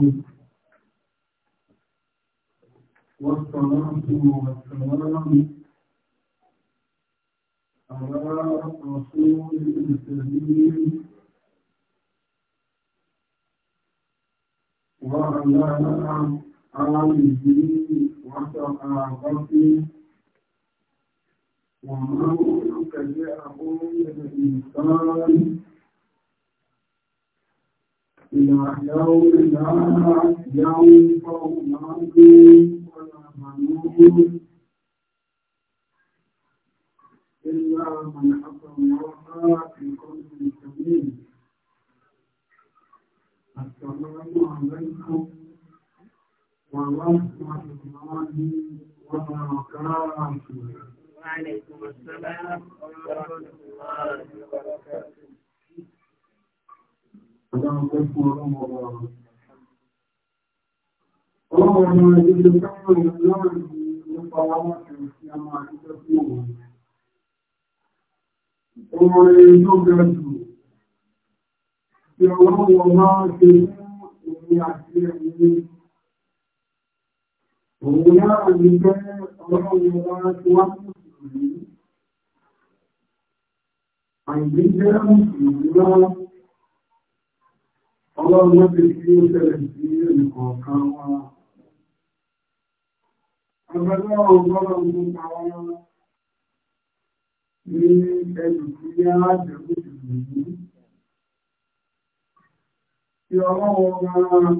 والسلام والصلاة والسلام على رسول الكريم وعلى آله وصحابته ومن تبعهم بإحسان يحيون لا ينفع مال ولا بنون إلا من حق الله بقلب سليم السلام عليكم ورحمة الله وبركاته وعليكم السلام ورحمة الله وبركاته Ọlọ́run òun. Orin tó ga ọlọ́run ọba ṣe fún ní pé ọlọ́run ọba ti wá fún lọ́wọ́. Ọlọ́run ló fi ó tẹ̀lẹ̀ sí ẹnìkọ̀ọ̀kan wa. Àgbàlá ọgbọ́nà ń pa wá ní ẹnù tí yá jẹ́kù ìlú. Tí ọlọ́wọ́ máa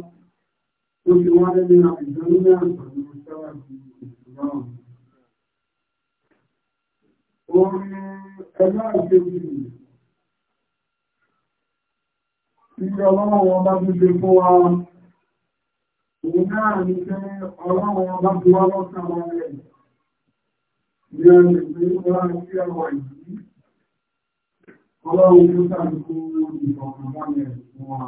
tó fi wá ní àìjọ́lú ní àgbàlú sáwàjú ìṣúra ọ̀hún. Orin ẹgbẹ́ àjẹ́kù ìlú. Ìjọ ọlọ́run ọba ti lè fún wa. Òun náà ní pé ọlọ́run ọba ti wá lọ́ta wọn rẹ̀. Ní ọ̀nà ìgbé ọlá sí ọwọ́ ìdí. Ọlọ́run tó sàdúkú ìfọ̀kànbalẹ̀ fún wa.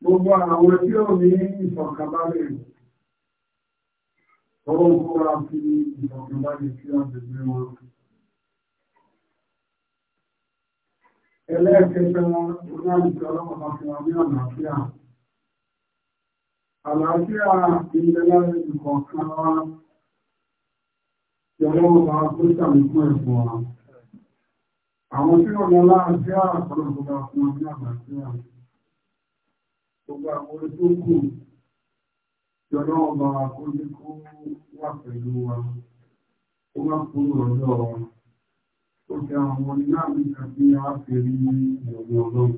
Gbogbo àwọn tí ò ní ìfọ̀kànbalẹ̀. Ọlọ́run kó wa fi ẹlẹ́ẹ̀kẹta wọn náà ìfẹ́ ọlọ́pàá fi wọn ní àlàáfíà àlàáfíà ilẹ̀ lára ìkọ̀ọ̀kan wa ìyọlọ́pàá tó sàmìkún ẹ̀fọ́ wa àwọn tí wọn lọ láàáfíà ọlọ́pàá fún wọn ní àlàáfíà gbogbo àwọn tó kù ìyọlọ́pàá kó ní tó fi àwọn onílàmìkà tí a fi rí ìyọ̀gbọ̀ ọlọ́run.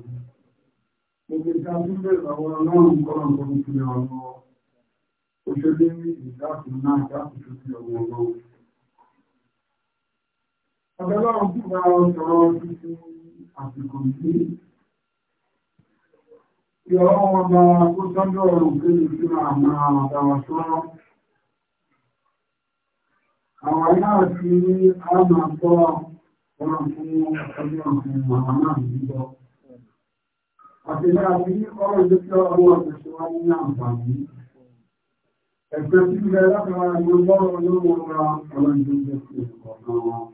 Gbogbo ìta tó bẹ̀rẹ̀ àwọn ọlọ́run kọ́nà tó ń fi ọ̀rọ̀ òṣèlé ní ìdáàfin náà dáàfin tó fi ọ̀gbọ̀ ọlọ́run. Ọ̀dọ́lọ́run tí bá sọ̀rọ̀ títí àsìkò sí kí ọlọ́run ọba tó sọ́jọ́ ọ̀rùn kéde sí àwọn àdáwà sọ́rọ̀ àwọn náà àmà sọ́rọ̀ wọ́n fún ọjọ́ ọ̀sán àwọn náà nígbọ́. Àtẹ̀lẹ́ àti ọ̀rọ̀ ìjọ tí ọwọ́ ọ̀sẹ̀ wá ní àǹfààní. Ẹ̀fẹ́ tí ó bẹ̀rẹ̀ látara ìwé bọ́rọ̀ olówó ra ọ̀rọ̀ ìjọ jẹ́ sí ọ̀kan wọn.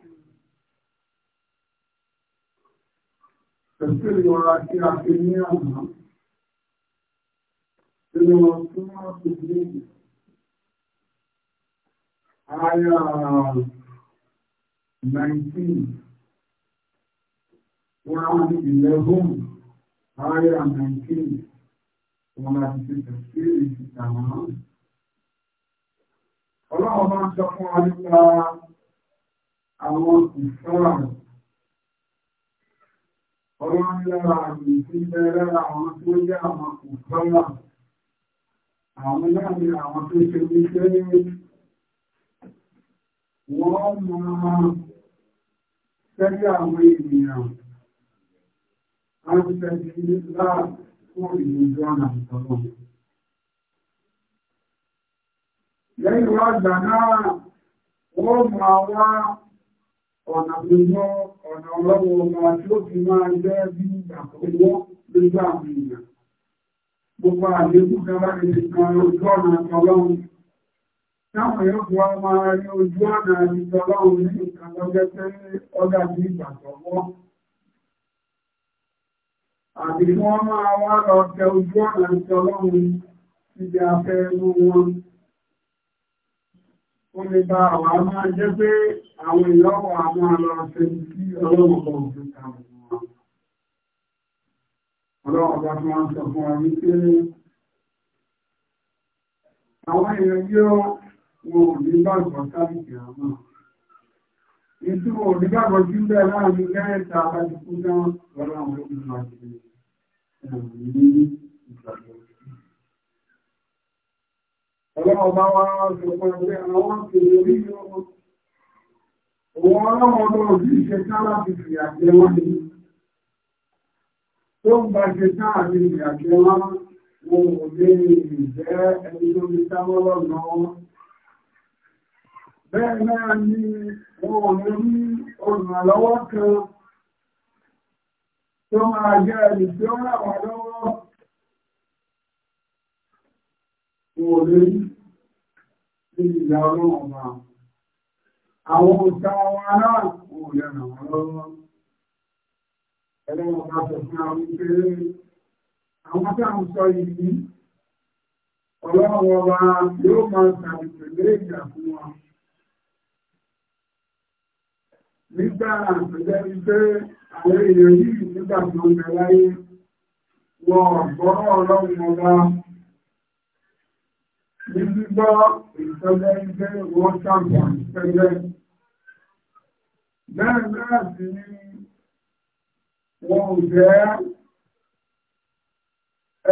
Ẹ̀fẹ́ ìwọ̀ra tí 19 111 ayah 19 wọn láti ṣe tẹ̀síìrì ìtàwọn náà. Ọlọ́run máa ń sọ fún wa nípa àwọn ìṣọ́ra rẹ̀. Ọlọ́run lára àmì tí ń bẹ lára àwọn tó jẹ́ àwọn ìṣọ́ra. Àwọn náà ni àwọn tó ṣe ní pé wọ́n máa tẹ́lẹ̀ àwọn ènìyàn Lẹ́yìn wá gbà náà, wọ́n máa wá ọ̀nà tó mọ́ ọ̀nà ọlọ́wọ́ ọmọ tí ó fi máa jẹ́ bí àkọwọ́ lójú àwọn èèyàn. Gbogbo àlékún kẹwàá lè kan ojú ọ̀nà tọ́lọ́run. Táwọn yóò wá máa rí ojú ọ̀nà tọ́lọ́run ní ìkàlọ́gẹ́ àbí wọ́n máa wá lọ tẹ ojú ọ̀nà tí ọlọ́run ibi afẹ́ mú wọn ó lè bá àwọn máa jẹ́ pé àwọn ìlọ́wọ̀ àwọn alọ́ọ̀fẹ́ sí ọlọ́run ọ̀pọ̀ òfin kàwọn ọlọ́run ọba tí wọ́n sọ fún wa wípé àwọn èèyàn yóò wọn ò ní gbàgbọ́ sáàbìkì àmọ́ ìtumọ̀ òdígbàgbọ́ sí bẹ́ẹ̀ láàrin gẹ́rẹ́ta àbájúkú náà lọ́la àwọn ológun máa ṣe ní ìgbàgbọ́. Ọlọ́run bá wá ṣọ̀pọ̀ ẹgbẹ́ àwọn kèrè orí ọmọ. Òun ọlọ́run tó rí iṣẹ́ sára ti fi àjẹ́ wọ́n ni. Tó ń bá ṣe sára ti fi àjẹ́ wọ́n, wọn ò lè jẹ́ ẹni tó fi sáwọ́ lọ́nà tó máa jẹ́ ẹni tí ó rà wá lọ́wọ́ wò lè ní ìlà ọlọ́wọ́ bá àwọn òṣà wa náà wò lè ràn wá lọ́wọ́ ẹlẹ́wọ̀n bá sọ fún àwọn ìpele àwọn tí a ń sọ yìí ọlọ́wọ́ wa yóò máa tàbí pẹ̀lú ìjà fún wa nígbà àpẹẹrẹ wípé àwọn èèyàn yìí nígbà tó ń bẹ láyé wọ ọ̀gbọ́rọ̀ ọlọ́run ọba ní gbígbọ́ ìtọ́jẹ́ wípé wọ́n sàbà pẹ́lẹ́ bẹ́ẹ̀ náà sì ni wọn ò jẹ́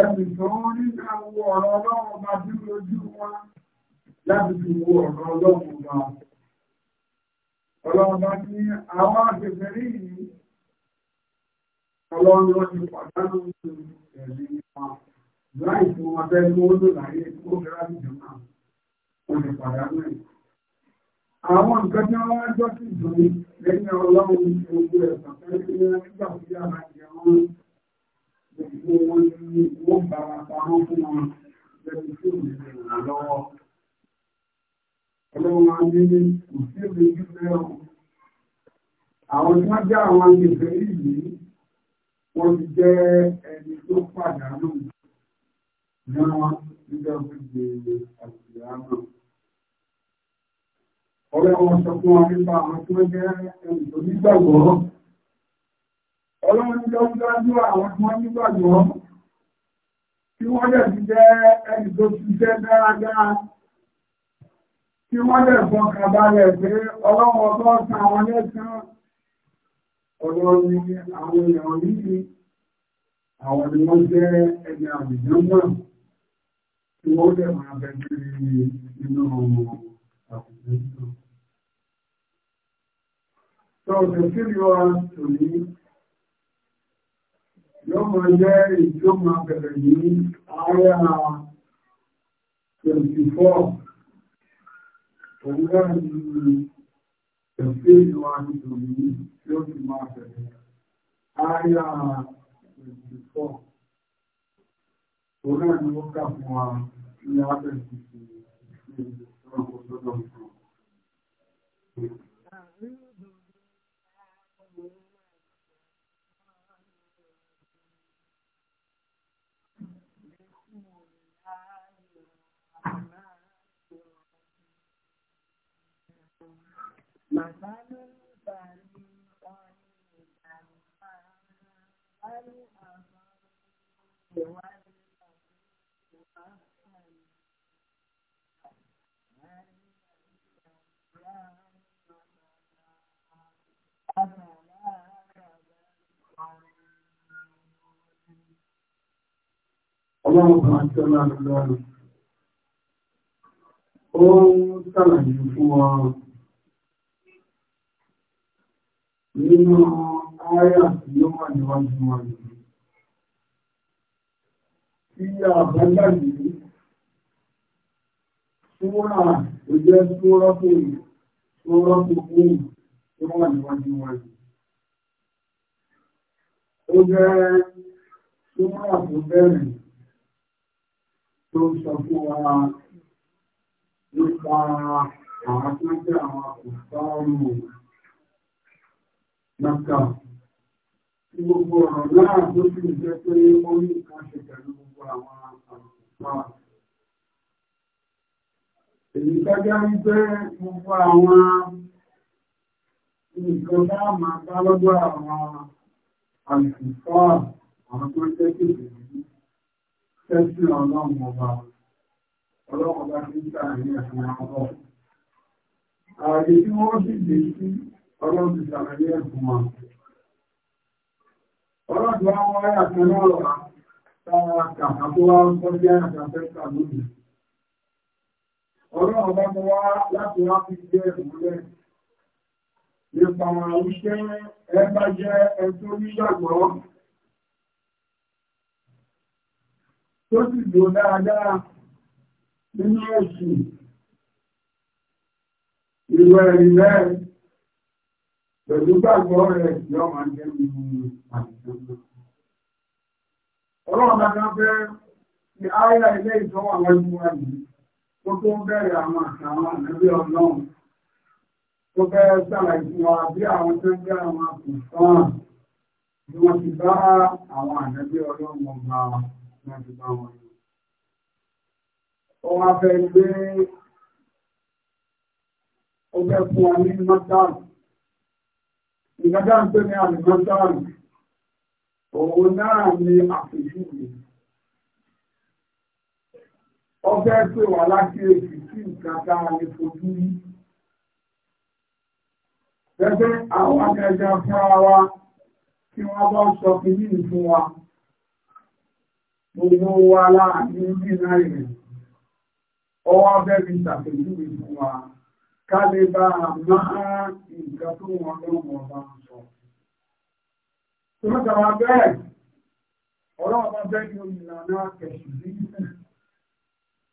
ẹnì tó ń rí àwọn ọ̀rọ̀ ọlọ́run ọba bí lójú wọn láti fi wo ọ̀rọ̀ ọlọ́run ọba Ọlọ́run bá ní àwọn àgbẹ̀fẹ̀rí yìí, ọlọ́run lọ ti pàdánù ẹ̀mí nípa láì fún wọn bẹ́ẹ̀ ló lò láyé tó fẹ́ràn ìjọba wọn lè pàdánù ẹ̀. Àwọn nǹkan tí wọ́n wá jọ́ sí ìdùnnú lẹ́yìn ọlọ́run ní gbogbo ẹ̀sán fẹ́ẹ́ fi wọn nígbà tó yá máa gbogbo wọn ní wọ́n bá wọn fún wọn lẹ́yìn tí ò ọlọ́wọ́ ní òṣèrè ìgbẹ́ ọ̀hún. Àwọn tí wọ́n jẹ́ àwọn agbègbè yìí, wọ́n ti jẹ́ ẹni tó pàdánù náà nígbà gbogbo àgbègbè náà. Ọ̀rẹ́ wọn sọ fún wa nípa àwọn tí wọ́n jẹ́ ẹni tó nígbàgbọ́. Ọlọ́wọ́n ti jọ ń dájú àwọn tí wọ́n nígbàgbọ́. Tí wọ́n dẹ̀ ti jẹ́ ẹni tó ti jẹ́ dáadáa tí wọ́n lè fún kàbálẹ̀ pé ọlọ́wọ́ tó sàn àwọn lẹ́sàn ọ̀rọ̀ ni àwọn èèyàn yìí àwọn ni wọ́n jẹ́ ẹni àbìjọ́n tí wọ́n lè máa bẹ̀rẹ̀ nínú àbìjọ́n náà. Tó ọ̀sẹ̀ sí ni wọ́n tò ní yóò máa jẹ́ ìjọ́ máa bẹ̀rẹ̀ ní 24 pẹ̀lú láti ẹ̀fẹ́ ìlú àdìdòmí tí ó ti máa bẹ̀rẹ̀ àyà 24 òun náà ni ó kà fún wa ní abẹ́rẹ́ ìṣẹ́ ìṣẹ́ ìṣẹ́ ìṣẹ́ ọlọ́run àti ọlọ́run lọ́rùn ó ń sàlàyé fún wọn nínú àyà tí ó wà níwájú wọn yìí. Tí a bá gbàgbé, Súra ó jẹ́ Súrọ́pù Súrọ́pù Kúù tí ó wà níwájú wọn yìí. tó bẹ̀rẹ̀ sọ fún wa nípa àwọn tó jẹ́ àwọn kò sọ́ọ̀rùn. Nàkà tí gbogbo ọ̀rọ̀ náà tó sì ń jẹ́ pé ó ní nǹkan ṣe pẹ̀lú gbogbo àwọn àpá. Èyí kájá ń jẹ́ gbogbo àwọn nǹkan bá máa bá lọ́dọ̀ àwọn àlùfáà àwọn tó jẹ́ kékeré tẹ́sí ọlọ́run ọba ọlọ́run ọba tí ń sàárín àwọn ọ̀rọ̀. Ààrẹ tí wọ́n sì dé sí ọlọ́run ti ṣàlàyé ẹ̀kùn wọn. ọlọ́run wá wọ́n ayà kan náà wà táwọn kàkà tó wá ń kọ́ sí ayà kan fẹ́ kà lónìí. ọlọ́run bá mú wá láti wá fi jẹ́ ìmúlẹ̀. nípa àwọn iṣẹ́ ẹ bá jẹ́ ẹ tó nígbàgbọ́. tó sì lò dáadáa nínú ẹ̀sìn ìwẹ̀ ìrẹ́rìí pẹ̀lú gbàgbọ́ rẹ̀ yọ máa jẹ́ mi àdìsánná. Ọlọ́run bá kan fẹ́ ti áyà ilé ìtọ́wà lọ́jú wa yìí tó tó ń bẹ̀rẹ̀ àwọn àtàwọn ànábí ọlọ́run tó fẹ́ ṣàlàyé fún wa bí àwọn tó ń jẹ́ àwọn àkùnfọ́n bí wọ́n ti bá àwọn ànábí ọlọ́run ọba wọn ti bá wọn lọ. Ó wá fẹ́ gbé ó fẹ́ fún wa ní mọ́tàlù ìgbàdá ń pè ní àlùmọ́sáàrù òun náà ni àpèjúwe ọbẹ̀ pè wà láti èsì tí nǹkan tá a lè fojú yí gẹ́gẹ́ àwọn akẹjọ fúnra wa tí wọ́n bá sọ fi ní ìfún wa gbogbo wa láàrin bí náà ọwọ́ bẹ́ẹ̀ fi ṣàpèjúwe fún wa kálébà máa nǹkan tó wọn lọ́wọ́ ọba ń sọ. Tó mẹ́ta wá bẹ́ẹ̀, ọ̀rọ̀ ọba bẹ́ẹ̀ ni ìlànà kẹ̀sì sí ìfẹ́.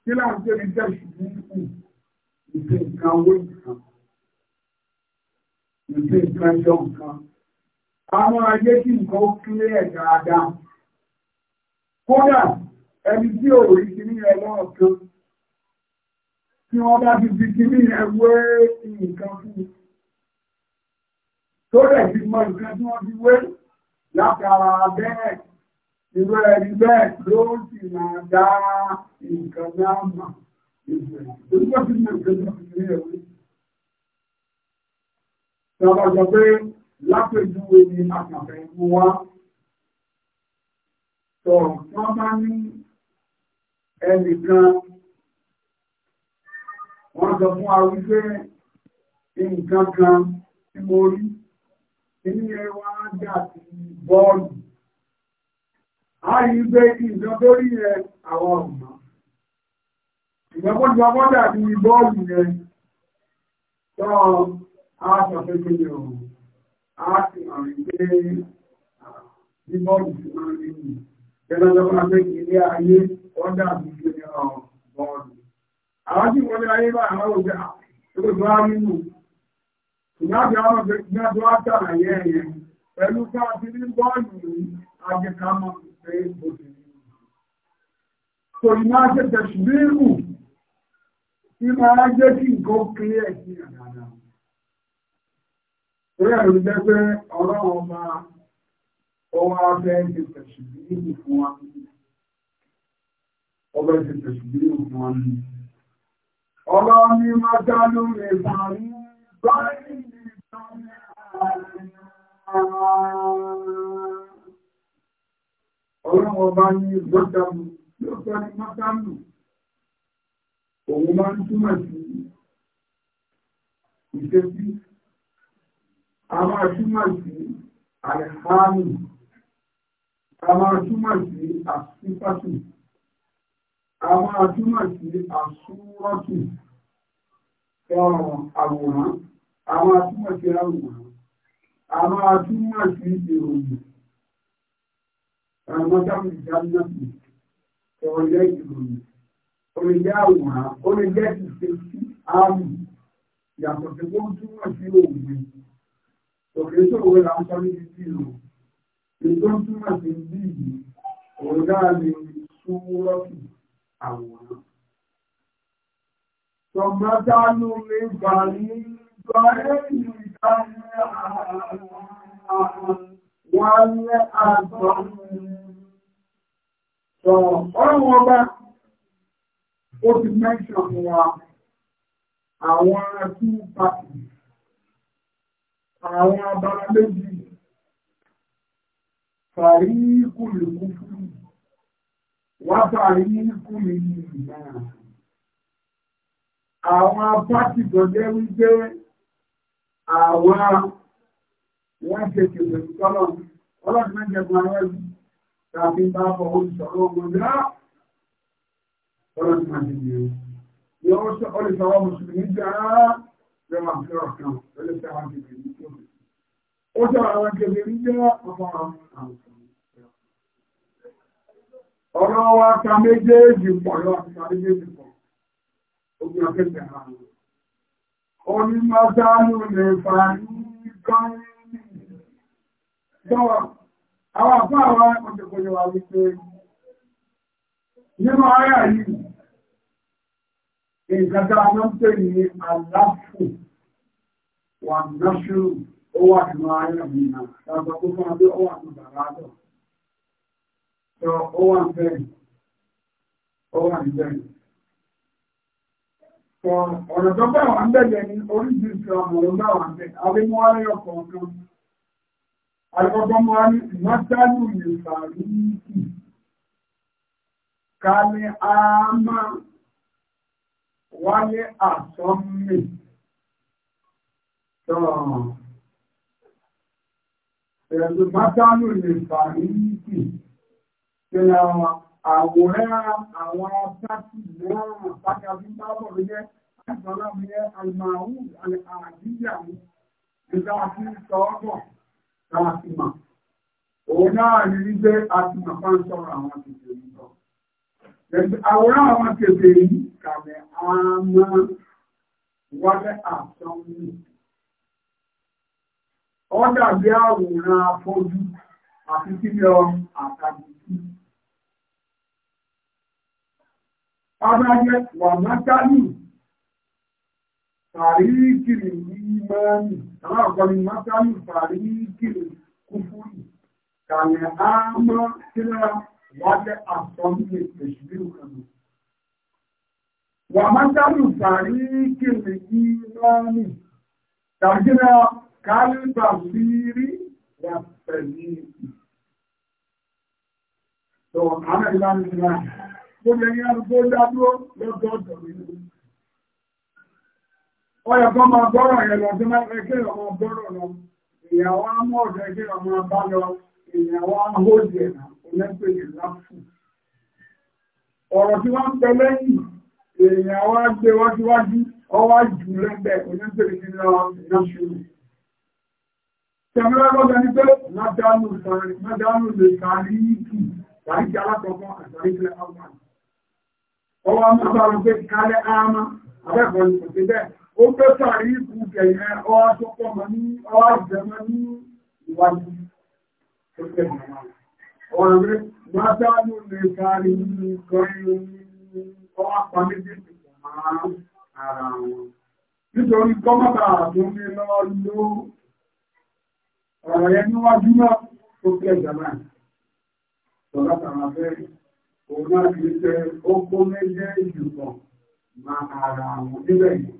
Kí láti ṣe ní kẹ̀sì sí ìfẹ́? Ìfẹ́ nǹkan owó nǹkan. Ìfẹ́ nǹkan ẹjọ́ nǹkan. Àwọn ayé kí nǹkan ó kílé ẹ̀ dáadáa. Kódà, ẹni tí ò rí sí ní ẹlọ́ọ̀kan tí wọ́n bá ti fi kí ní ẹwẹ́ nǹkan fún tó rẹ̀ ti mọ nǹkan tí wọ́n fi wé látara bẹ́ẹ̀ ìwé ẹni bẹ́ẹ̀ ló sì máa dá nǹkan náà mà ìgbẹ̀rẹ̀ tó ń bọ́ sí nǹkan náà fi ní ẹwẹ́ Tọ́lá sọ pé lápèjúwe ni àkàfẹ́ mú wá. Tọ̀ wọ́n bá ní ẹnìkan wọ́n sọ fún wa wípé nǹkan kan tí mo rí inú yẹn wá dà sí bọ́ọ̀lù a rí gbé nǹkan tó rí yẹn àwọn ọ̀mà ìgbẹ́kọ́ tí wọ́n dà sí bọ́ọ̀lù yẹn tó a sọ pé kí ni ọ̀hún a sì mọ̀ wípé bí bọ́ọ̀lù ti máa ń rí nìyí. Gẹ́gẹ́ pé ilé ayé wọ́n dà kí ni bọ́ọ̀lù àwọn tí wọ́n láyé bá àwọn òjò àgbègbè àmínú ìyáàbí àwọn ìgbìyànjú àtàlàyé ẹ̀yẹ pẹ̀lú káàkiri ní bọ́ọ̀lù àjẹkámọ́ pé ó ti rí kò ní máa ṣe tẹ̀sùbírù tí máa jẹ́ kí nǹkan kéré ẹ̀sí àdáadáa torí ẹ̀rù jẹ́ pé ọlọ́run ọba ọwọ́ afẹ́ ṣe tẹ̀sùbírù fún wa ọba ṣe tẹ̀sùbírù fún wa nìyí Ọlọ́ni Májálú lè bàrí báyìí nìkan Ọlọ́wọ́ bá ní Májálú, yóò sọ ní Májálú, òun máa ń túnmọ̀ sí ìṣẹ́sí, a máa túnmọ̀ sí àìhánì, a máa túnmọ̀ sí àṣípàtì a máa túmọ̀ sí àsúrọ́tù àwòrán a máa túmọ̀ sí àwòrán a máa túmọ̀ sí ìròyìn ọmọdáwò ìdánilọ́pù ọ̀rẹ́ ìròyìn orílẹ̀ àwòrán orílẹ̀ ìṣe sí ààrùn yàtọ̀ sí wọ́n túmọ̀ sí òògùn òkè tó òwe là ń sọ níbi tí ìlú ètò túmọ̀ sí bí ìlú òun náà lè súnmọ́ àwòrán. Tọ̀gbọ́dánú mi bà ní gbọ́ èyí ìdáná wọn ní àgbọ̀. Sọ ọ̀rọ̀ ọba, ó ti mẹ́ṣọ̀n wa àwọn akú pàtì, àwọn abara méjì, fàrí kùlùkù fún mi wábàáyínkù ní ìlànà àwọn apáti tó jẹ́ wípé àwọn wọ́n ṣe kèfè tọ́lọ̀ ọlọ́dún mẹ́jẹ̀gbọ́n àwọn ẹ̀rù tàbí bá bọ̀ olùsọ̀rọ̀ ọmọdé ọlọ́dún mẹ́jẹ̀gbọ́n yóò sọ olùsọ̀rọ̀ mùsùlùmí jẹ́ lọ́wọ́ àfihàn kan olùsọ̀rọ̀ kèfè ní tó ó sọ̀rọ̀ àwọn kèfè ní jẹ́ ọmọ àwọn àwọn ọ̀rọ̀ wa ta méjèèjì pọ̀ ọ̀rọ̀ wa ta méjèèjì pọ̀ ogun akẹ́kẹ́ ha onímọ̀sánú lè na ní gọ́ọ̀rìnì sọ́wọ́ àwọn àpá àwọn awa, wà wípé nínú ara yìí ya wọn pè ní aláfò wà náṣúrù ó wà nínú sọ ó wà ń bẹ̀rẹ̀ ó wà ń bẹ̀rẹ̀ sọ ọ̀rọ̀ tó bá wà ń bẹ̀rẹ̀ ní oríṣiríṣi ọmọ ló bá wà ń bẹ̀rẹ̀ abẹ́mọ́wárí ọkọ̀ kan alọ́gbọ́n wa ní a síra wọn àwòrán àwọn sáàtì mìíràn pátá bí bábọ̀ ló jẹ́ àìsàn náà bí jẹ́ alimahu àdíjà ní nígbà tí sọ́ọ̀bọ̀ náà ti mà òun náà ní wípé a ti mà fáń sọ̀rọ̀ àwọn tètè yìí lọ. àwòrán àwọn tètè yìí kàmẹ́ àmọ́ wọlé àtọ́mù ọ̀dà bí àwòrán afọ́jú àti kíkẹ́ ọ àtàgbé. abájẹ́ wà mátánì tàríkìrì ìmọ̀ọ́nì aláàkọ́ni mátánì tàríkìrì kúfúrì kàlẹ̀ àmọ́ sílára wájẹ́ àtọ́nìyẹ ìṣìlú kanú wà mátánì tàríkìrì ìmọ̀ọ́nì tàríkìrì kálíbà sírí wà pẹ̀lú So, gbogbo ẹni arúgbó dádúró lọ́dọọdọ̀ nínú. Ọyọ̀ kan máa gbọ́rọ̀ yẹn lọ sí máa fẹ́ kí ọmọ gbọ́rọ̀ lọ. Ìyàwó amú ọ̀dọ̀ kí ọmọ bá lọ. Ìyàwó ahóòdì ẹ̀nà olẹ́pẹ̀lẹ̀ láfù. Ọ̀rọ̀ tí wọ́n ń pẹ lẹ́yìn èèyàn wá gbé wájúwájú ọwá jù lẹ́gbẹ̀ẹ́ olẹ́pẹ̀lẹ̀ nínú ìnáṣúrù. Tẹ̀mílá lọ́gbẹ̀ ní pé Mádánù lè sàárí ìkì, tàbí kí alákọ̀ọ́kọ́ àtàrí ọwọ́ mọ́sàrùn pé kálẹ̀ àmà abẹ́kọ̀ọ́ ní kò sí bẹ́ẹ̀ ó pẹ́ sàrí ikú gẹ̀yẹ ọwọ́ tó pọ̀ mọ́ ní ọwọ́ ìjẹmọ́ ní ìwájú tó pẹ̀ mọ́ ọwọ́ rẹ̀ mọ́sàrùn lè sàrí ní kọrin ọwọ́ pa méjèèjì pọ̀ mọ́ ara wọn nítorí kọ́mọ́tà tó ní lọ ló ọ̀rọ̀ yẹn níwájú náà tó pẹ̀ jàmáà sọ̀rọ̀ tàwọn abẹ́rẹ́ òun náà ti tẹ ókó méjèèjì kan máa ara àwọn níbẹ̀ yìí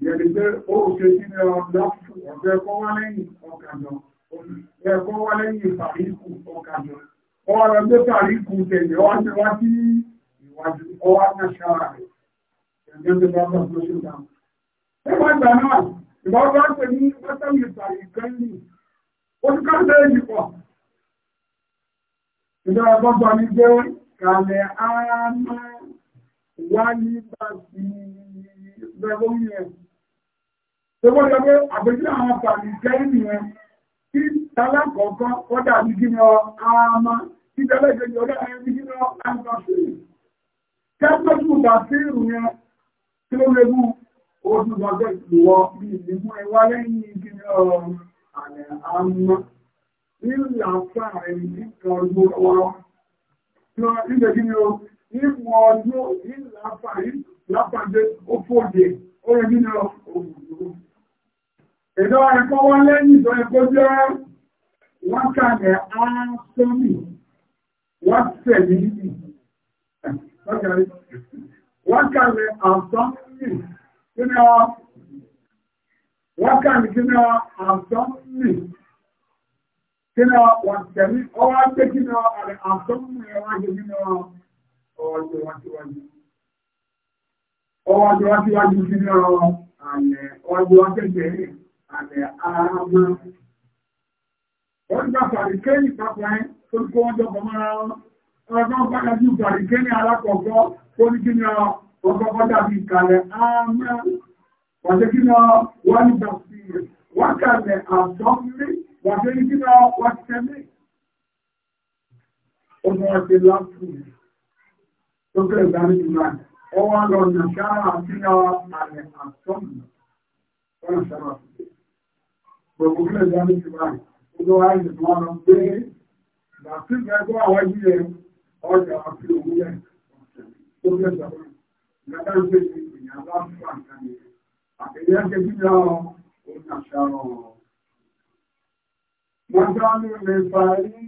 ìyẹn ni pé ó ṣe sí ní ọjọ́ ọ̀fẹ́ kọ́ wá lẹ́yìn ọkàjọ ọ̀fẹ́ kọ́ wá lẹ́yìn ìfàríkù ọkàjọ ọwọ́ lọ gbé fàríkù tẹ̀lé ọwọ́ ti wá sí ìwájú ọwọ́ náà ṣára rẹ̀ ẹ̀jẹ̀ tó bá bọ̀ tó ṣe dá. nígbà ìgbà náà ìwọ́n bá pè ní pátánì ìfàríkẹ́yìn ó ti ká kàlẹ̀ ara máa wá nígbà tí bẹ̀rọ yẹn. Ṣébọ́ jọ pé àpèjú àwọn àpàlì jẹ́ ènìyàn tí tálákọ̀ọ́kọ́ kọ́dà ní kí lọ ara máa tí tẹ́lẹ̀ kejì ọdá ẹni kí lọ àìsàn sí. Kẹ́pẹ́tù bá sí ìrù yẹn tí ló lè oṣù lọ́jọ́ ìwọ bí ìdìbò ẹwà lẹ́yìn kí lọ àlẹ̀ àmọ́. Nílùú àfáà ẹni kan gbó ilẹ̀ gíní o ìmú ọdún ìlàpàdé ó fòdè orin gíní ọ̀pọ̀lọpọ̀. Èdè ọ̀rẹ́ wọ́n lẹ́yìn ìjọ ẹ̀kọ́ jẹ́ wọ́n kàlẹ̀ áńsọ́mì wọ́n kàlẹ̀ áńsọ́mì kíná wọn tẹ̀lé ọwọ́ pé kíná àrẹ àtọ́mù ẹwà jẹ nínú ọwọ́ jẹ wájúwájú ọwọ́ jẹ wájúwájú kíná àlẹ́ ọwọ́ jẹ wájúwájú àlẹ́ àmà wọ́n gba fàríkẹ́yì pápá ẹ́ tó kó wọ́n jọ kọmọ́ra ọ̀rọ̀ kan padà sí fàríkẹ́yì alákọ̀ọ́kọ́ tó ní kíná ọkọ̀ padà sí ìkàlẹ̀ àmà wọ́n jẹ kíná wọ́n ní wákàlẹ̀ àtọ́mí wàbẹ́ ìdíra wákẹ́lẹ̀ ọmọ ọdẹ lápùú tó bẹ̀rẹ̀ dárí ìlà ọwọ́ lọ nàṣára àti àlẹ̀ àtọ́mí wọ́n nàṣára àti gbogbo bẹ̀rẹ̀ dárí ìlà ọjọ́ àìsàn wọn lọ pé ìgbàtí ìgbàgbọ́ àwọn ilẹ̀ ọjà àti òwúlẹ̀ tó bẹ̀rẹ̀ dárí ìlà ìgbàtí ìgbàgbọ́ àwọn ilẹ̀ ọjà àti òwúlẹ̀ Mọ́jọ́lú lè parí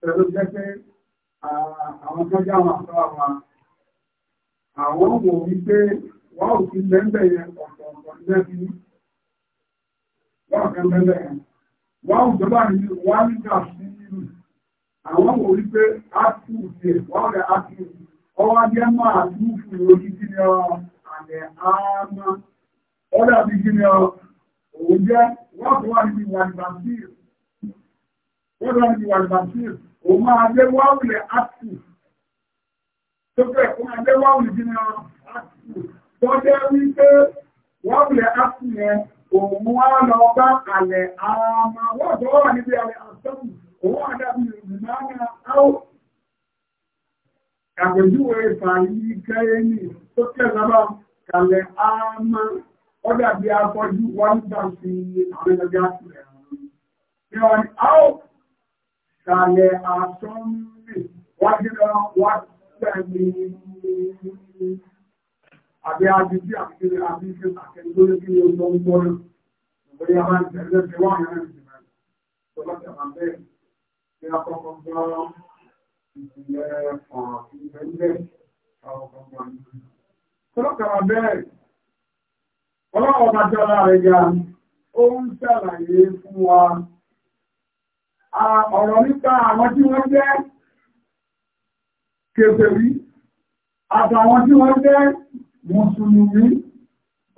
Pẹ̀lú jẹ́ pé àwọn tó jẹ́ àwọn àtọ́ àwọn àwọn òwò wípé wọ́n ò sí lẹ́gbẹ̀ẹ́ ọ̀pọ̀ ọ̀pọ̀ lẹ́bí wọ́n kẹ́ lẹ́gbẹ̀ẹ́ wọ́n ń jọba ní wọ́n ń gà sí nínú àwọn wò rí pé ápù tiẹ̀ wọ́n rẹ̀ ápù ọwọ́ ajẹ́ máa tún fún ojú ni ọ àlẹ́ àmà ọ̀dà bí kí ni ọ òun jẹ́ wọ́n tó wà níbi wọ́n tó wà níbi òun máa jẹ́ wọ́n rẹ̀ tó fẹ́ òun máa jẹ́ wọ́n rẹ̀ kí ni ọ ápù tó jẹ́ wípé wọ́n rẹ̀ yẹn. òun a lọ bá àlẹ̀ àmà wọ́n wà níbi àlẹ̀ àtọ́mù òun àdábì ìrìnàmà áwò àgbẹ̀júwẹ̀ ìfàyí kẹ́rẹ́ ní tó kẹ́sàbà kàlẹ̀ àmà ọdàbí afọ́jú wọ́n bá sí àwọn ẹgbẹ́ àtìlẹ̀ àwọn áwò kàlẹ̀ àtọ́mù àbí ajíjí àbíkiri àbíkiri àkẹni lórí kí o lọ ń gbọ́ náà lórí a máa ń tẹ̀lé ṣe wà ní ẹ̀rìn ìjìnlẹ̀ tó bá tẹ̀lé bẹ́ẹ̀ ní akọ́kọ́ gbọ́ ìjìnlẹ̀ ọ̀rọ̀ ìgbẹ́lẹ̀ ọ̀rọ̀ gbọ́ ní. tó lọ́kàrà bẹ́ẹ̀ ọlọ́wọ́ bá jọra rẹ̀ ga ó ń ṣàlàyé fún wa ọ̀rọ̀ nípa àwọn tí wọ́n jẹ́ kèfèrí àtàwọn tí wọ́n jẹ́ mùsùlùmí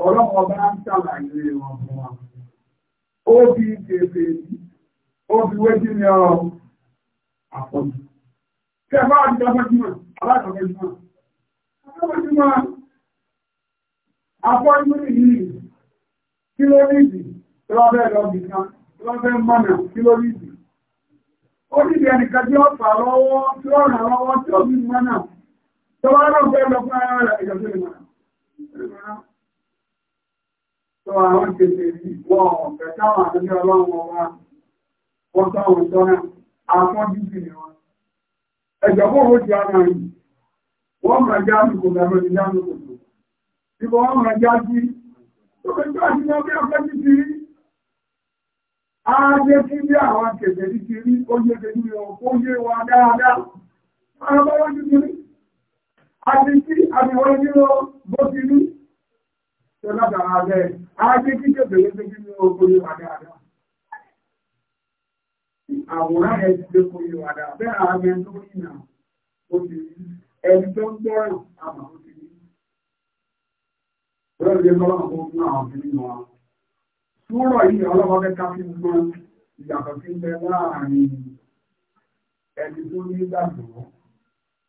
ọlọ́pọ̀ bá ń ṣàlàyé wọn fún wa ó fi kèfè ó fi wéjì ní ọ àpọ̀jù kí bá wà nígbà fẹ́jìmọ̀ alákọ̀ọ́fẹ́jìmọ̀ alákọ̀ọ́fẹ́jìmọ̀ àpọ̀jù yìí kí ní ìdí tí wọ́n bẹ́ẹ̀ lọ nìkan tí wọ́n kí ló ó ní ìdí ẹnìkan Tó àwọn kèfè wọ́n ọ̀fẹ́ táwọn àdúgbẹ́ ọlọ́run wa wọ́n táwọn sọ́nà àfọ́jú sí ni wọn. Ẹjọ̀bọ̀ ó ti ara wọ́n máa já kò ọhụrụ ní kò tó. Ibọ̀ wọ́n máa fẹ́ a tí àbíwọ́ nílò bó ti rí tó látara abẹ́ ajé kí kébèrè tó kí ní ogun ní wàdáadá àwòrán ẹ̀ ti dé kó ní wàdáadá bẹ́ẹ̀ tó rí nà ó ti rí ẹni tó ń gbọ́ àmà ti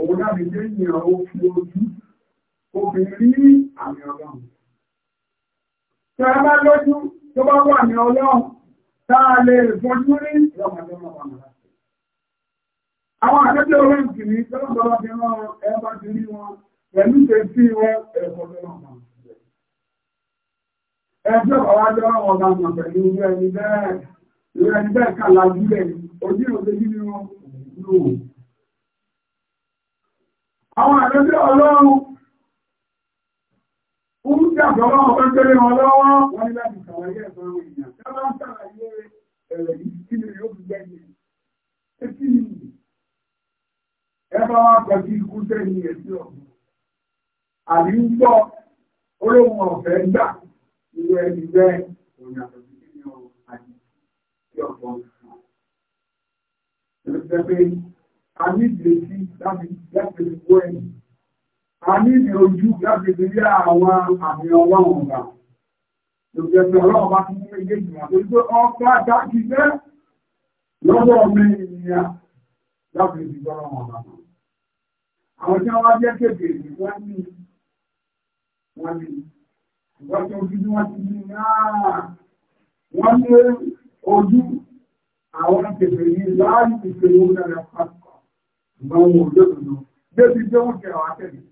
òun láti jẹ́ ìyàn ó fi ojú ó fi rí àmì ọlọ́run tí a bá lójú tó bá wà ní ọlọ́run táà lè fojú rí ìrọ̀mọ̀lọ́rọ̀ wà náà àwọn àjẹ́jẹ́ orí ìkìní tọ́lọ́gbọ́lá fi rán ẹbá ti rí wọn pẹ̀lú ṣe sí wọn ẹ̀kọ́ lọ́wọ́ ẹjọ́ ọ̀wájọ́ wọn bá mọ̀ pẹ̀lú irú ẹni bẹ́ẹ̀ irú ẹni bẹ́ẹ̀ kà lájúlẹ̀ ojú ìrọ̀lẹ́ nínú òun àwọn àjẹ́sẹ́ ọlọ́run ń jàbọ̀ ọlọ́run tó kéré wọn lọ́wọ́ wọ́n ní láti ṣàlàyé ẹ̀sọ́ àwọn èèyàn tí wọ́n ṣàlàyé ẹ̀rẹ̀ ìdíkínú yóò fi gbẹ̀yìn etí ẹbá wá kọjú ikú sẹ́yìn ẹ̀sí ọ̀hún àbí ń gbọ́ olóhun ọ̀fẹ́ gbà ìlú ẹni bẹ́ẹ̀ òun àtọ̀jú a ní ìrètí láti lè kó ẹ̀yìn a ní ìròjú láti I rí àwọn àmì ọlọ́run ọ̀gá lòjẹ̀sẹ̀ ọlọ́run bá tún méjì ìgbìmọ̀ tó gbé ọkọ̀ àdáàkì jẹ́ lọ́wọ́ ọmọ ènìyàn láti lè gbọ́ ọlọ́run ọ̀gá àwọn tí wọ́n jẹ́ kékeré wọ́n ní wọ́n ní ìwọ́n tó fi ní wọ́n ti ní náà wọ́n ní ojú àwọn kékeré láàrín ìpèrè ó dára pàtó ìgbọ́n wọn ò lóòdùnú débi pé wọ́n jẹ́ àwọn akẹ́kẹ̀ẹ́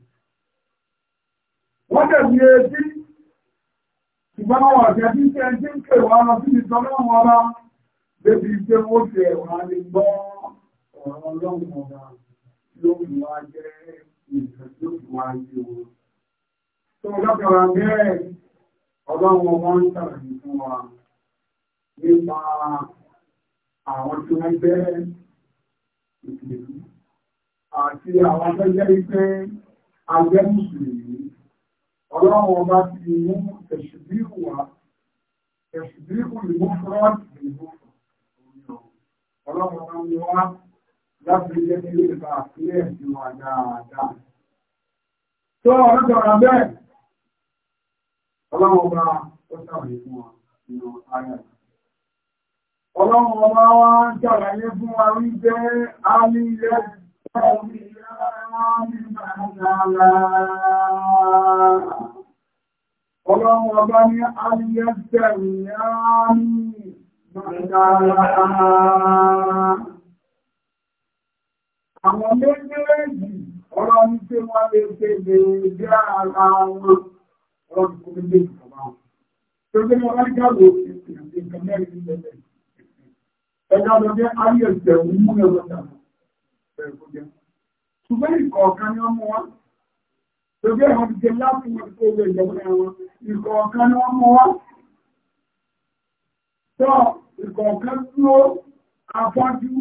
wọ́n dẹ̀ ní ẹjí ìgbọ́n wọn ọ̀jẹ́ bí ṣe ẹjí ń pè wọ́n lọ sí ìtọ́ náà wọn bá débi pé wọ́n jẹ́ ẹ̀wọ̀n alẹ́ gbọ́ ọ̀rọ̀ ọlọ́run ọba lóhùn wa jẹ́ nǹkan tó fi wá yé wọn. tó lọ́kọ̀ọ́ra bẹ́ẹ̀ ọlọ́run ọba ń ṣàlàyé fún wa nípa àwọn tí wọ́n jẹ́ ìpèlú àti àwọn akẹ́jẹ́ wípé ajẹ́ mùsùlùmí ọlọ́run ọba ti mú ẹ̀ṣùdíhù wá ẹ̀ṣùdíhù lè mú fúrọ́ọ̀tì lè mú ọlọ́run ọba ni wá láti jẹ́ kí lè bá ẹ̀sìn wa dáadáa. tó ọ̀rọ̀ jọra bẹ́ẹ̀ ọlọ́run ọba ó sàbẹ̀ fún wa nínú ayé ọlọ́run ọba wa ń ṣàlàyé fún wa wípé a ní ilẹ̀ Ọlọ́run ọba ní ayẹ́jẹ̀ ìyáàmì Mọ̀dára. Àwọn méjèèjì ọlọ́run tí wọ́n lè ṣe lè jẹ́ ara wọn. Ọlọ́run kò lè jọba. Tó gbé mọ́ láti jáwò ìpìlẹ̀ ìkàmẹ́rin lẹ́lẹ̀. Ẹgbẹ́ ọdọ́ jẹ́ ayẹ́jẹ̀ ṣùgbọ́n ìkọ̀ọ̀kan ni wọ́n mú wá torí ẹ̀wọ̀n ti jẹ láti wọ́n ti kó ìjọba ẹ̀wọ̀n ìkọ̀ọ̀kan ni wọ́n mú wá tọ́ ìkọ̀ọ̀kan tí ó afọ́jú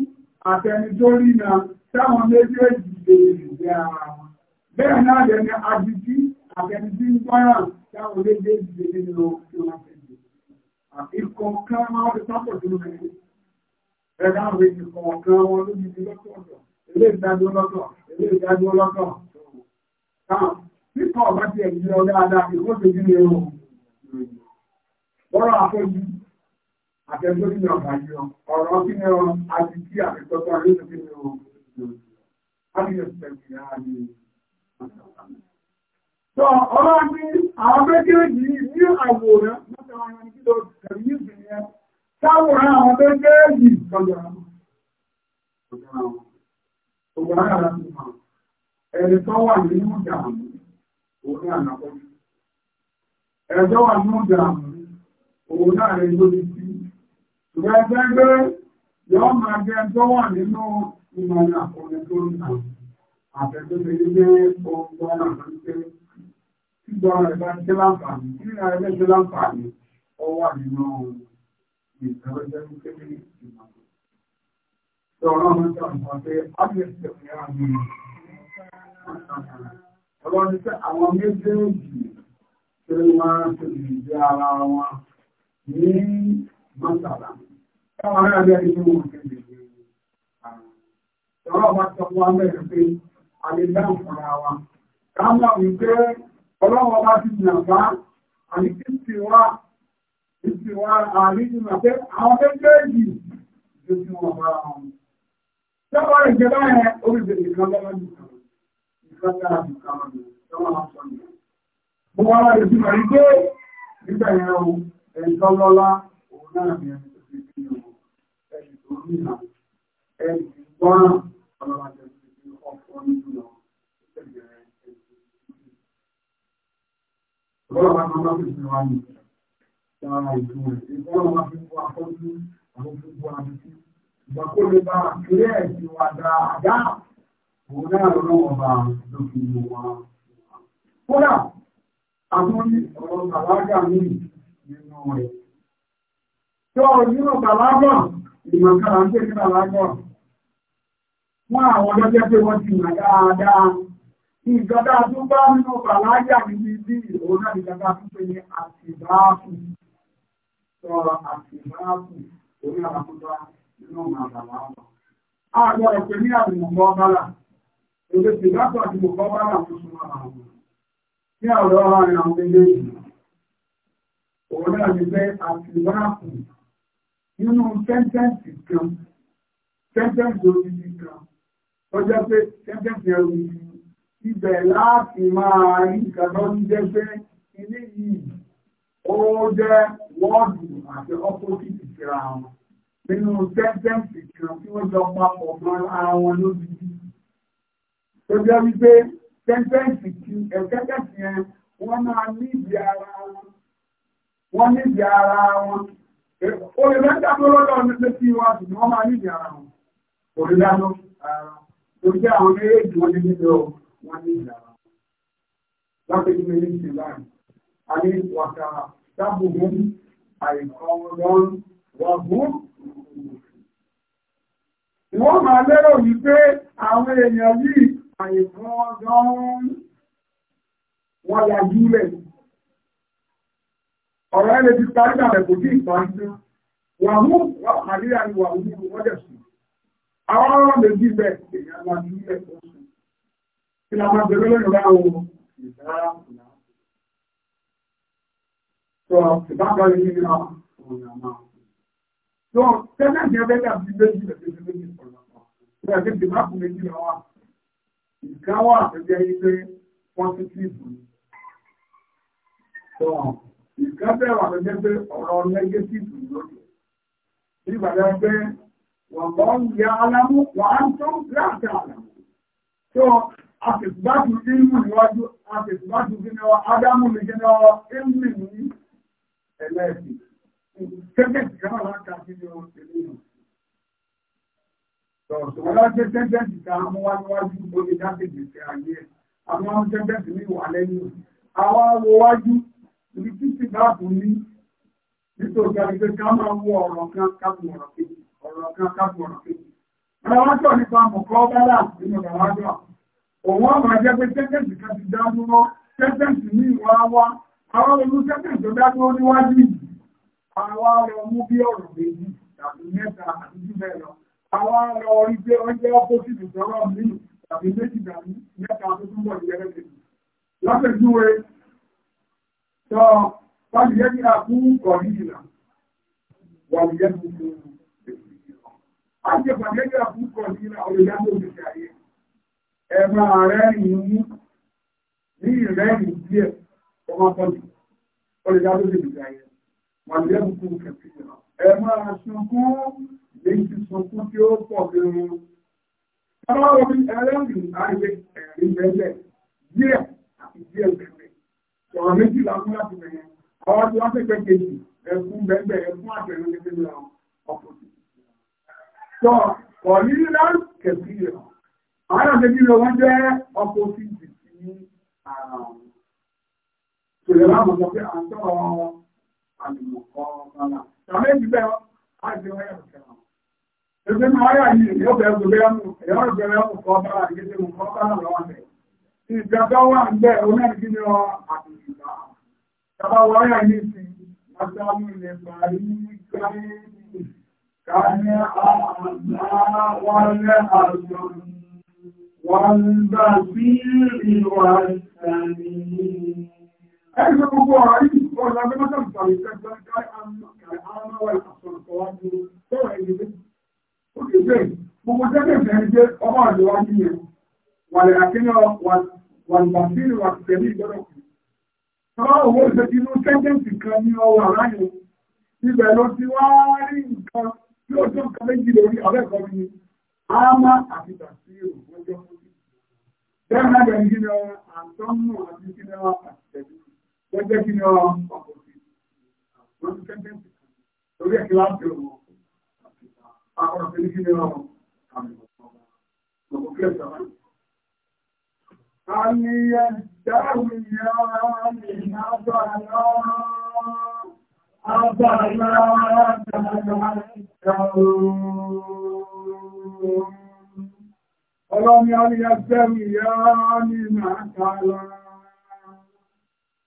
àtẹnitórí na táwọn méjèèjì lè jẹ ara wọn bẹ́ẹ̀ náà lè ní adìdí àtẹnidí ń gbọ́ràn táwọn méjèèjì lè ní lọ wọn fẹ́jọ sápọ̀ sínú ẹ̀rọ ẹ̀rọ àwọn ìkọ̀ọ̀kan wọn lójú ti lọ́tọ̀ọ̀tọ̀ ilé ìdájọ́ lọ́tọ̀ ilé ìdájọ́ lọ́tọ̀ Títọ̀ bá ti ẹ̀yìn lọ dáadáa kí ó ṣe nílé o. Bọ́rọ̀ àfẹ́jú àtẹ́gbó nínú ọ̀gá yìí ọ. Ọ̀rọ̀ kí ni ọ àti kí àtẹ́tọ́tọ́ lóṣù kí ni o. A ní ẹ̀sẹ̀ kì í á ní. Sọ ọ̀rọ̀ ní àwọn méjèèjì ní àwòrán mọ́tò àwọn ẹni kí ló tẹ̀lé ọgbà ara ti hàn ẹni tó wà nínú ìdààmú òun ní ànàkọ́ ẹjọ́ wà nínú ìdààmú òun náà rẹ̀ lórí sí ṣùgbọ́n ẹgbẹ́ gbé yọ́ máa jẹ́ tó wà nínú ìmọ̀nà ọ̀nà tó ń tà àtẹ̀tẹ̀tẹ̀ ilé ọgbọ́n àwọn ṣe gbígbọ́ Ọlọ́run tí àwọn méjèèjì tí máa ń fi ìjẹ́ ara wọn ní mọ́sàlá. Káwọn ará rẹ̀ ní wọ́n ti lè rí àrùn. Ọlọ́run bá sọ fún wa mẹ́rin pé a lè dáhùn fúnra wa. Káwọn wípé ọlọ́run bá ti nà bá àní kí ti wá àríjìnà pé àwọn méjèèjì ló ti wọ́n bára wọn. Lọ́pọ̀ ìjọba ẹ̀ orílẹ̀-èdè ìkan lọ́wọ́ nìkan. Ìfẹ́ta àti ìkàwọn ìjọba wọn sọ ní. Mo wá wá ìjú mọ̀ wípé nígbà yẹn o, ẹ̀ǹkan lọ́lá, òun náà ni ẹni tó fi fi hàn, ẹni tó ní ìhà, ìgbàkóle bá kéré ẹ̀sìn wa dáadáa òun náà lọ́wọ́ bá lókè inú wa. kódà àwọn ọ̀rọ̀ bàlágà míì nínú rẹ̀. tó nínú bàlágà ìmọ̀kára ń tẹ̀lé bàlágà wọ́n àwọn ọlọ́jẹ́ pé wọ́n ti mọ̀ dáadáa. ìjọba tó bá nínú bàlágà níbi bí òun náà ìjọba tó pé ní àtìbáàkù. sọ àtìbáàkù òun náà Àwọn ọ̀pẹ̀ ní àbìmọ̀kọ́ bára, èdè sì látọ̀ àbìmọ̀kọ́ bára fún súnmọ́ àwọn ọmọ. Ní àwọn ọ̀rọ̀ àrin àwọn méjèèjì, òun náà ni pé àfìwáàkù nínú sẹ́ńtẹ́ǹsì kan, sẹ́ńtẹ́ǹsì oríṣi kan, ó jẹ́ pé sẹ́ńtẹ́ǹsì oríṣi ibẹ̀ láti máa rí ìkàtọ́ ní jẹ́ pé ilé nínú sẹ́ńtẹ́ǹsì kan tí wọ́n jọ papọ̀ mọ́ ara wọn lóbi bí. Tó jẹ́ wípé sẹ́ńtẹ́ǹsì kí ẹ̀kẹ́kẹ́sì yẹn wọ́n máa níbi ara wọn. Wọ́n níbi ara wọn. Olùdájọ́ tó lọ́dọ̀ ní pé kí wọ́n sì wọ́n máa níbi ara wọn. Olùdájọ́ ara tó jẹ́ àwọn méjèèjì wọn ní níbi ọ̀ wọ́n níbi ara wọn. Láti ní ilé ìṣẹ̀ báyìí, a ní wàkàrà sábùgbọ́n àìkọ́ wọn wọ́n wọ́n Wọ́n máa lérò wípé àwọn èèyàn yìí àyèkọ́ ọdún wọ́n lajú lẹ̀. Ọ̀rọ̀ ẹ̀lẹ́ ti parí bàbẹ̀ kò tí ìpàájú. Wà mú àríyá ni wà mú wọ́n dẹ̀ sùn. Àwọn ọ̀rọ̀ méjì bẹ̀ èèyàn lajú lẹ̀ fún sùn. Kí la máa bẹ̀rẹ̀ lónìí láwọn ìdára kùnà. Sọ ìbákan ní ọ̀nà máa. So, sometimes you have better business with the business for So, I think the map will make you know what. It's our very positive. So, it's got there on the level or negative. Nígbà tó ń gbé wọ̀n bọ́ ń ya alámú wọ́n á tó ń gíláàsì alámú. So, a sì bá tún ilmù níwájú, a sì bá tún fi náà Ádámù lè jẹ́ náà ilmù ní ẹlẹ́sìn sẹ́ńtẹ̀ǹsì kan wà ká sínú ìlú yìí. Sọ̀rọ̀ wọ́n jẹ́ sẹ́ńtẹ̀ǹsì kan mú wá níwájú lórí dáṣẹ́jì ìfẹ́ ayé ẹ̀. Àwọn sẹ́ńtẹ̀ǹsì ní ìwà lẹ́yìn. Àwa wo wájú ní títí báàbù ní nítorí àgbẹ̀ ká máa wo ọ̀rọ̀ kan kábù ọ̀rọ̀ kejì. Ọ̀rọ̀ kan kábù ọ̀rọ̀ kejì. Ọ̀rọ̀ wá sọ̀ nípa mọ̀kọ́ bálà nínú ìdáwájọ́. Òun àmọ̀ jẹ́ pé sẹ́ńtẹ̀ǹsì kan ti dá dúró. Sẹ́ńtẹ̀ǹsì ní ìwà wa. Àwọn olú sẹ́ńtẹ̀ǹsì tó dá dúró níwájú yìí àwọn arọ mú bí ọ̀rọ̀ méjì tàbí mẹ́ta àti jù bẹ́ẹ̀ lọ àwọn arọ orí pé ó jẹ́ ọ́pọ́sìtì sọ́rọ̀ míì tàbí méjì tàbí mẹ́ta tó túnbọ̀ ìyẹ́rẹ́ kejì lápẹ̀júwe sọ fàbíyẹ́ ní àkún kọ̀ọ̀lì ìlà wà wùyẹ́ tó tó a ṣe fàbíyẹ́ ní àkún kọ̀ọ̀lì ìlà olùyá tó ti ṣàyẹ ẹ máa rẹ́rìn ní ní ìrẹ́rìn díẹ̀ ọmọ tọ́jú olùyá tó ti ṣàyẹ wàlẹ́kùn kẹfìyà ẹ máa sunkún léyìí sunkún tí ó pọ̀ nínú táwọn orí ẹlẹ́rìí ayé ẹ̀rí mẹ́lẹ̀ díẹ̀ àti díẹ̀ bẹ̀rẹ̀ sọ̀rọ̀ méjìlá fún láti bẹ̀rẹ̀ ọwọ́ tí wọ́n fẹ́ kejì ẹkún bẹ́ẹ̀ ẹkún àtẹ̀rẹ́ ní nínú ọkọ̀ tó ọ̀rí ńlá kẹfìyà àwọn àtẹ̀bí lọ wọ́n jẹ́ ọkọ̀ òfin sí ara wọn. Tòlẹ́ láwọn sọ pé à ń àlùmọ̀kọ́ọ́lá. Ṣàmé ìbílẹ̀ àjọ ẹ̀rọ kẹwàá. Ṣé máa yà yìí yóò bẹ̀rẹ̀ gbẹ̀rẹ̀ mú ẹ̀rọ gbẹ̀rẹ̀ mú kọ́ bá àdìgẹ́sẹ̀ mú kọ́ bá lọ́wọ́ bẹ̀. Ìjọba wà ń bẹ̀ onẹ́rìndín ní ọ àtìgbà. Ṣàbá wà yà yìí sí ẹgbẹ́ gbogbo ààrí wọn lábẹ́ mọ́tàbùtà ìjọba káàmọ́wà àṣọ̀rọ̀kọ̀wájú tó ẹ̀yẹ́ ó ti bẹ́ẹ̀ gbogbo jẹ́gbẹ̀ẹ́ jẹ́ ọmọ àjọwájú yẹn wà lè àkínyàn wà lùbàfíìlì wà tẹ̀lé ìgbọ́dọ̀ Tọ́lá owó ìṣẹ́jú inú sẹ́ńtẹ̀ǹsì kan ní ọwọ́ àráyè. Ibẹ̀ ló ti wá rí nǹkan tí ó tó nǹkan méjì lórí ọ̀rẹ́kọ̀ọ́ ni. Ámá àti Tàṣírò wọ́n jọ fún mi. Bẹ́ẹ̀ náà bẹ̀rẹ̀ kí ni ọ àtọ́nù àti kí ni ọ àtẹ̀jú gẹ́gẹ́ bí wọ́n ọkọ̀ sí àwọn kẹ́kẹ́ lórí ẹ̀kí láti ọmọ àwọn ọ̀sẹ̀ kí ni wọ́n ọkọ̀ sí ẹ̀sẹ̀ wọn. Àníyẹ dáhùn yọ ìrìnà àbọ̀ àlọ́ àbọ̀ àlọ́ Ọlọ́ni a ní ẹgbẹ́rún ìyá ní ìrìnà àkàlọ́.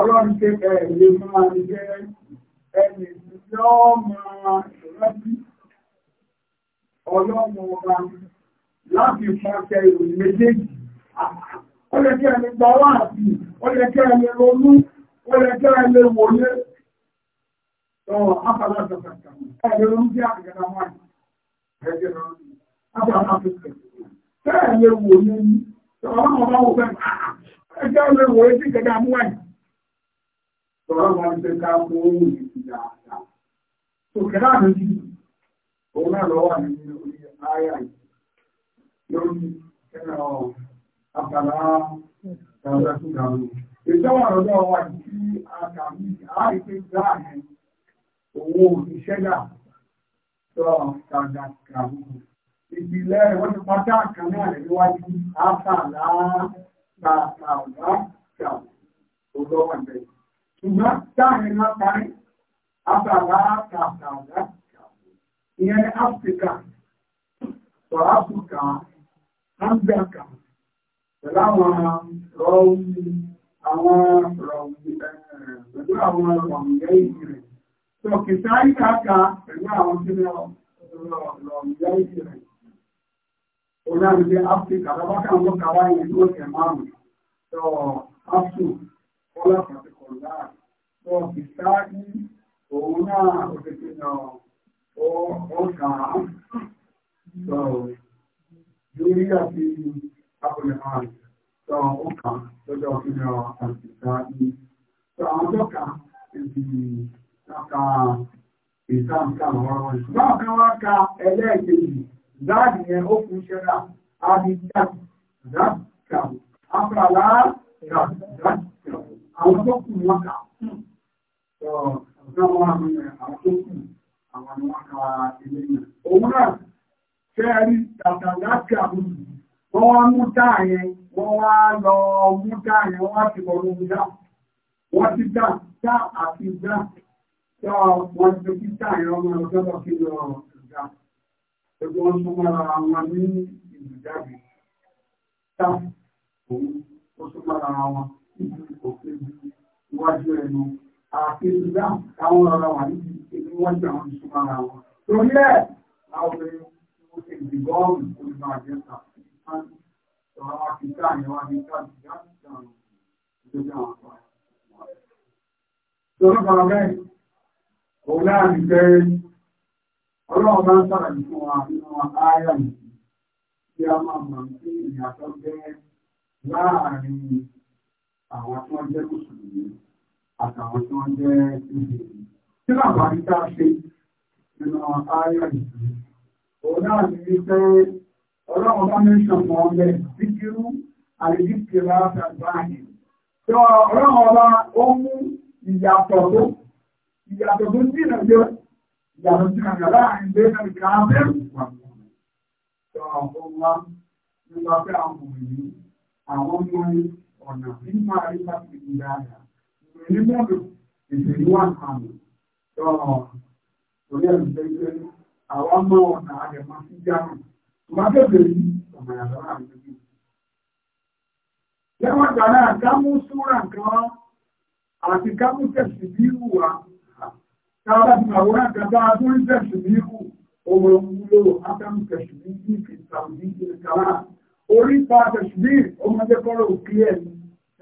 ọlọ́run ṣe ẹ̀lẹ́ máa ń jẹ́ ẹni yọ́ máa rántí ọlọ́run ọba láti fàṣẹ ìròyìn méjèèjì. Ó lè kí ẹni gba wá àti ó lè kí ẹni ronú, ó lè kí ẹni wòye. Sọ̀rọ̀ afàlájọ kàkà, ẹni ronú sí àgbẹ̀dá máa ń ẹgbẹ́ ronú. Afàlájọ kàkà. Bẹ́ẹ̀ lè wòye ní, sọ̀rọ̀ àwọn ọba wò bẹ́ẹ̀. Ah, ah, ẹgbẹ́ lè wòye sí ìgbẹ̀dá mú wáyìí. Tọ́lá wọn fẹ́ ká kó ohun ìdí dáadáa. Tó kẹ́lá mi jù, òun náà lọ́wọ́ mi ní orí ayà yìí. Lórí ẹ̀rọ àbàlá dàrúdàrú. Ìjọba ọ̀dọ́ wa tí a kà mí, a rí pé dáa yẹn, owó ìṣẹ́gà sọ kàdàkàrú. Ìpìlẹ̀ wọ́n ti pátá kan náà lẹ́yìnwájú, àbàlá dàrúdàrú. Òun lọ́wọ́ ìbẹ̀rẹ̀ ṣùgbọ́n táàrin máa parí afẹ́lá kàkàlá ìyẹn ní áfíríkà sọ áfíríkà áfíríkà pẹ̀lú àwọn rọ́ọ̀mù àwọn rọ̀mù pẹ̀lú àwọn rọ̀mù lẹ́yìn rẹ̀ tó kìtà ìkàkà pẹ̀lú àwọn tí rọ̀mù lẹ́yìn rẹ̀ onáàrin áfíríkà lọ́wọ́ kàwọn kàwáyé tó tẹ̀ márùn-ún tó áfíríkà ọlọ́pàá náà tó fi sáájú òun náà ó ti fi nà ó kàn án sọ lórí àti àpòlẹ̀mọ́ sọ ó kàn lọ́jọ́ fi nà àti sáájú sọ àwọn tó kàn ti kàkà ìtàǹkà ọ̀rọ̀ ìṣúná kan wá ka ẹlẹ́ẹ̀kejì záàdì yẹn ó fún ṣẹ́ra àbíjà záàkà àpàlà záàkà àwọn tó kù wọ́n kà ọ̀gá wọn àwọn àwọn tó kù àwọn ni wọ́n ka ilé yẹn. Òun náà fẹ́ rí tàtà láti àwọn wá mú dáa yẹn wọ́n wá lọ mú dáa yẹn wọ́n wá ti bọ̀ lóhun dá. Wọ́n ti dá dá àti dá tó wọ́n ti fi dá yẹn ọmọ ọjọ́ lọ sí lọ ìdá. Ẹgbẹ́ wọn tún mọ́ra wọn ní ìlú jáde. òun ó tún mọ́ra wọn iwájú ẹnu àfihàn táwọn ọ̀rọ̀ wà níbi èmi wájú àwọn ìṣúná ara wọn. torí ẹ̀ láwọn obìnrin ó ṣe ìdìbọ́ọ̀mù olùgbà àjẹsà ìfáàní ọ̀rọ̀ wa ti ká àyẹ̀wò àjẹsà ìjà ìjà ìjọba àwọn ọ̀rọ̀. torí kan bẹ́ẹ̀ òun náà ti fẹ́ ọlọ́run bá ń sàlàyé fún wa nínú ààyè yìí kí a máa mọ̀ sí àwọn tí wọ́n jẹ́ kùsùlùmí àtàwọn tí wọ́n jẹ́ ìgbèrè tí làwọn àríkà ṣe nínú ààyè ìlú òun náà ní wípé ọlọ́run bá ní ṣọ̀mọ́ ọ̀lẹ́ dídírú àrídìkìlá àgbáyé tí ọlọ́run ọba ó mú ìyàtọ̀ tó ìyàtọ̀ tó dínà jẹ́ ìyàtọ̀ dínà jẹ́ láàrin bẹ́ẹ̀ náà ìkà abẹ́rù wà fún mi. tí ọ̀hún wa nípa pé àwọn ọ̀nà tí máa rí bá ti di dáadáa. Ìròyìn mọ́dù ètò ìwà àmì tó orí ẹ̀rù pẹ́pẹ́ àwa mọ́ ọ̀nà àyẹ̀mọ́ sí jáàmù. Tùmá bẹ̀rẹ̀ yìí ọ̀nà àyàlọ́ àgbẹ̀bí. Lẹ́wọ̀n ìgbà náà kámú súra kan àti kámú tẹ̀sí bí wù wá. Táwa ti máa wúrà kan bá tó ń tẹ̀sí bí wù. Ọmọ wúlò átámù tẹ̀sí bí wù kìí tàbí ìkàlá orí ta tẹ̀sùbí ọmọdé kọ́rọ̀ òkú ẹ̀ ní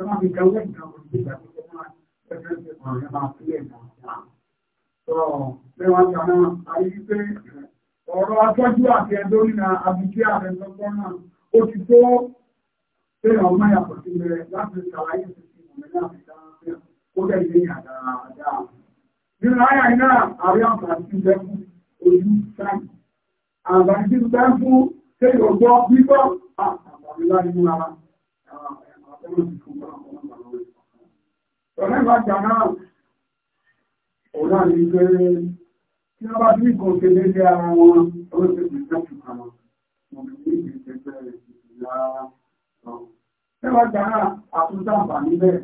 ẹmà fi kẹwẹ́ ìdáwọn ìgbà tó kọ́ máa ẹgbẹ́ ìgbà rẹ̀ máa fi ẹ̀ náà sọ lẹ́wọ̀n tàná ayé wípé ọ̀rọ̀ atọ́jú àti ẹ̀dọ́ nínú abidí àfẹ́sọ́gbọ́ náà ó ti tó pé ọmọ yàtọ̀ sí rẹ̀ láti ṣàlàyé ìṣẹ̀sìn ìmọ̀lẹ́ náà fi dáná sí ó dẹ̀ ilé yàtọ̀ dáadáa nínú ayà iná àrí àǹfààní ti bẹ́ sáì àǹfààní ti fún kéyìn ọjọ́ gbígbọ́ àtàbílá inú ara ní ṣe ara wọn ọlọ́sẹ̀ ti tẹ́kù kan mọ̀ ní ìgbésẹ̀ ìlà ẹgbà jàmá àtúntà bà nílẹ̀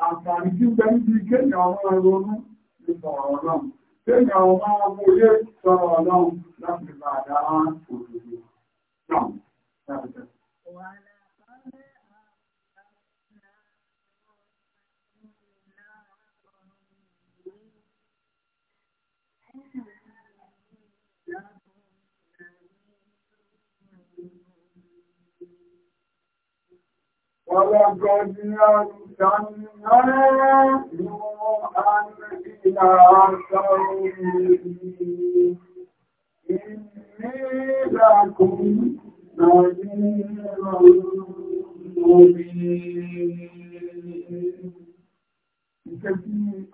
àǹfààní tí ó gbẹ́ níbi kéyìn ọ̀rọ̀ ronú nípa Kéèyàn ọmọ ọmọ ilé Ìkẹ́sí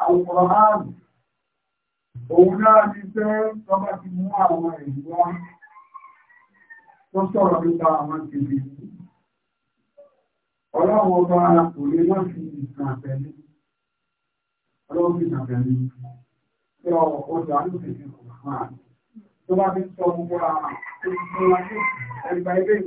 àwòrán òun náà ti fẹ́ tọ́bá ti mú àwọn ìwọ́n tó sọ̀rọ̀ nípa àwọn ìgbìyànjú ọlọ́run ọba kò lè má fi ìtàn àtẹ̀lé ọlọ́run fi ìtàn àtẹ̀lé tí ọjà ń fún kan láì ìtẹ́jú wá bí báyìí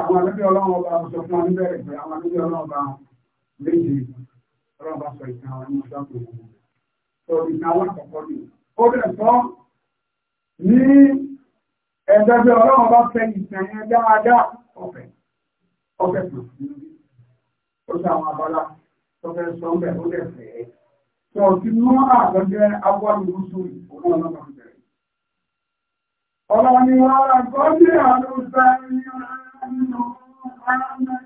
àwọn alẹ́bí ọlọ́run ọba sọ fún wa níbẹ̀rẹ̀ pé àwọn alẹ́bí ọlọ́run ọba méje ọlọ́run ọba sọ ìtàn àwọn tó ìka alákọ̀ọ́kọ́ ni ó bẹ̀ sọ ní ẹ̀ẹ́dẹ́gbẹ́ ọlọ́run bá fẹ́ ìtẹ̀yẹn dáadáa ọ̀fẹ́ ọ̀fẹ́ kan ó sọ àwọn abala tó fẹ́ sọ ń bẹ̀ ó lẹ̀ fẹ́ tó ti mú àgbẹ̀jẹ́ agbọ́lùmọ́sọ òun ọlọ́run bẹ̀rẹ̀ ọlọ́run ni wọ́n rà gọ́dí àlùfẹ́ nínú ọ̀rọ̀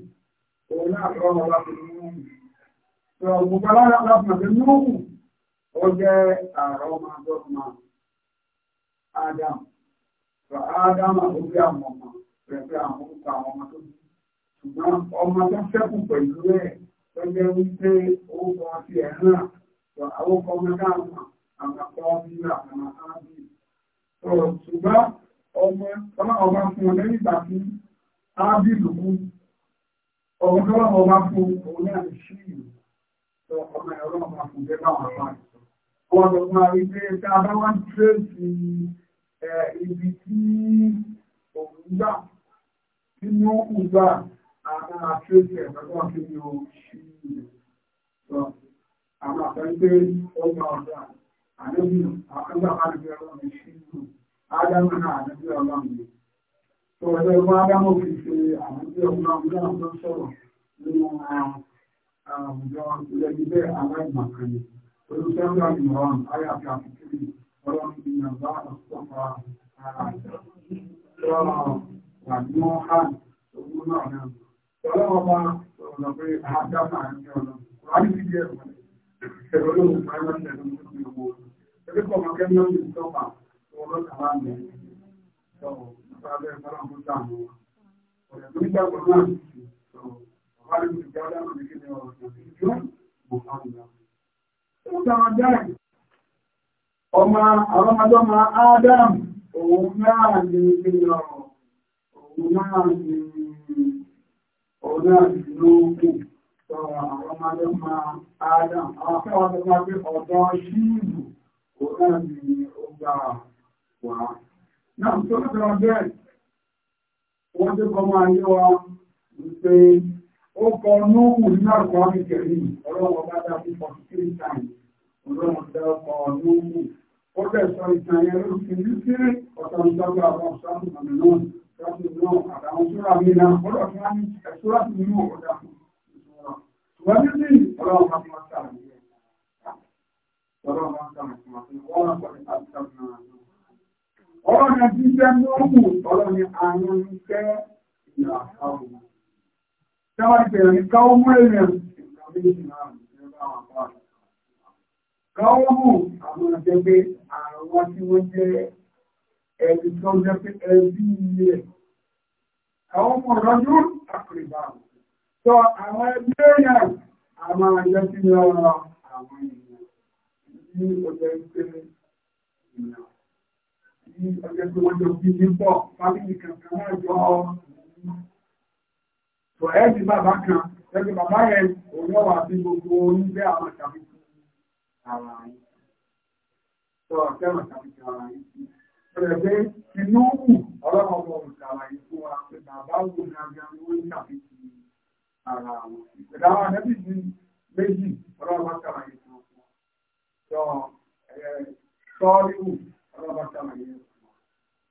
òun náà lọ́wọ́ láti mú ọgbùn lára láti mú ó jẹ́ àrọ́ máa dọ́gbà Adam Adam àgbógbé àwọn ọmọ rẹ̀ pé àwọn orúkọ àwọn ọmọ tó bí ṣùgbọ́n ọmọ tó ṣẹ́kù pẹ̀lú rẹ̀ tó jẹ́ wípé orúkọ ti ẹ̀ náà sọ àwọn ọkọ ọmọ náà mọ̀ àwọn akọ bí àwọn àbí ṣùgbọ́n ọmọ ọmọ fún ọ lẹ́yìn ìgbà tí ábí lùkú Òun tó lọ́wọ́ máa fún òun náà ní ṣí ìlú tó ọmọ ẹ̀rọ máa fún bẹ́ẹ̀ náà wà báyìí. Wọ́n lọ máa rí tí a bá wá ń tírèsì ibi tí òun gbà tí wọ́n kù gbà àwọn àtírèsì ẹ̀fẹ́ tó wà fún mi ò ṣí ìlú. Àwọn àfẹ́ pé ó àdébìnrin àkọ́gbà bá ti fi ìlú. Ádámù àdébìnrin ọlọ́run yìí tó ọjọ́ ìwọ́n ádámù fi ṣe àwọn tí ọmọ ọmọdé àwọn tó sọ̀rọ̀ nínú àwùjọ ilẹ̀ ibẹ̀ aláìmọ̀ kan ni olùsẹ́ńdà ìmọ̀ràn ayàfi àfikúrì ọlọ́run ìyàmbá ọ̀pọ̀pọ̀ àrùn wàdúmọ̀ hàn ogun náà náà ọlọ́wọ́ bá sọ̀rọ̀ pé àádámà ní ọ̀nà wàá ní ìdí ẹ̀rọ ẹ̀rọ lóhùn fún ẹ̀rọ ìṣẹ̀lẹ̀ ní ìlú ìwọ̀ ẹ̀rọ kọ̀ọ̀kan kẹ́míọ́nì sọ́pà ọlọ́kàlá mi sọ̀rọ̀ Ọmọ àwọn ọmọdọ́mọ Adam, òun náà ni ìlọ, òun òun náà ni lóòkù, sọ̀rọ̀ àwọn ọmọdọ́mọ Adam, àwọn akẹ́wọ́n tó ọ̀dọ́ Náà tó lọ́tọ̀ ọjọ́ ẹ̀, wọ́n tó kọ máa yé wa wípé ó kọ nóòmù nínú àkọ́ àkẹ́kẹ̀rí ọlọ́wọ́ bá dá sí 43 times, ọlọ́wọ́ tẹ́ ọkọ̀ nóòmù. Ó bẹ̀ sọ ìtàn yẹn ló fi ní sí ọ̀sán ìjọba àwọn ọ̀sán ìmọ̀mí náà, ìjọba náà àtàwọn súra mi náà, ọlọ́ tí wọ́n ní ẹ̀súra sí nínú ọ̀dà. Ṣùgbọ́n ní sí ọlọ́wọ́ máa ń máa sàrẹ̀ yẹn. Ọlọ́wọ́ máa ń sàrẹ̀ ọ̀nà jíjẹ́ mọ́mù ọlọ́ni àwọn iṣẹ́ ìlà àwọn Káwọ́mù àwọn àjẹgbé àwọn tí wọ́n jẹ́ ẹni tó jẹ́ pé ẹbí ilé. Káwọ́mù rọ́jú àkùrìbà. Sọ àwọn ẹbí èèyàn àwọn àjẹ́ sí ọ̀rọ̀ àwọn èèyàn ní ọjọ́ ìpínlẹ̀ ìlànà tí ọjọ́ pé wọ́n jọ bí ní bàbá kan ẹgbẹ́ bàbá yẹn òun náà wà sí gbogbo àwọn tàbí ara yìí tọ́ ọ̀tẹ́mọ̀ tàbí ara yìí bẹ̀rẹ̀ pé inú wù ọlọ́mọ ọmọ òǹkàrà yìí bàbá wù ní ajá ni wọ́n ara wọn ìpẹ̀dá àwọn ti méjì ọlọ́mọ òǹkàrà yìí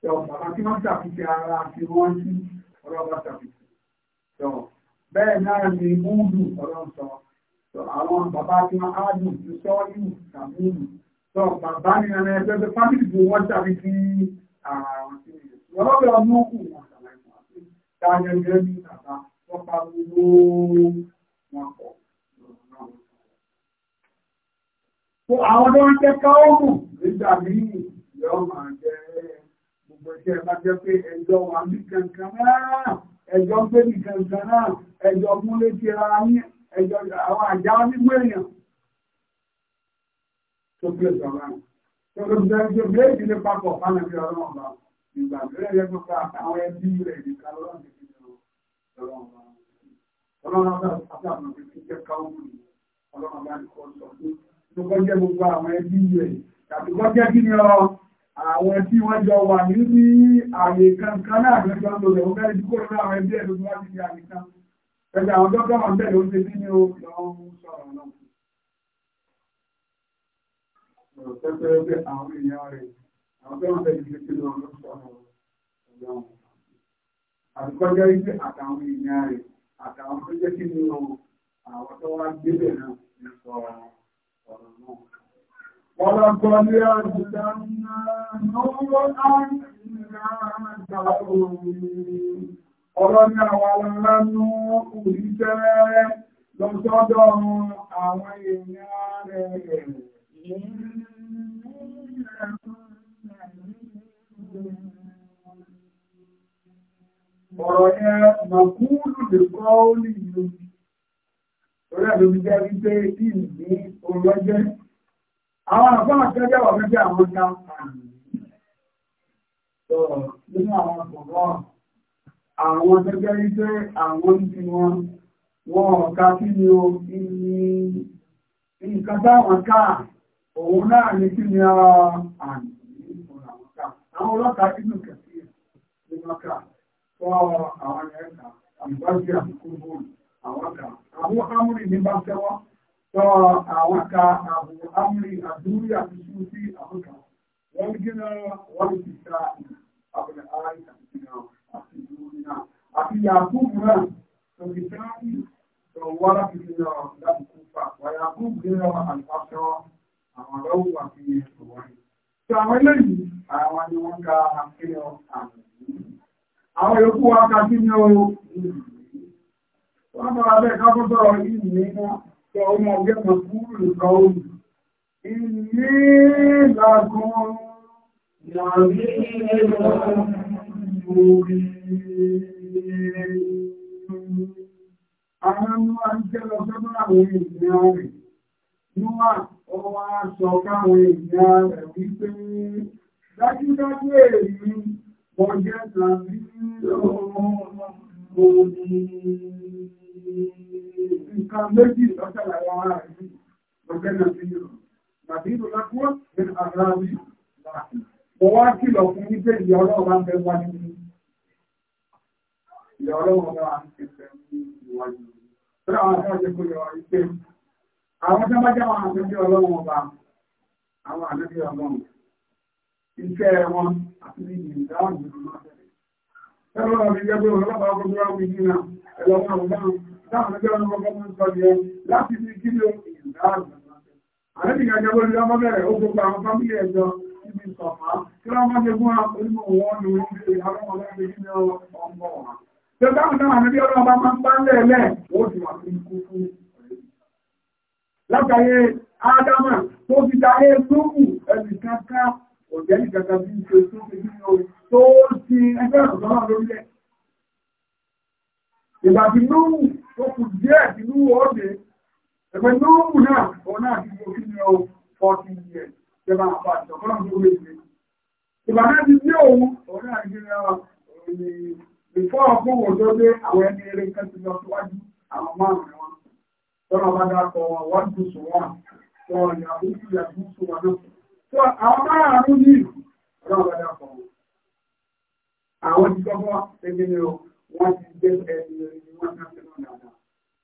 bàbá tí wọ́n ṣàfihàn ara àti wọ́n sí ọlọ́ba ṣàfihàn sọ bẹ́ẹ̀ náà ni múùdù ọlọ́sọ sọ àwọn bàbá tí wọ́n á dùn ju sọ́ọ́yù tàbílù sọ bàbá ní ara ẹgbẹ́ pé fámìlì tó wọ́n ṣàfi sí ara wọn sí ìrẹsì ọlọ́bẹ̀ ọmọ òkú wọn ṣàlàyé wọn sí dájọ́ gẹ́gẹ́ bí bàbá wọ́n pa gbogbo wọn pọ̀ àwọn tó ń jẹ́ káwọ́mù nígbà míì yóò máa jẹ́ ìgbọ̀tẹ́ ẹ bá jẹ́ pé ẹjọ́ wà ní kankan náà ẹjọ́ gbé ní kankan náà ẹjọ́ mú létí ara yín ẹjọ́ àwọn àjá nígbó èèyàn tó gbé sọ̀rọ̀ náà tó ló bẹ́ẹ̀ tó gbé ìdílé papọ̀ fáwọn ẹbí ọlọ́run ọba ìgbà bẹ́ẹ̀ yẹ kó àwọn ẹbí rẹ̀ nìkan lọ́rọ̀ nìkan lọ́rọ̀ ọba ọlọ́run ọba àtàwọn ọmọ ìfẹ́ káwọn ọlọ́run ọba nìkan sọ pé tó kọjá àwọn tí wọ́n jọ wà níbi àyè kankan náà lọ́jọ́ ló lè wọ́n fẹ́ẹ́ dúkọ́ lọ́wọ́ àwọn ẹbí ẹ̀ lójú láti fi àyè kan ẹgbẹ́ àwọn dọ́kọ̀ wọn bẹ̀rẹ̀ ó ṣe kí ni ó lọ́wọ́ sọ̀rọ̀ náà. ọ̀rọ̀ pẹ́pẹ́ pé àwọn èèyàn rẹ̀ ọ̀rọ̀ náà. ولقد أرسلنا نوحا إلى الدارين ọlọ́ni àwọn alánú òṣìṣẹ́ lọ sọ́dọ̀ àwọn èèyàn rẹ̀ ọ̀rọ̀ yẹn mọ̀kúrù lè kọ́ ó lè lò orí àdóbi jẹ́ wípé ìlú olójẹ́ Àwọn àfáà kẹjá wà fẹ́ bí àwọn ọjà nínú àwọn ọ̀pọ̀ àwọn tẹ́jẹ́ wípé àwọn ti wọn wọ́n ọ̀ká kí ni o nǹkan táwọn ká òun náà ní kí ni àmì àwọn ọlọ́ka inú kẹsí ní mọ́ká fọ́ àwọn ẹ̀ka àgbájú àti kúrò àwọn ọ̀ká àwọn amúrì ní bá tẹ́wọ́ sọ àwọn ka àbò amúrí àdúrí àtúnṣe sí àbúkà wọ́n gíná wọ́n ti ta àbùnà ara ìtàkùnà àti ìlú náà àti yàgùn náà tó fi sáàyè tó wọ́n láti fi lọ láti kú pa wọ́yà àwọn ni wọ́n ka àfihàn àmì. Àwọn yòókù wa ka kí ni ó wọ́n bá bẹ́ẹ̀ ká tó sọ̀rọ̀ yìí ọmọ ọgbẹ́ kan kúrò nǹkan ohun ilé ìlàgùn ìrànlẹ́ Àwọn ọmọ ajẹ́ lọ sọ́dọ̀ àwọn ènìyàn rẹ̀. Níwà ọwọ́ aṣọ káwọn ènìyàn rẹ̀ wípé dájúdájú èyí wọ́n jẹ́ tàbí ọmọ ọmọ ọmọ nǹkan méjì lọ́sẹ̀lá wọn ara ìlú lọ́jẹ́ náà sí ìrọ̀ tàbí ìlú lápúọ̀ ní ara rí mo wá kìlọ̀ fún yí pé ìyá ọlọ́run máa ń bẹ wá nínú ìyá ọlọ́run máa ń bẹ wájú tí àwọn àti ọjọ́ kò yọ ìpè àwọn tí wọ́n bá jẹ́ àwọn àti ọlọ́run ọba àwọn àti ọlọ́run iṣẹ́ wọn àti ìdáhùn ìlú náà tẹ̀lé. ẹ̀rọ ọ̀rọ̀ ìjẹ́gbẹ́ ọlọ́pàá gbogbo àwọn ìjìnà ẹ̀lọ́wọ́ àwọn láwọn ẹgbẹ́ ọ̀nà ọgbọ́n mọ́ sọ yẹ láti fi kí ló ìgbà àgbà àrẹ́bì gẹ́gẹ́ bó lè ọmọ bẹ̀rẹ̀ ó gbogbo àwọn fámílì ẹ̀jọ́ níbi ìsọ̀fà kí wọ́n máa jẹ fún onímọ̀ wọn ló ń gbé àwọn ọmọ ẹgbẹ́ kí ló ọmọ wọn. tó dáhùn náà àrẹ́bì ọlọ́run bá máa ń bá lẹ́ẹ̀lẹ́ ó ti wà fún ikú fún látàrí ádámà tó ti darí lókù ẹnì kankan òjẹ́ nìkankan bí ń ṣe tó ti ìgbàtí lóòwù tó kù díẹ̀ tí ló wọ́ dé ẹgbẹ́ lóòwù náà ọ̀ náà ti gbò kí ni ó fọ́tí yẹ ìjọba àpá ìjọba tó lè dé ìgbà náà ti dé òun ọ̀ náà ti gbé ọ ìfọ́ ọkùn òjò dé àwọn ẹni eré kan ti lọ síwájú àwọn márùn-ún wọn tọ́nà bá dákọ̀ wọn wọ́n ti sùn wọn tọ́ ìyàwó sí ìyàwó sùn wọn náà tó àwọn márùn-ún ní ìlú ọlọ́run bá dákọ̀ wọn àwọn ti gbọ́gbọ́ ẹgbẹ́ ni ó wọ́n ti gbé ẹni rẹ̀ ni wọ́n ká fẹ́ràn dáadáa.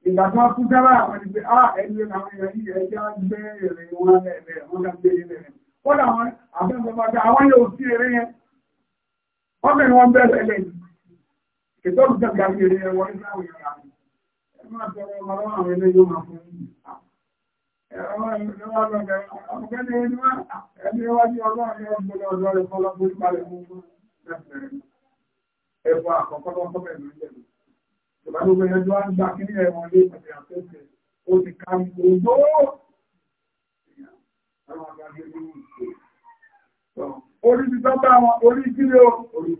Ìgbà tó wọ́n tún dábàá àwọn ti gbé á ẹni rẹ̀ àwọn èèyàn yìí ẹ já gbé èrè wọn lẹ́ẹ̀rẹ̀ wọ́n ká gbé èrè rẹ̀. Kódà wọn àfẹ́sọ̀fọ́dà àwọn yóò sí eré yẹn. Wọ́n bẹ̀rẹ̀ wọn bẹ̀rẹ̀ lẹ́yìn. Ètò òkúta gbàgbé eré yẹn wọlé láwọn èèyàn rẹ̀. Ẹ máa tọrọ ọmọ lọ́wọ́ àwọn eléyìí máa fún yìí. Ẹ̀rọ ọmọ ìlú ẹ̀fọ́ àkọ́kọ́ tó ń kọ́ bẹ̀rẹ̀ lóúnjẹ lọ. Ìgbà tó bẹ̀rẹ̀ lọ́jọ́ á ń gbà kí ní ẹ̀wọ̀n ilé ìpàdé àtẹ́sẹ̀ ó ti ká gbogbo àwọn àgbàgbé ní ìṣe. Orí ti tọ́gbà wọn, orí kílé o, ní ọkọ̀ ìyá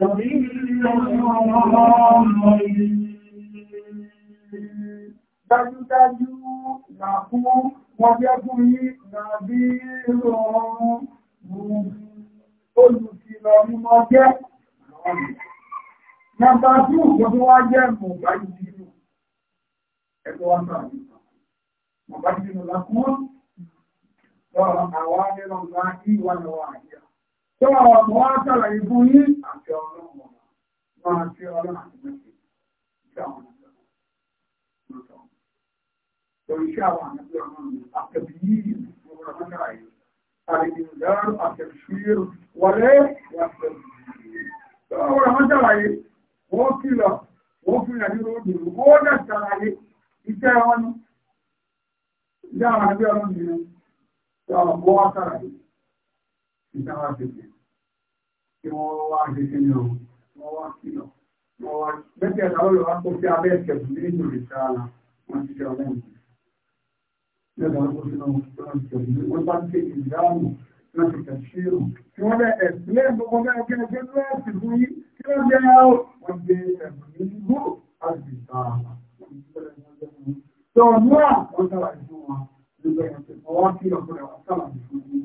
Dájúdájú nà fún wọn bí ẹkùn yí nà bí rọrùn rùn olùkìlọ̀ ní mọ́ jẹ́. Nàbà tí òkú tó wá jẹ́ mọ̀ bá jìdínú. Ẹgbẹ́ wọn bá jìdínú. Mọ̀ bá jìdínú lákún. Lọ́rọ̀ àwọn ẹlọ́gbà ìwà tó àwọn ọmọ wá sára ìbú yí àti ọlọ́wọ́ máa tí ọlọ́wọ́ àti mẹ́fẹ́ tí àwọn ọmọ Torí iṣẹ́ àwọn àmì ọmọ àtẹ̀bí yìí ní ọ̀rọ̀ mọ́ta yìí. Àrìdìndàrú àtẹ̀ṣúyérù wọlé wàtẹ̀. Ọ̀rọ̀ mọ́ta yìí, wọ́n kìlọ̀, wọ́n fi rẹ̀ nínú òdòdó, wọ́n dẹ̀ sára yìí, iṣẹ́ wọn ni. Ìjá àwọn àmì ọmọ yìí, ọ̀rọ̀ mọ́ wá sára yìí, ìjá wa ti kí wọ́n wá gẹ́gẹ́ ní ọ̀hún wọ́n wá kìlọ̀ wọ́n wá bẹ́tẹ̀ ẹ̀dá lọ́lọ́ wá kó sí abẹ́ ìkẹ̀kù ní ìlú ìta ara wọn ti ṣe ọlọ́run lẹ́gbàá ló kó sínú ọ̀hún wọ́n bá ń ké ìdáhùn wọ́n ti tẹ̀sí ọ̀hún tí wọ́n bẹ ẹ̀sìlẹ̀ gbogbo bẹ́ẹ̀ kí wọ́n gbé lọ́ọ̀sì fún yín kí wọ́n gbé wọ́n gbé ẹ̀bùn ní gbó àti ìta tó náà wọ́n sábàá fún wọn nígbà yẹn tó wọ́n kí ọkùnrin wọn sábàá fún yín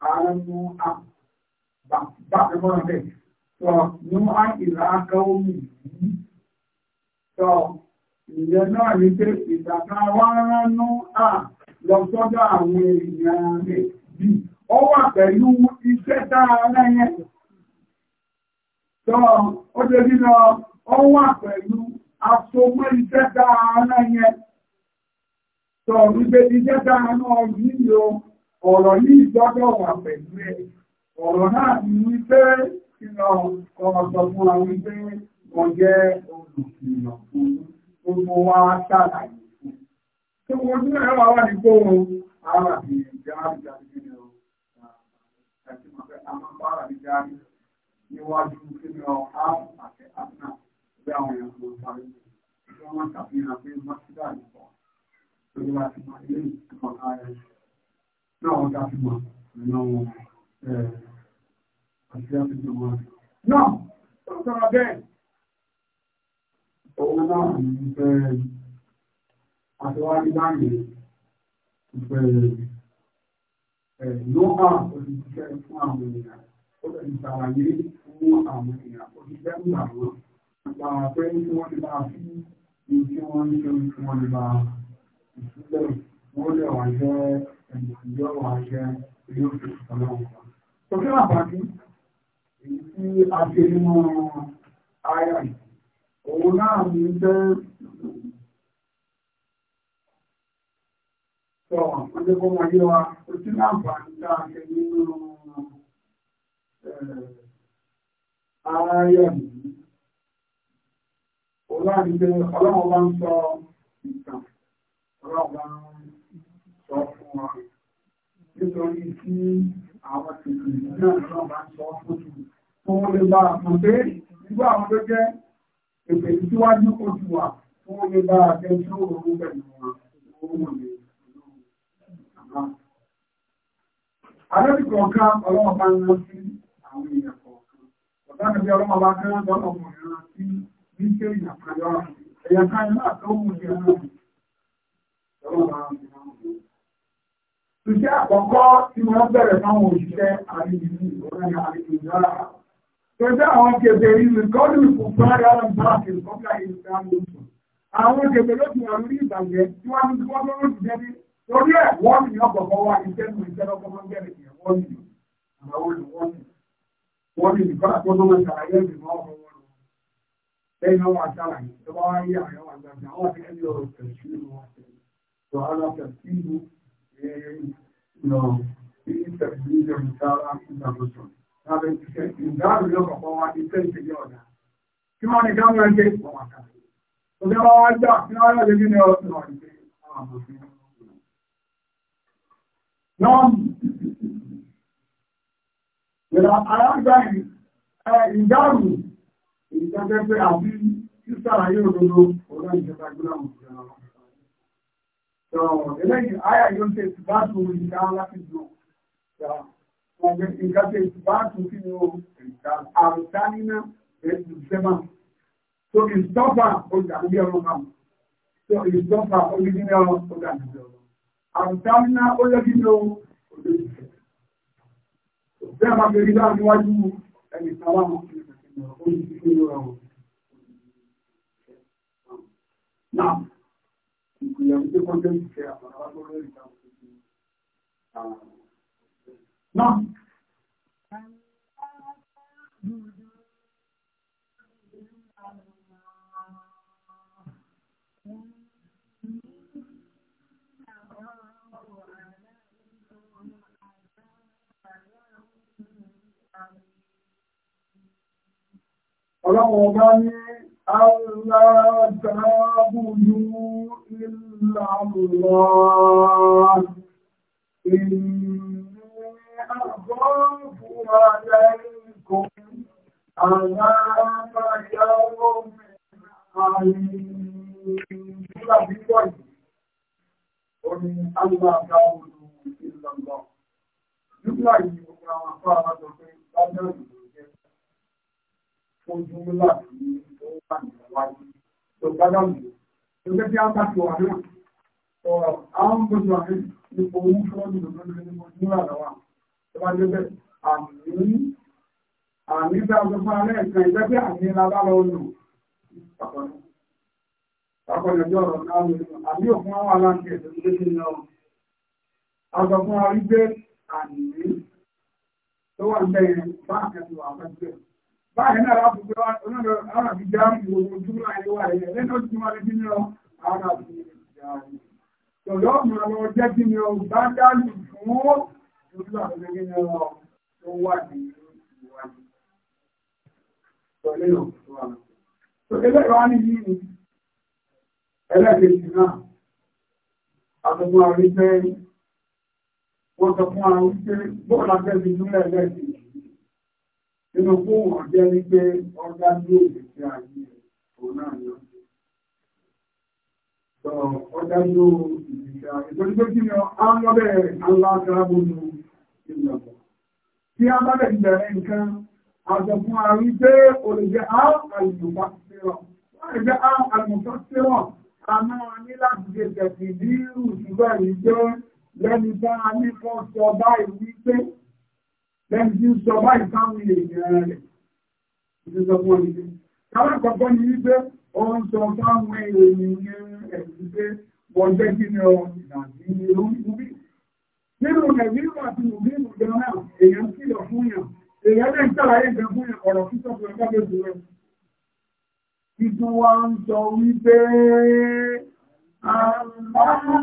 قالوا أم بعد ما بيت فنوعا إلى قومه ìyẹn náà ní pé ìgbàta wá ránú à lọ sọ́dọ̀ àwọn èèyàn rẹ̀ bí ó wà pẹ̀lú iṣẹ́ dára lẹ́yìn tọ́ ó jẹ́ lílọ ó wà pẹ̀lú asomọ́ iṣẹ́ dára lẹ́yìn tọ́ wípé iṣẹ́ dára náà yìí o ọ̀rọ̀ ní ìgbọ́dọ̀ wà pẹ̀lú ẹ̀ ọ̀rọ̀ náà ní pé ìlọ ọ̀sọ̀ fún àwọn pé wọ́n jẹ́ olùkìlọ̀ fún gbogbo wa ṣàlàyé fún tó wọ́n ní ẹ̀rọ wà ní gbóhùn ara àti ìjáàrí jáde nínú àti màfẹ́ àmàpára ní jáde níwájú sínú àwọn àti àtúnà bí àwọn èèyàn tó parí tí wọ́n máa ṣàfihàn pé mọ́sídà nìkan tó wá sí máa ilé ìtumọ̀ ara ẹ̀ náà wọ́n ká fi mọ̀ nínú wọn àti àfihàn wọn. Náà, tó sọ̀rọ̀ bẹ́ẹ̀, òun náà ní fẹ́ àtiwájú báyìí fẹ́ lóhà òṣìṣẹ́ fún àwọn èèyàn ó lè ṣàlàyé fún àwọn èèyàn òṣìṣẹ́ fún àwọn nípa pé kí wọ́n lè bá fi ní kí wọ́n ń ṣe kí wọ́n lè bá ìṣúlẹ̀ wọ́n lè wà jẹ́ yóò wá jẹ́ yóò fi ọlọ́run. Òkè àpàdé èyí tí a ṣe nínú ara yìí, òun náà ní jẹ́ sọ ọjọ́ kó wọ́n yé wa, ó ti láǹfààní tá a ṣe nínú ara yìí. Òun náà ní jẹ́ ọlọ́run bá ń sọ ìtàn, ọlọ́run bá ń sọ fún wọn nítorí tí àwọn tìtì náà náà máa sọ fún un fún wọn lè bá àpò pé nígbà àwọn tó jẹ́ èpè síwájú ojú wa fún wọn lè bá àjẹ tó òun pẹ̀lú wọn owó lè lò Adébì kọ̀ọ̀kan ọlọ́wọ́ bá ń rán sí àwọn èèyàn kọ̀ọ̀kan. Ọ̀dá ni bí ọlọ́wọ́ bá ń rán lọ́nà ọmọ sí ní ṣe ìyàpàdé ọ̀rọ̀. Ẹ̀yà kan náà tó mú ìyẹn Ọlọ́wọ́ bá ń rán sí Iṣẹ́ àkọ́kọ́ tí wọ́n bẹ̀rẹ̀ fáwọn òṣìṣẹ́ àríyìnbí ìgbòrán àríyìnbí ìjọ́ra. Tọ́jọ́ àwọn kèbèrè ìrìnkọ́lù ìfòfárí àwọn ìbáàkì ìfọ́kà ìrìnkọ́lù. Àwọn kèbèrè ló ti wà lórí ìbàjẹ́ tí wọ́n ti wọ́n lọ́rọ̀ ti jẹ́ ní torí ẹ̀ wọ́n ní ọgbọ̀gbọ̀ wà iṣẹ́ nù iṣẹ́ lọ́kọ́ máa ń bẹ̀rẹ̀ ìyẹn wọ́n ní àwọn olùwọ́n ní. Wọ́n ní ìfọ́nà tó ló máa ṣàlàyé ìgbìmọ̀ ọ̀rọ̀ wọn lọ. Lẹ́yìn náà wà ṣàlàyé, ìjọba wá yé àwọn àgbàgbà, àwọn àti ẹni ọ̀rọ̀ tẹ̀síwò wọn tẹ̀síwò no, these are the reasons of Muslim. Now, in that we look upon what he says to the other. Kí wọ́n ní káwọn ẹgbẹ́ ìpọ̀ wà ká. Òbí ọmọ wa gbà kí wọ́n yọ̀ lójú ní ọdún ọ̀rọ̀ ìgbé àwọn àmọ̀fin. Nọ́ọ̀mù. Yọ̀dà alágbà ìdáàbò ìdájẹ́ pé àbí sísára yóò dodo ọ̀rọ̀ ìjọba gbọ́dọ̀ àwọn òṣèlú. So I don't eléyìí it's yóò ṣe ìsìbáàtù ìdá láti dùn ọ̀gbẹ́ nǹkan ṣe ìsìbáàtù kí ni ó àrùtá níná the man, so ìsọ́fà olùdàgbé ọ̀rọ̀ náà so ìsọ́fà olùdíní ọ̀rọ̀ olùdàgbé ọ̀rọ̀ àrùtá níná ó lẹ́bí ní ohun So ìṣẹ́ bẹ́ẹ̀ máa fi rí bá níwájú ẹni sábà wọn kí ni ó ti fi ń rọrùn kuyakuja kuongezea barabara hiyo itakusaidia. Naam. Ọlọ́run ọba ní ألا تعبدوا إلا الله إني أخاف عليكم عذاب يوم عليم ومن ألا تعبدوا إلا الله jùlọ yìí gbogbo àwọn afárá lọ pé bá dẹrù ló jẹ fún jùlọ yìí àwọn gbogbo àmì ipò ohun fọ́ọ̀dù lọ́dún ní mo ní àlọ́wà tó bá jẹ́ bẹ́ẹ̀ àmì àmì bá ọjọ́ fún alẹ́ ẹ̀kan ìjẹ́ pé àmì labá lọ lò pàpọ̀lọ́ pàpọ̀lọ́ jọ ọ̀rọ̀ náà lò àmì òfin àwọn aláǹkì ẹ̀sẹ̀ tó dé nínú ọ̀rọ̀ ọjọ́ fún arí gbé àmì tó wà ń bẹ̀rẹ̀ bá àkẹ́tù àwọn ẹgbẹ̀rẹ̀ báyìí náà lábùgbé wa onílò àwọn àbíjá ń wo ojúmọ́ ayé wa yẹ lẹ́nu ojú wa ní kíni ọ àwọn wọ́n sọ fún àwọn wípé bóòlù afẹ́ fi dúró ẹlẹ́ẹ̀kejì nínú fún ọjọ́ ní pé ọjọ́ ní èdè tí a yí òun náà ni ọjọ́. Sọ ọjọ́ ní èdè tí a yí torí pé kí ni a ń lọ bẹ̀rẹ̀ aláàkárábó a bá bẹ̀rẹ̀ bẹ̀rẹ̀ nǹkan, àjọ fún ara rí pé o lè jẹ́ àlùmọ̀fà sírọ̀. Wọ́n lè jẹ́ àlùmọ̀fà sírọ̀. A máa ní láti ṣe tẹ̀sí bí irú ìṣúgbà yìí jẹ́ lẹ́ni bá a ní kọ́ sọ báyìí wípé lẹ́yìn tí ń sọ báyìí fáwọn èèyàn rẹ̀ ìdí sọ fún ọdún káwọn àkọ́kọ́ ni wípé ó ń sọ fáwọn èèyàn ẹ̀sìn pé wọ́n jẹ́ kí ni ọ ìdàgbé ni ó ń kú bí nínú nàìjíríà àti òbí ìmọ̀jọ náà èèyàn kìlọ̀ fún yàn èèyàn lè ń sàlàyé ìgbà fún yàn ọ̀rọ̀ fún sọ́kùn ẹ̀ká lóṣù rẹ̀ títún wá ń sọ wípé àwọn ọmọ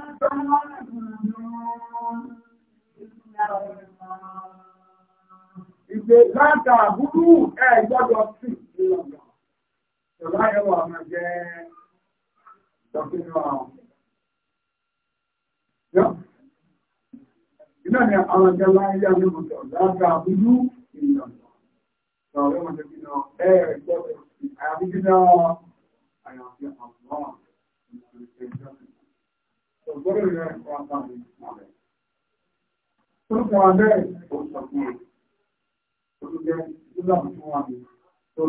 ìgbè láta àbúrú ẹ̀ gbọ́dọ̀ sí ìlànà ìjọba ẹwà ọmọ jẹ́ dọ́kítọ̀ iná ni àwọn ìjọba ilé àjọmọ̀tọ̀ láta àbúrú ìlànà ìjọba ọmọ jẹ́ kínà ẹ̀ gbọ́dọ̀ sí àyàbíkínà àyàfi àwọn Tó gbọ́dọ̀ rẹ̀ ọ̀pá mi. Tó kọ̀ abẹ́ òṣèlú ó ti jẹ́ nígbà tí wọ́n wà ní ń gbé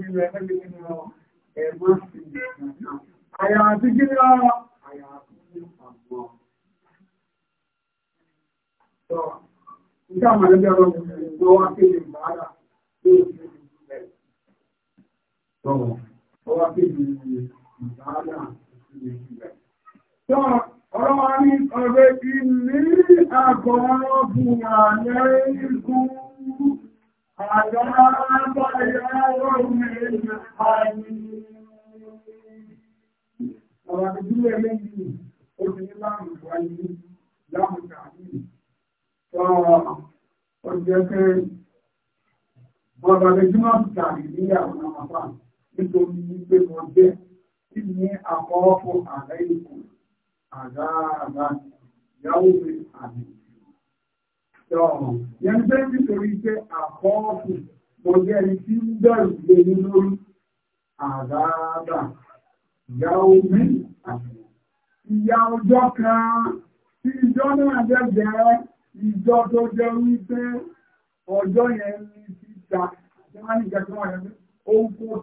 nínú ẹ má ni ara àti kí Ọ̀rọ̀ wa ní ọ̀rẹ́ ilé àgọ́rọ̀ bùn àlẹ́ ìgún àjọ́ àbáyọ̀ orí ìrìnà àyí. Ọ̀rọ̀ àdúgbò ẹlẹ́yìn obìnrin láàrùn wáyé láàrùn tàbí. Ọjọ́ pé ọ̀rọ̀ àdúgbò tàbí ní àwọn àpá nítorí pé wọ́n jẹ́ kí ní àkọ́ọ̀fọ́ àlẹ́ ìkùn àdáàbá yàwó mi àmì. Yẹn pé nítorí pé àkọ́ọ̀fù mo jẹ́ ẹni tí ń bẹ̀rù lé ní lórí àdáàbá yàwó mi àmì. Ìyá ọjọ́ kan tí ìjọ náà jẹ́ bẹ̀rẹ̀ ìjọ tó jẹ́ wípé ọjọ́ yẹn ní títa. Ṣé wọ́n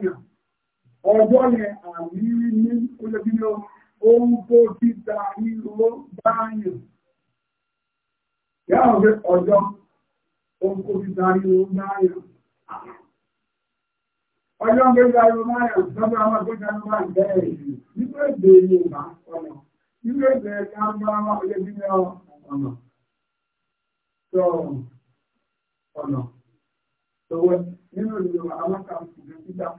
ní ń ọjọ́ yẹn àmìrí ní olóbílẹ̀ ohun tó dídá ìró báyìí yàrá pé ọjọ́ ohun tó dídá ìró báyìí ọjọ́ gbégbá ìró báyìí lọ́gbà àwọn gbégbá ìró báyìí bẹ́ẹ̀ nígbà èdè Yorùbá ọ̀nà nígbà èdè Yorùbá olóbílẹ̀ ọ̀nà tó ọ̀nà tó wẹ́ nínú ìlú àwọn kan kò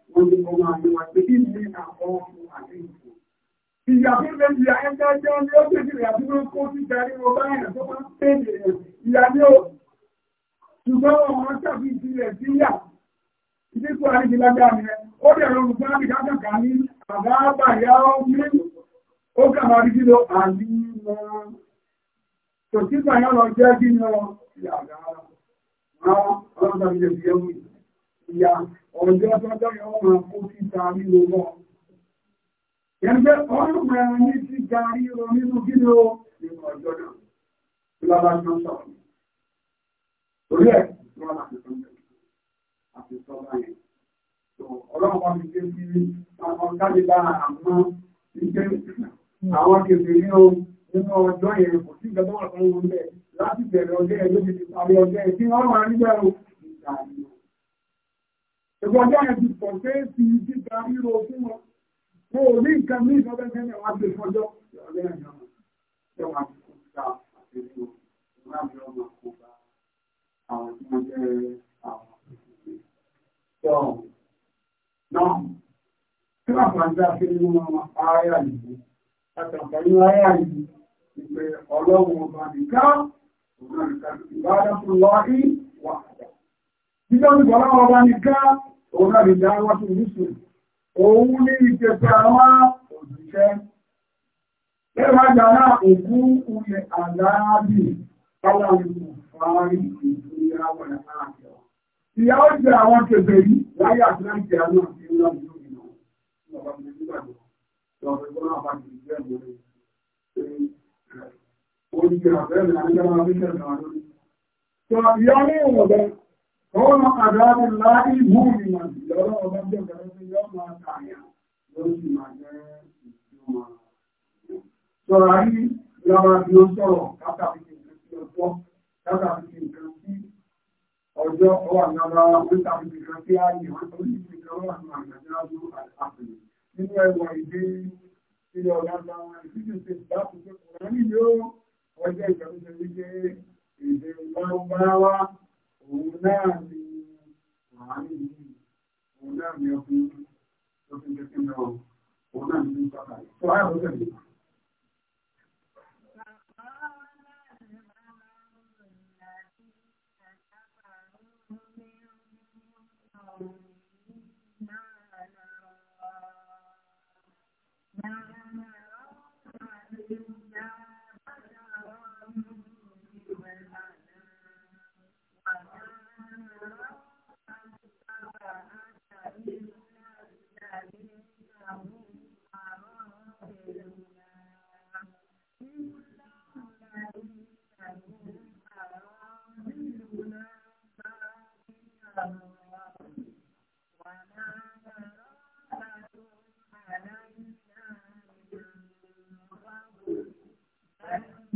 wọ́n ní ọmọ àríwá pé kí ní àwọn ọmọ àríwá. Ìyàbí lè di ẹgbẹ́ jẹ́ ní ó tètè rẹ̀ àti wọ́n kó sí ìdarí wọn báyìí tó máa ń tètè rẹ̀. Ìyá ni ó ṣùgbọ́n wọn máa ń tàbí ìdílé sí yà. Ìdíkù àríjì lágbàá ni ẹ. Ó dẹ̀ rọrùn fún àbíká kàkà ní àbá àbáyá ọmọ ó kà máa rí kílò àní wọn. Tòsí ìgbà yẹn lọ jẹ́ kí ni ọ ìyàgá. Àwọn ọlọ́dọ̀ ilé ìyẹ́wò ìyá ọjọ́ tọ́jọ́ yóò máa kó títa ríro lọ. Ẹgbẹ́ ọrùn ẹran ní títa ríro nínú kíni ó nínú ọjọ́ náà. Ìlọ́ba ti sọ̀rọ̀. Orí ẹ̀ ló wà láti sọ̀rọ̀. Àti sọ̀rọ̀ yẹn. Ọlọ́run mi ṣe fi àwọn kálíbà àmọ́ nínú ọjọ́ yẹn kò sí ìgbẹ́ tó wà fún láti bẹ̀rẹ̀ ọjọ́ ẹ̀ lóbi ti parí ọjọ́ ẹ̀ tí wọ́n máa rí bẹ́ẹ̀ Ìgbà yìí. Ìgbọ̀dá ẹ̀dì pọ̀ pé ti dídá ríro fún wọn. Mo ò ní nǹkan ní ìjọba ẹgbẹ́ náà wá gbé fọjọ́. Ìrọ̀lẹ́ ẹ̀yà wọn. Ṣé wàá fi kó ta àti ìlú láti ọmọ kó bá àwọn tí wọ́n jẹ́ àwọn òṣìṣẹ́. Sọ náà, tí wàá fà ń dá sí nínú ara yìí, àtàkùn ara yìí, ìpè ọlọ́run ọba nìkan, ìbára fún lọ́rí wà Ìjọ́ ìgbọ̀lá ọba ní ká òun náà lè dá wá sí ìrísù. Òun ní ìjẹta wá òṣìṣẹ́. Lẹ́wàá gbàrá òkú ilẹ̀ àdáàbì aláwọ̀ fàárí ìgbéyà wọ̀nà àjọ. Ìyàwó jẹ àwọn kẹfẹ́ yìí láyé àtìláìkì àwọn àti ìlú àjọ ìlú. Ìjọba mi nígbàgbọ́. Ìjọba ìgbọ́nà àbájá ìgbẹ́ ìgbẹ́ ìgbẹ́ ìgbẹ́ ìgbẹ́ Ọ̀nà àdáàbì láì mú ìrìnà lọ́rọ̀ ọgbẹ́ ìgbẹ̀rẹ̀ sí yọ́ máa tààyà lórí ìmọ̀ jẹ́ ìjọba. Sọ̀rọ̀ rí ìjọba bí ó sọ̀rọ̀ látàrí nǹkan sí ọjọ́, látàrí nǹkan sí ọjọ́ ọwà nára látàrí nǹkan sí ààyè orí ìpínlẹ̀ ọwà náà àgbàjáde àpèlè. Nínú ẹwà ìdí ilẹ̀ ọ̀gáta ìdíje ṣe láti ṣe kùnrin yóò ọjọ́ ìgbàlódé wípé èdè ìgbàlódé òun náà ni wàhálì yìí òun náà ni ọkùnrin tó fi kékeré lọ òun náà ni pàtàkì tó ayọ̀ ó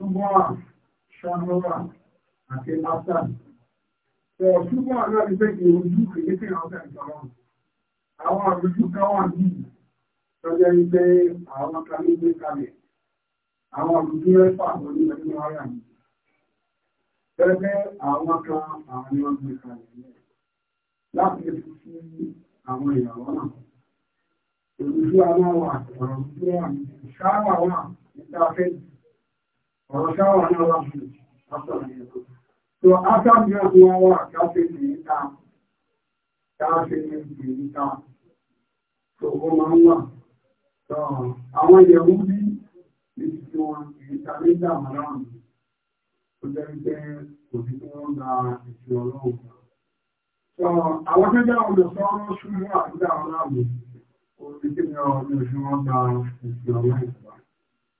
ṣúgbọ́n ṣanúra àti láta ọ̀ ṣúgbọ́n náà ti fẹ́ ojú kìí fi hàn fẹ́ ìjọba àwọn àrùjú káwọn yìí tọ́jọ́ ilé àwọn kalẹ̀ gbé kalẹ̀ àwọn àrùjú mẹ́fà lórí ẹgbẹ́ ara mi tẹ́lẹ̀ àwọn kan àwọn ọgbẹ́ kalẹ̀ láti fi sí àwọn ìyàwó náà òrùjú àwọn àwọn àrùjú àwọn ìṣáwà wà níta fẹ́ jù ọ̀rọ̀ káwà ní ọlá fún àtàrí ẹ̀kọ́. So, akáàkiri àti wọn wà káfẹ́ ní ìta, káfẹ́ ní ìta, so, ó máa ń wà. So, àwọn ìyẹ̀wú bí ìsìnkú wọn ìta ní ìdàmà láàmù, ó jẹ́ wípé kò sí kí wọ́n gba ìsìn ọlọ́run. So, àwọn tó jẹ́ ọ̀dọ̀ sọ́rọ́ ṣúgbọ́n àti àwọn láàmù, ó ti kí ni ọ̀dọ̀ ṣúgbọ́n gba ìsìn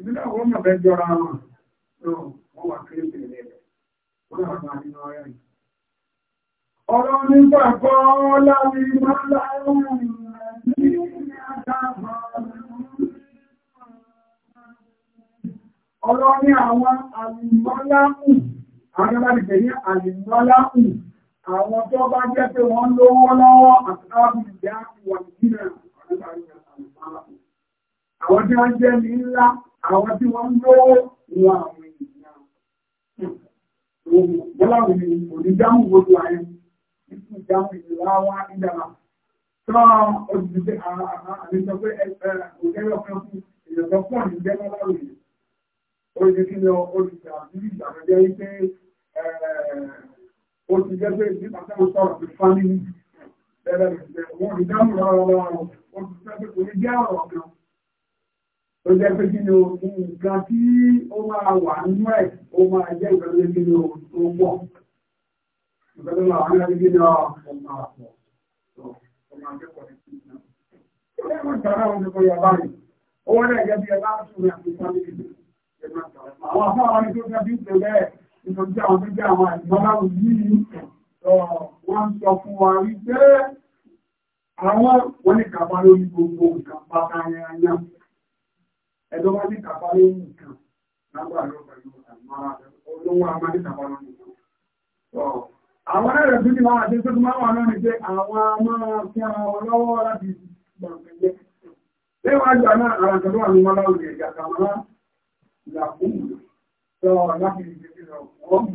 ìbílẹ̀ àwọn ọmọ bẹ jọra wọn wọ́n wà kéré pèlè rẹ̀ wọ́n wà máa nínú ọ̀rẹ́ yìí ọ̀rọ̀ nípa kọ́ láti máa láàrín ní àtàkọ́ ọ̀rọ̀ ní àwọn àlìmọ́láhùn àwọn alábìtẹ̀ ní àlìmọ́láhùn àwọn tó bá jẹ́ pé wọ́n lówó lọ́wọ́ àtàkùn ìdá àwọn tí wọ́n ń lówó wọn àwọn ènìyàn wọ́n láwọn ènìyàn kò ní dáhùn gbogbo ayé nípa ìdáhùn ìlera wa nígbàlá tó ọdún àlejò pé òkèrè ọ̀fẹ́ fún ìyọ̀tọ̀ pọ̀ ní jẹ́ láwọn ènìyàn ó ti kí lọ olùgbà àti ìgbàgbẹ́ wípé ó jẹ́ pé kí ni o nǹkan tí ó máa wà nínú ẹ̀ ó máa jẹ́ nǹkan tó kí ni o tó pọ̀ nǹkan tó máa wà nínú ẹ̀ kí ni o máa pọ̀ ó máa jẹ́ pọ̀ ní kí ni o. ó yẹ kó tààrà àwọn sọ fún wa wípé àwọn wọ́n ní kàbá lórí gbogbo nǹkan pátá yẹn yẹn ẹjọ́ bá ní kàfà lórí nǹkan lágbà lọ pẹ̀lú olówó a máa ní kàfà lórí nǹkan. àwọn ẹ̀rẹ̀ tó ní máa ṣe tó máa wà lọ́rin pé àwọn máa fi ara wọn lọ́wọ́ láti gbọ̀ngẹ̀jẹ́. ṣé wàá gbà náà ara kan tó wà ní wọn láwùjọ ìjà kàmọ́ ìlàkúùlù wọ́n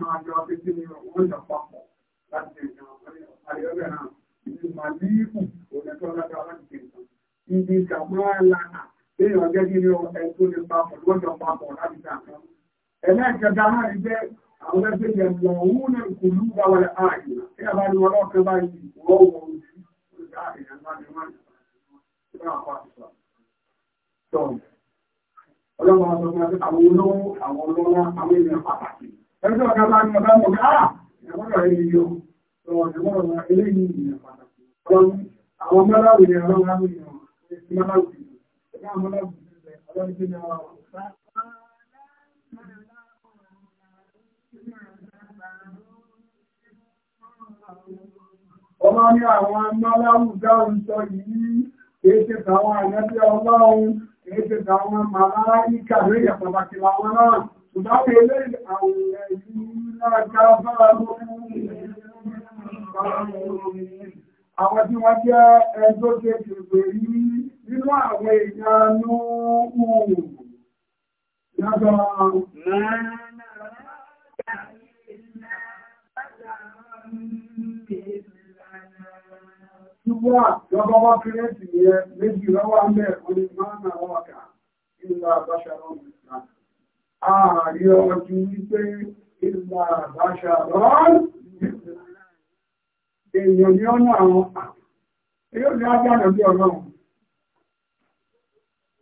máa jọ pé láti ìjà àríyọ́bẹ̀ láti ìjà èèyàn jẹ́ kí ni ọ ẹni tó lè pa pọ̀ lọ́jọ́ papọ̀ láti ta kan. ẹlẹ́ẹ̀kẹta náà ni jẹ́ àwọn ẹgbẹ́ yẹn mọ̀ òun náà kò lù bá wọlé a bá ní wọn lọ́kàn báyìí wọ́n wọ ojú Ọlọ́run àwọn ọmọ àwọn olówó àwọn ọlọ́lá àwọn ènìyàn pàtàkì. Ẹgbẹ́ ọ̀gá bá ní ọ̀gá mọ̀ ní àà ìyàwó rẹ̀ yíyọ. Ọ̀rọ̀ ìwọ̀n eléyìí ìyàn pàtàkì. Ọlọ́run àwọn mẹ́láwì ni ọlọ́run láwọn ọlọ́run ọlọ́run tí ní ọwọ́ ọmọ ní àwọn amáláwù dáhùn sọ yìí kìí ṣe tàwọn àyẹ́bí ọlọ́run kìí ṣe tàwọn màláìkà lórí ẹ̀pàtàkì làwọn náà ṣùgbọ́n pé àwọn ẹ̀yìn náà já lórí àwọn tí wọ́n jẹ́ ẹgbẹ́ nínú àwọn èèyàn ní oòrùn lábọ̀ Ṣúgbọ́n àjọba wá kírẹ́sì yẹ méjì lọ́wọ́ mẹ́ orí mọ́nà ọ̀kà ìlà àbáṣàrọ̀ ìsìnkà. Ààrí ọjọ́ wípé ìlà àbáṣàrọ̀ èèyàn ní ọ̀nà àwọn àti. Èyí ò ní agbára bí ọlọ́run.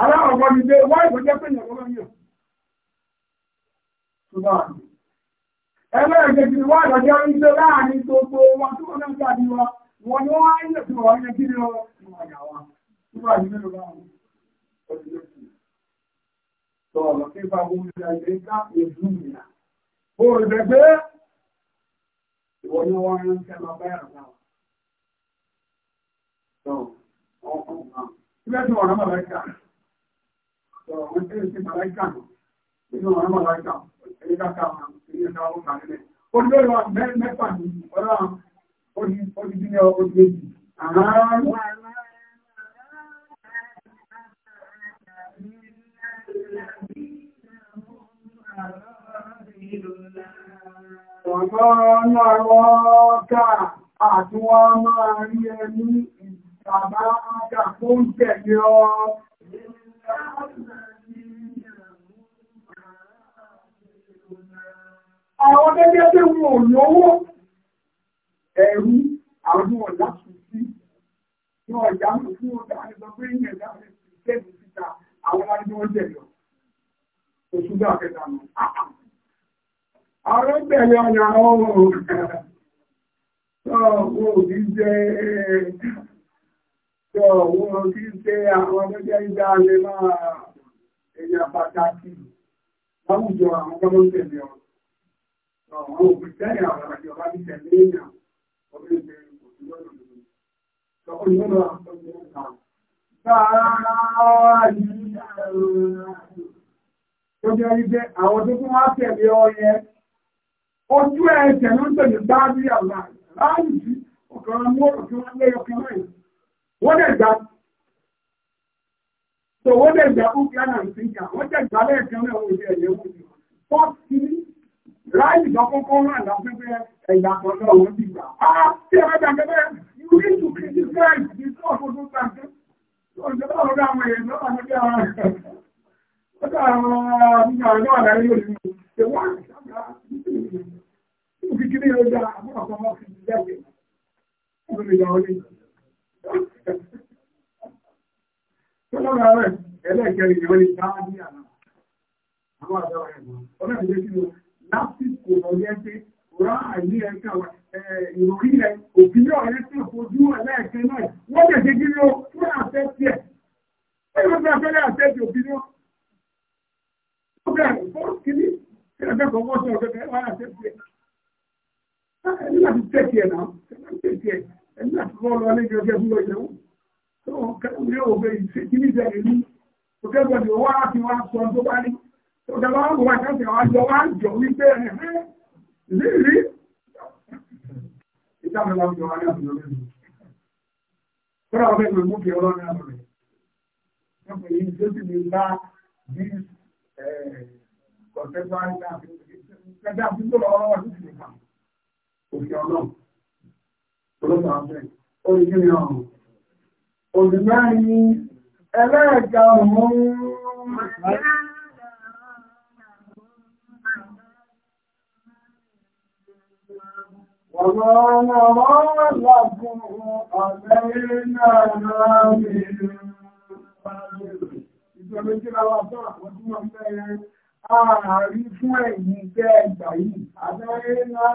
Ará ọ̀gbọ́n ni pé wá ìgbọ́jẹ́ pé ìyàwó máa yàn. Ẹlẹ́ẹ̀kẹ́ ti wá ìgbọ́jẹ́ ń ṣe láàrin gbogbo wa tó wọ́n náà jáde wa, wọ́n ni wọ́n á ń lẹ̀kùn wọ́n yẹ kí ni ọ Sọ̀rọ̀ kí bá wọ́n ìrìnlẹ̀ ìgbẹ́ká ìlú ìrìnà. Bó ìgbẹ́gbẹ́ ìwọ̀n ni wọ́n ń kẹ́lọ bẹ́ẹ̀rẹ̀ náà. Sọ̀rọ̀ ọkùnrin náà. Ilé tí wọ́n náà mọ̀ lẹ́kàá wọ́n tí ń ṣe màláìkà àwọn màláìkà ẹ̀yẹ́dáka ẹni ìjàmbá ọ̀gá fún tẹ̀lé ọ. Àwọn gẹ́gẹ́ bí wọn ò lówó ẹ̀rú àwọn ọ̀dá sí ní ọjà fún ọjà àjọ pé ní ẹ̀dá rẹ̀ síta àwọn arìnrìn wọ́n jẹ̀yọ. Òṣùgbà kẹta nù. Àwọn ọ̀nà tó òun kí ń pé àwọn ọlọ́jẹ́ ìdá alẹ́ máa èèyàn pàtàkì láwùjọ àwọn ọmọ ọ àwọn òfin tẹ́lẹ̀ àwọn àjọba ní tẹ̀lé èèyàn ọdún ìgbẹ́ òṣìlọ́dọ̀ tó jẹ́ ibẹ́ wọ́n dẹ̀ gbà tó wọ́n dẹ̀ gbà fún kíánà ń sìnkà wọ́n dẹ̀ lẹ́ẹ̀kan náà wọ́n dẹ̀ yẹ wọ́n fọ́ọ̀tì ráìlì lọ́kọ́kọ́ rán àdáfẹ́fẹ́ ẹ̀yà àkọ́kọ́ wọn ti gbà á ah, tí ẹ̀rọ ìdàgbẹ́fẹ́ you need to criticize the source of those things ọjọ́ ọ̀rọ̀ àwọn èèyàn lọ́pàá lórí àwọn ọjọ́ àwọn nígbà náà láyé lórí ìwà ìṣàgbà nítorí ìgbìkiri ọjà àbúrò ọ̀sán wọn fi jáde Tó lọ́rọ̀ rẹ̀, ẹlẹ́ẹ̀kẹ́rin ìwé ní sáájú àná. Àwọn àjọ rẹ̀ mọ̀. Ọlọ́run jẹ́ kí ló lásìkò lọ yẹ́ pé rá àìní ẹ̀ka ìròrí rẹ̀ òfin náà rẹ̀ tí òfojú ẹlẹ́ẹ̀kẹ́ náà. Wọ́n lè ṣe kí ló fún àṣẹ tiẹ̀. Ó yẹ kí afẹ́lẹ́ àṣẹ ti òfin náà. Ó bẹ̀rẹ̀ fún kìíní kí ẹ̀fẹ́ kọ̀ọ̀kan sọ̀rọ̀ kẹ́kẹ́ wá àṣẹ tiẹ̀. Ẹ ẹgbẹ́ àkọ́kọ́ lọ ní gẹ́gẹ́ bí ọjọ́ tó kẹ́kọ̀ọ́ ògbé ìṣèkìlì jẹ́rẹ̀ ní ọkẹ́gbọ̀n ni wọ́n á fi wá sọ tó bá ní ọjọ́ wá kẹ́kẹ́ wá jọ wá jọ wípé ẹ̀ rí rí ìdámẹ́lá ọjọ́ wá ní àbúrò lẹ́nu kọ́ra ọ̀fẹ́ ìwé mú kí ọlọ́run náà rẹ̀ wọ́n pè ní tó sì lè bá bí kọ̀ọ̀tẹ́gbọ́n náà fi kẹ́kẹ́ àbúrò lọ́wọ́ wọ́n sì lè kà òfin ọlọ́run Olùmẹ́rin ẹlẹ́ẹ̀kà mún Wọ̀n wọ́n lọ́gbùn ọ̀lẹ́rin náà náà rí ìjọba ìjọba wà tó àwọn tí wọ́n fẹ́ ààrí fún ẹ̀yìn jẹ́ ẹgbà yìí. Àbẹ́rẹ́ náà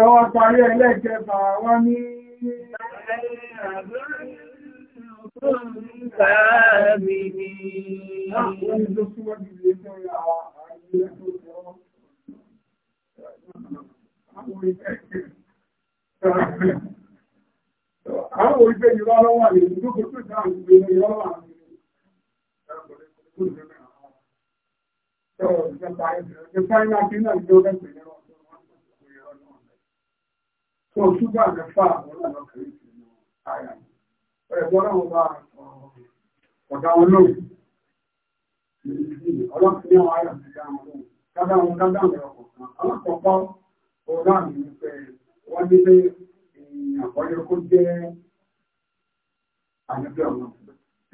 Ẹwà parí ẹlẹ́kẹfà wá ní Àwọn orílẹ̀ ìrọ̀ lọ́wọ́ àmì ìdókòó tó dáa ìgbèrè lọ́wọ́ àmì ìrọ̀. So, the final thing that you don't have to know tó túbà mẹ́fà àwọn àwọn àyà ti dá wọn lóhùn dáadáa wọn dáadáa wọn ọkọ̀ọ̀kan alákọ̀ọ́kọ́ ọ̀dà mi ń fẹ́ wọ́n ní pé àkọ́yẹ kó jẹ́ àyẹ̀fẹ́ ọ̀nà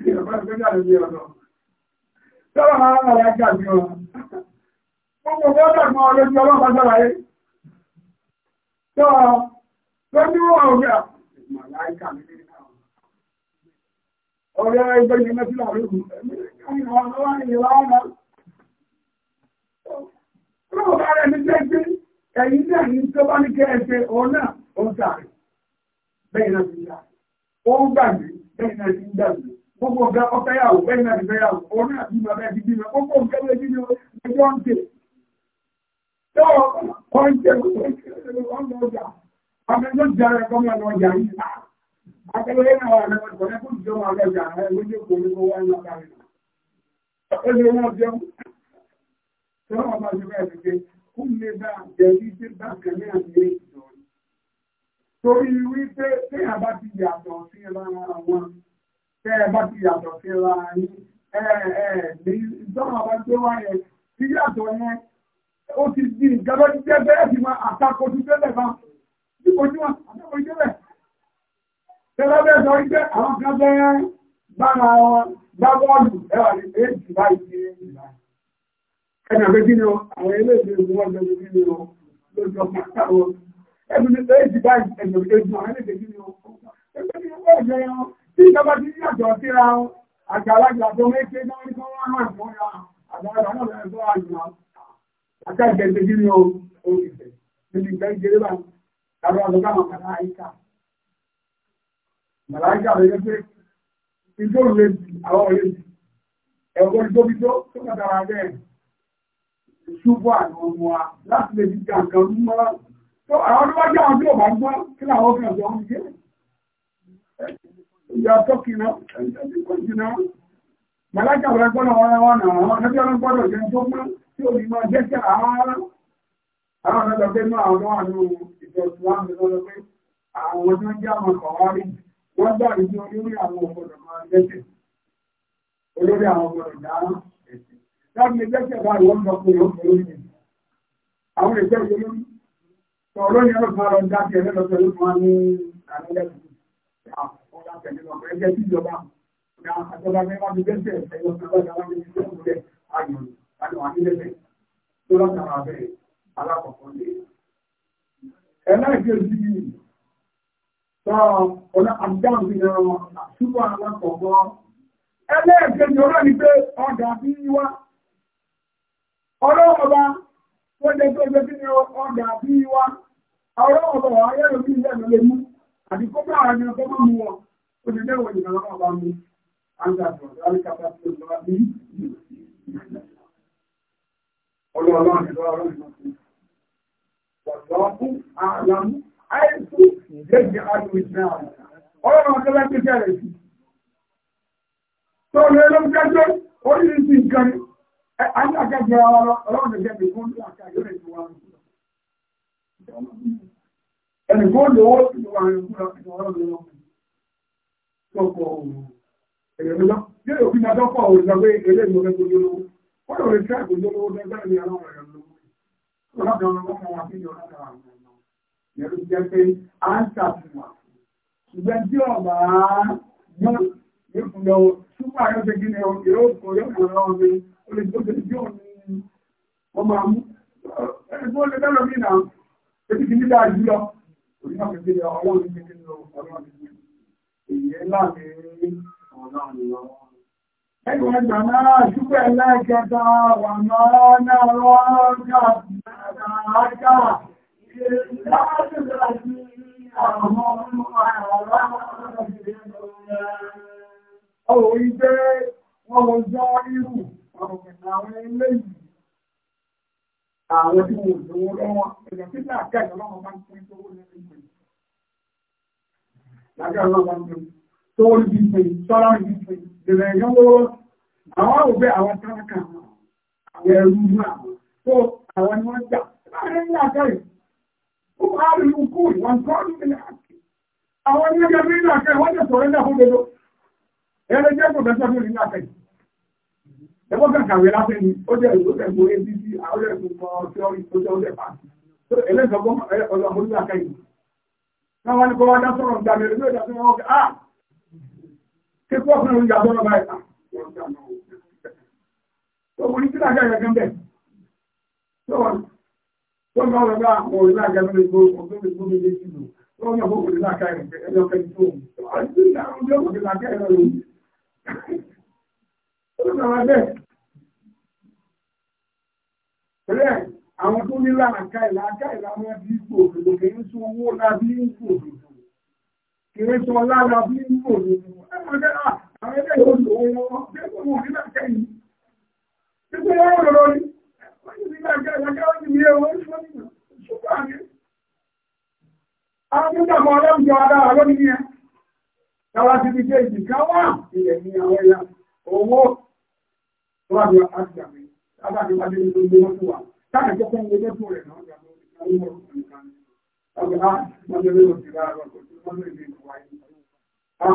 ìrẹ̀fẹ́ ìgbẹ́ jáde bí ọ̀nà sábà máa ń rà lájà bí ọ̀nà gbogbo ọ̀dà kan ọlọ́jọ́ lọ́ní wọ́n ọ̀rẹ́ àmàláìkà nínú ọ̀rẹ́ ẹgbẹ́ ni mẹ́fílà lórí àwọn ọlọ́wà ìlà ọ̀nà ọlọ́wọ́ bá rẹ̀ ní jẹ́gbé ẹ̀yìn náà ní tó bá ní kẹ́ẹ̀ẹ́ ọ̀nà ọ̀tàrí bẹ́ẹ̀ náà ti yá ó ń gbàgbé bẹ́ẹ̀ náà ti ń gbàgbé gbogbo ọ̀gá ọ̀fẹ́yàwó bẹ́ẹ̀ náà ti fẹ́yàwó ọ̀nà àti bàbá ẹ̀bí bímọ gbogbo ọ̀gá ẹ̀bí bímọ ẹjọ́ ń tè Ọmọ ẹgbẹ́ jẹ́ ẹ̀kọ́ mọ́ ọmọ ọjà yìí. Akẹ́lẹ́ náà wà lọ́wọ́ ìgbọ̀nẹ́ fún ìjọba ọlọ́jà ẹ̀ lójú kò ní kó wá ń lọ́ta rẹ̀. Ó lè wọ́n jẹun. Tí wọ́n bá ti bẹ́ẹ̀ ti pé, kú lè bá jẹ́ wípé bákan náà ní ìjọ. Torí wípé tí a bá ti yàtọ̀ sí ra wọn, tẹ́ ẹ bá ti yàtọ̀ sí ra yín, ẹ ẹ ní ìjọba bá gbé bẹ́ẹ̀ ti máa àtakò sí tẹ́lẹ̀ bá ìbojúmọ̀ àtẹ́kọ̀ọ́jẹ́ rẹ̀. Tẹ́lá bẹ́ẹ̀ sọ wípé àwọn kan bẹ́ gbára wọn gbá bọ́ọ̀lù ẹwà ní pé jùlá ìdílé jùlá. Ẹnà pé kí ni o, àwọn ilé ìgbèrè wọn lọ́jọ́ kí ni o, lójọ pátá o. Ẹnu ní pé jùlá ìdílé jùlá àwọn ilé ìgbèrè kí ni o. Ẹgbẹ́ ni wọ́n jẹ wọn, tí ìjọba ti yàtọ̀ síra wọn, àgbàlagbà tó méje náà ní kọ́ wọn hàn fún ya, àgbàlagbà náà bẹ̀rẹ̀ sọ́ àjùmọ̀. Àtàgbẹ̀ ti kí ni o, o ìfẹ̀, níbi ìgbẹ́ ìgbèrè báyìí. Àwọn ọ̀dọ́gbà àwọn màláìkà. Màláìkà rẹ̀ yẹ́ pé ìjọ́ lè bì àwọn ọ̀rẹ́ bì. Ẹ̀wọ̀n ìjọ́bíjọ́ tó kàtàrà bẹ́ẹ̀. Ìṣúbọ àwọn ọmọ wa láti lè fi gàǹkan mú mọ́lá. Tó àwọn ọdún wájú àwọn tí ò bá gbọ́ kí làwọn fi ọ̀dọ́ ń jẹ́. Ìyá tọ́kì náà, ẹ̀jẹ̀ tí kò jìnnà. Màláìkà rẹ̀ gbọ́dọ̀ wọ́n wọ́n náà, ọ̀nà àwọn ọ̀nà tọ́pẹ́ náà àwọn àánú ìjọ ìsìláàmù lọ́dọ̀ pé àwọn tó ń jẹ́ àwọn kọ̀wárí wọ́n gbà ní olórí àwọn ọ̀gbọ̀dọ̀ máa lẹ́sẹ̀ olórí àwọn ọ̀gbọ̀dọ̀ dáná ẹ̀sìn láti lè lẹ́sẹ̀ bá ìwọ́n lọ pé ó kọ̀ lórí àwọn ìjọ olórí tọ̀ olórí ọlọ́pàá lọ dákẹ́ ẹlẹ́lọ́pẹ́ ló máa ní àlẹ́lẹ́sìn àwọn ọ̀dà alákọ̀ọ́kọ́ lé. Ẹlẹ́gbẹ̀ẹ́jì sọ ọ̀nà àdáhùn ìran àtúbọ̀ alákọ̀ọ́kọ́. Ẹlẹ́gbẹ̀ẹ́jì ọ̀rọ̀ ni pé ọ̀dà bí wá. Ọlọ́run ọba tó jẹ́ tó jẹ́ kí ni ọ̀dà bí Ọlọ́run والله أعلم حيث يجعل وجهه ọlọ́run ọ̀tọ́lá tó jẹ́ rẹ̀ sí tó lè ló ń jẹ́jọ́ oríṣìí nǹkan ní alákẹ́jọ́ ọlọ́run jẹ́ nìkan ní àkàjọ́ rẹ̀ tó wà ní ẹnìkan lówó tí ó wà ní ọlọ́run lọ́wọ́ tọ́pọ̀ ẹ̀yẹ̀ lọ́wọ́ yóò fi máa tọ́pọ̀ òrìṣà pé eré ìmọ̀lẹ́gbẹ̀ẹ́ lọ́wọ́ ọlọ́dọ̀ ọlọ́mọ wa kéde ọlọ́dọ̀ àwọn ọmọ yẹ̀rù jẹ́ pé à ń ṣàfihàn ṣùgbọ́n tí ọ̀bà yóò ní fún lọ súpà yóò ṣe gíní ọ yóò kọ yóò kọ lọ́wọ́ mi ó lè tó ṣe tí ò ní ọmọ àmú ẹgbẹ́ olè tẹ́lọ mí náà ebi ti nílẹ̀ àjú lọ òní náà fi ọlọ́run ní kékeré lọ ọlọ́run Ẹgbẹ̀gbẹ̀ máa ṣúgbẹ̀ lẹ́gẹta wà máa náà rọ́rọ̀ káàkà láti láti àwọn ọmọ àwọn ọ̀rọ̀ ìgbẹ́ wọn ò jọ irú àwọn ilé yìí. Àwọn tí mo lòó lọ́wọ́, ẹ̀yẹ̀ tí láàkẹ́ ìrọ̀lọ́wọ́ bá ń pín tó wó lẹ́gbẹ̀ẹ́. Láàkẹ́ ìrọ̀lọ́wọ́ bá ń pín tó rí bí pé sọ́rọ̀ rí pé ìrẹ̀ èèyàn lọ́wọ́ àwọn òbẹ́ àwọn tálákà àwọn ẹrú ní àwọn tó àwọn ni wọ́n jà láàrin ní àkẹ́rẹ́ ó máa rí ikú ìwọ̀n tó rí nílẹ̀ àti àwọn ní ẹgbẹ́ mi ní àkẹ́rẹ́ wọ́n jẹ́ sọ̀rọ̀ ní àkókò dodo ẹgbẹ́ jẹ́ kò bẹ́sẹ̀ lórí ní àkẹ́rẹ́ ẹgbẹ́ kan kàwé láfẹ́ ni ó jẹ́ ìlú ẹ̀kọ́ abc àwọn ẹ̀kọ́ tíọ́rì tó jẹ́ ọ̀dẹ̀ pàṣẹ ẹlẹ́sọ̀gbọ́n ọ̀dọ̀ kíkọ́ fún oúnjẹ àbọ́rọ̀ báyìí tó wọ́n ní kí lágá ẹ̀rẹ̀ gẹ́gẹ́ tó wọ́n tó bá ọ̀rọ̀ bá àwọn orílẹ̀ àgẹ́ lórí gbogbo gbogbo mi tó wọ́n yàgbó orílẹ̀ wọn bí ipò òdòdó kì í owó lábí ipò òdòdò kì í sọ lára bí ipò òdòdò Àwọn ọlọ́jọ́ adára lónìí ni ẹ. Tàwà ti fi jẹ́ ìjìká wà ilẹ̀ ní àwọn ẹ̀yà owó tó wà ní àjàmì. Tàbí wà ní ìlú wọn tó wà. Tàbí tó fún owó tó rẹ̀ náà Ah,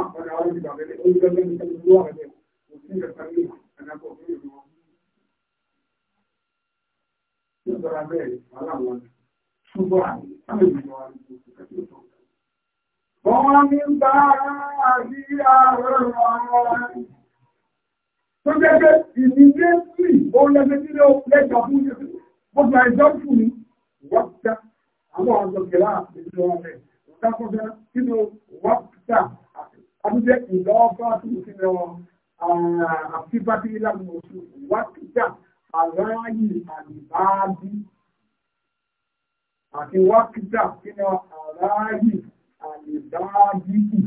wọ́pítà àwọn ọ̀dọ̀kẹ̀lá ìlú ọ̀rẹ́ òkàkọ́gbẹ́ kí ni wọ́pítà abúlé ìlọ́ọ̀bá tó ti lọ àfíbábí lámọ̀ọ́sù wákìjà aráyè àlìbáàbí àti wákìjà kí ni aráyè àlìbáàbí kù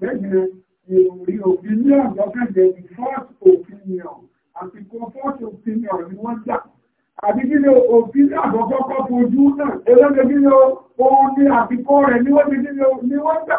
lẹ́yìn ìròrí opinion lọ́kẹ̀dẹ̀ ní first opinion àsìkò first opinion ni wọ́n jà àbí kí ni opinion àkọ́kọ́ fojú náà ẹlẹ́gbẹ̀ẹ́ kí ni ó ní àsìkò rẹ̀ ni wọ́n ti kí ni wọ́n jà.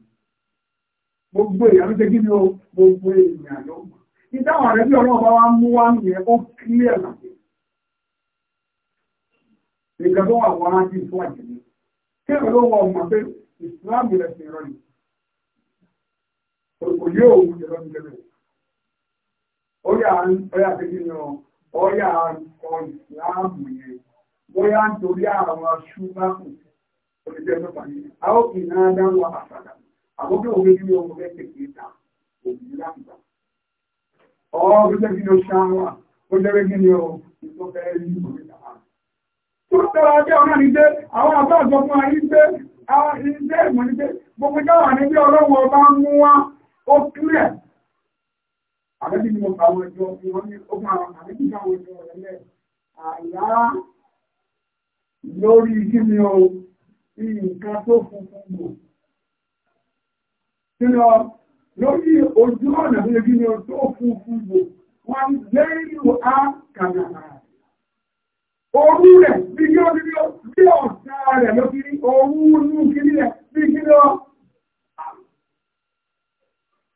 gbogbo èèyàn ló ṣe kí ni ó gbogbo èèyàn ló mọ̀ ìdáhùn rẹ̀ bí ọlọ́ọ̀bá wa mú wá yẹn ó kílẹ̀ láti nǹkan tó wà wọ́n á kí ẹ̀rọ ló wọ ọmọ pé rẹ̀ ni òun jẹ́ ni ọ yẹn àwọn aṣúgbà jẹ́ tó fà kì náà àfàdà àkókò òwe ní ọmọ mẹ́tẹ̀ kìí ta òbí láǹgbà ọ̀ọ́ tó jẹ́ kí ni ó ṣáwà ó jẹ́ kí ni ó ìtọ́fẹ́ rí òbí tàbá tó tẹ́ra jẹ́ ọ̀nà ní pé àwọn àbá àjọ fún ayé pé àwọn ilé ìmọ̀ ní pé gbogbo dáwà ní pé ọlọ́wọ́ ọba ń mú wá ó kílẹ̀ àbẹ́bí ni mo fà àwọn ẹjọ́ ìwọ́n ní lọ lórí ojú ọ̀nà tó yẹ kí ni tó fún fún bò wọ́n gbé ìlú á kàdàrà orú rẹ̀ bí kí ó ti bí ó bí ọ̀sá rẹ̀ ló kiri orú inú kiri rẹ̀ bí kí lọ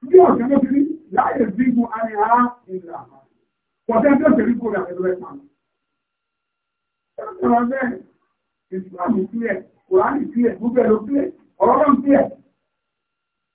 bí ọ̀sá ló kiri láyé gbígun àríhá ìlà pọ̀tẹ́ tó tẹ̀lé kó rẹ̀ àtẹ̀lẹ́ pàmò ọ̀rọ̀ bẹ́ẹ̀ ìsìlámù sílẹ̀ kòránì sílẹ̀ gbogbo ẹ̀rọ sílẹ̀ ọ̀rọ̀ sílẹ̀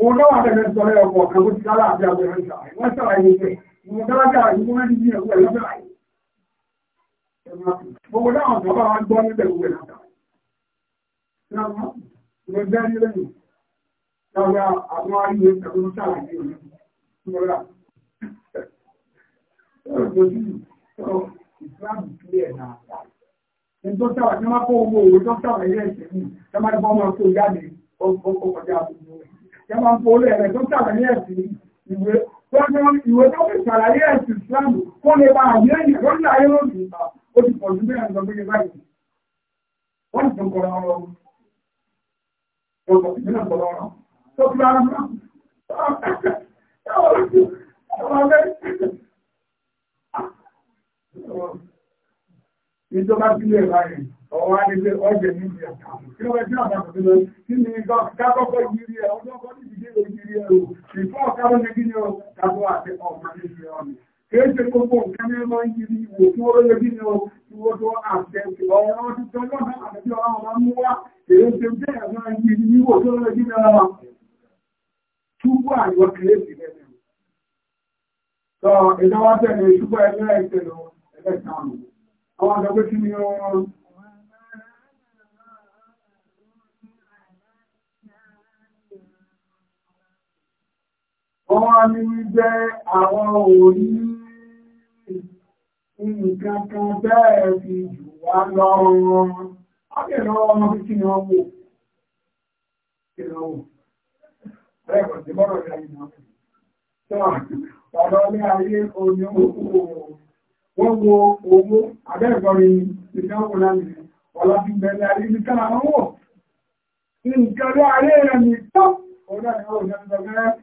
òun náà wà tẹ̀lé sọ lẹ́yọ̀ pọ̀ kan kó ti kálá àti àbẹ̀rẹ̀ ṣàlàyé wọ́n ṣàlàyé pé ìwọ̀n dálájà ìwọ̀n máa ń di ìyẹ̀wò ẹ̀ lọ́sàlàyé. gbogbo dáhùn tó bá wá gbọ́ níbẹ̀ gbogbo ẹ̀ látàrí. ṣé ọjọ́ ní lẹ́yìn ṣàwọn àwọn ayé ìṣẹ̀lẹ̀ ń ṣàlàyé òun mọ́ra. ìsìláàmù kílẹ̀ náà. ẹ̀ńtọ́ ṣàlàyé máa kó owó owó tó ṣàlàyé ẹ̀ṣẹ̀ yìí ṣàmáyé bọ́ ọmọ tó jáde ó kọjá gbogbo ẹ̀ yẹ máa ń fọ olú ẹ̀rẹ̀ tó sàlàyé ẹ̀sìn ìwé tó ń tán ìwé tó fi sàlàyé ẹ̀sìn Islam kó lè bá àyè èèyàn lórí ayé lónìí ìgbà ó ti pọ̀ jù bẹ́ẹ̀ lọ gbé ìjọba sílé báyìí ọwọ́ ní pé ọjẹ́ níbi àtàkùn kí wọ́n tí àtàkùn tó lọ kí ni kákọ́kọ́ yìí ẹ̀ ọjọ́ kọ́ ní ìdíje òjìrí ẹ̀rù ìfọ́ ọ̀kárọ́ ní gíní ọ kàtó àti ọ̀pá ní ìrìn ọ̀nì kìí ṣe gbogbo nǹkan ní ẹ̀rọ yìí ìwò tí wọ́n lọ gíní ọ tí wọ́n tó àṣẹ ọ̀rọ̀ ti tọ́ lọ́nà àti ọ̀rọ̀ wọn mú wá èyí ṣe bẹ́ẹ̀ ẹ̀rọ yìí ìwò tí wọ́n lọ gíní ọ túbọ̀ àyọ̀ kìlẹ̀sì lẹ́nu. sọ ìdáwọ́ tẹ̀lé ṣùgbọ́n ẹgbẹ́ ìṣẹ̀lẹ̀ ẹgbẹ́ ìṣàmù àwọn àgbẹ̀gbẹ́ kí ni ọ̀rọ̀ wọ́n ní wíjẹ́ àwọn òní nǹkan kan bẹ́ẹ̀ fi jù wá lọ́rùn ábẹ̀rẹ̀ ọmọ fi kí ni wọ́n wò ìrànwò rẹ̀kọ̀ sí bọ́rọ̀ rẹ̀ ìrànwò tó ọ̀rọ̀ ní ayé oní owó wọ́n wo owó abẹ́ẹ̀kọ́rin ìdánwò láti ọ̀lá fi ayé ní kára wọ́n wò nǹkan lé ayé rẹ̀ ní tó ọ̀rọ̀ ìrànwò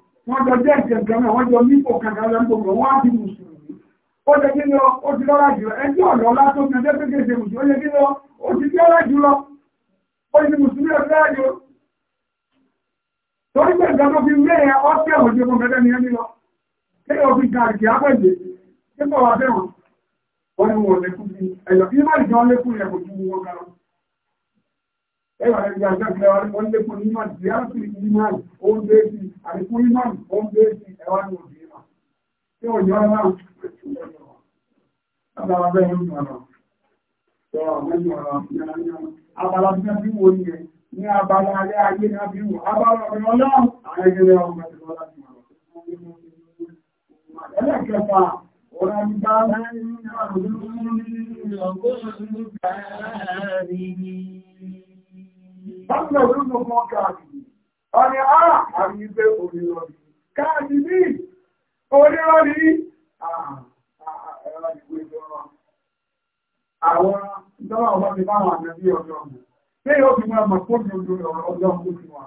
wọ́n jọ jẹ́ ìjẹ̀ǹkan náà wọ́n jọ nípò kankan lẹ́gbọ̀n wọ́n á di mùsùlùmí ó lè kí lọ ó ti lọ́la jùlọ ẹjọ́ ọ̀lọ́ ọlá tó kan jẹ́ pẹ́kẹ́ ṣe mùsùlùmí ó lè kí lọ ó ti lọ́la jùlọ ó ti mùsùlùmí ọ̀fẹ́ àjò torí pé ìgbà tó fi mẹ́ẹ̀ ọ́tẹ́ òjò ẹwà ẹgbẹ́ àjọṣe wa a lé fún imán ìyáàtì imán òun bẹ́ẹ̀ sí àdìkú imán òun bẹ́ẹ̀ sí ẹwà ní òbí imán tí ó yọ ọ́nà ọ̀dà abẹ́ ìlú ọ̀nà tó àmẹ́jù ọ̀nà abala bí wọ́n fi wò ní ẹ̀ ní abala alẹ́ ayé ní abí wò abala ọ̀nà ọlọ́run àwọn ẹgbẹ́ ọmọ ti lọ́lá ti wà ẹlẹ́kẹfà ọ̀nà ìgbà mẹ́rin ní àrùn Sáàpẹ̀ olóògbò mọ́ a Ọni àà àrí pé orílọ́rí. Káàkiri orílọ́rí ẹ̀rọ ìwé ìjọra. Àwọn ìjọba ọ̀dọ́ ti bá wà ọjọ́ ọmọ. Ṣé yóò fi máa mọ̀ fún ìjọ ọjọ́ ọmọ tó ti wà?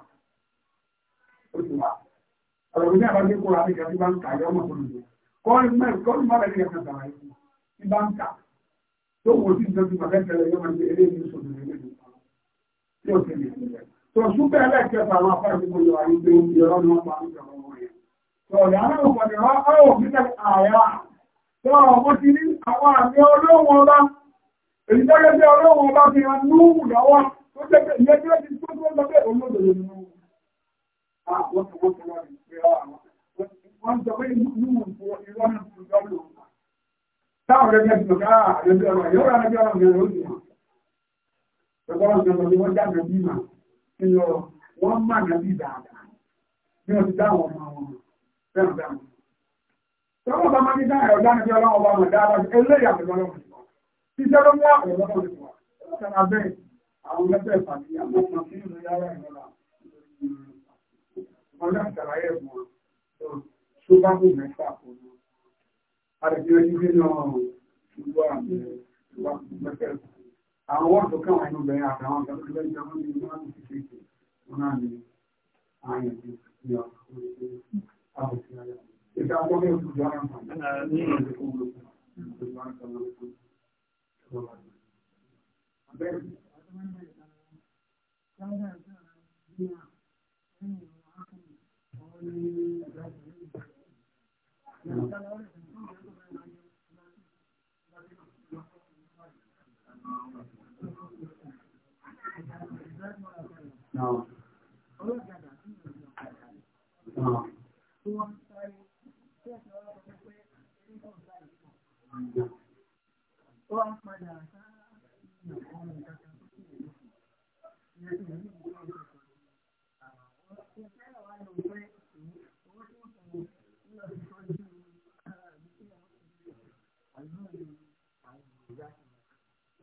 Ó ti wà. Ọ̀rọ̀ ìgbẹ́ àbájẹ́ kó ra ní ìjọba ìbá ń kà yọ́ mọ̀ fún ìjọ. Kọ́rin mẹ́rin kọ́rin mọ́ tí ó ti lè sílẹ̀. tó ṣúgbẹ́ ẹlẹ́kẹta àwọn afẹ́gbogbo yọ àyíké ìyọ́rọ́ ni wọ́n pa ní ìjọba wọn yẹn. tó ọ̀dà náà kò ní wọ́n á ò fi tẹ̀lé àyà tó ọmọ ti ní àwọn àmì olóhùn Ọgbọ́n ìjọba ni wọ́n jáde bí mà kí lọ wọ́n mà ní bí dáadáa bí wọ́n ti dá àwọn ọmọ wọn fẹ́ràn fẹ́ràn. Tọ́wọ́ bá máa ní dáa ẹ̀rọ dáná bí ọlọ́wọ́ bá mọ̀ dáadáa sí eléyà pẹ̀lú ọlọ́wọ́ ti wá. Ṣíṣẹ́ ló mú àpẹẹrẹ lọ́wọ́ ti wá. Ṣọ́nà bẹ́ẹ̀ àwọn ẹgbẹ́ ìpàdé àwọn ọmọ sí ìlú yàrá ìrọ̀lá. Wọ́n náà ṣàlàyé ẹ̀fọn tó bá kù mẹ́fà kò ní. Àdàbí ojú bí náà ìlú àmì ìwà mẹ́fẹ̀ẹ́fọ́ àwọn wọ́ọ̀dù kan wà nínú bẹ̀rẹ̀ àtàwọn ìjọba ìjọba ní ìlú láti fi náà ní ààyè tó ọkùnrin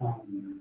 Amen.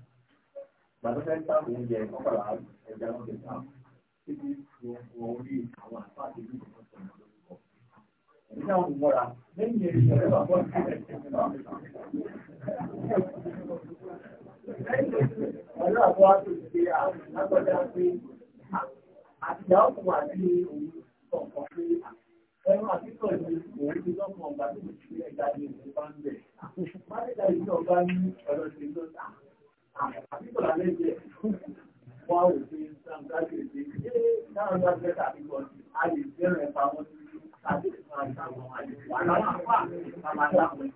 gbàdúrà fẹ́ sáàbù oúnjẹ ọ̀pọ̀lá ẹja oúnjẹ sáàbù títí wọ orí àwọn àpáàdé ní ìfọ̀sọ̀ ìjọba lórúkọ. èyí náà ń mọ́ra lẹ́yìn èyí ṣẹlẹ̀ wà bọ́ sí ẹ̀ṣẹ̀ náà. pẹ̀lú àbọ̀ àtòsí pé àgbọ̀dá pé àtìyá ọ̀pọ̀ àti òun kọ̀ọ̀kan pé ẹ̀rọ àtìkọ̀ ìlú òun ti lọ́kọ̀ọ̀gbà tó ti ẹ̀dá ní ìlú bá ń bẹ̀. májèlé ìjọba ní thousand hundred tàbí forty a lè to pa wọ́n ní tàbí fún àtàwọn àyè wà láwọn àpá àmàlà wọn.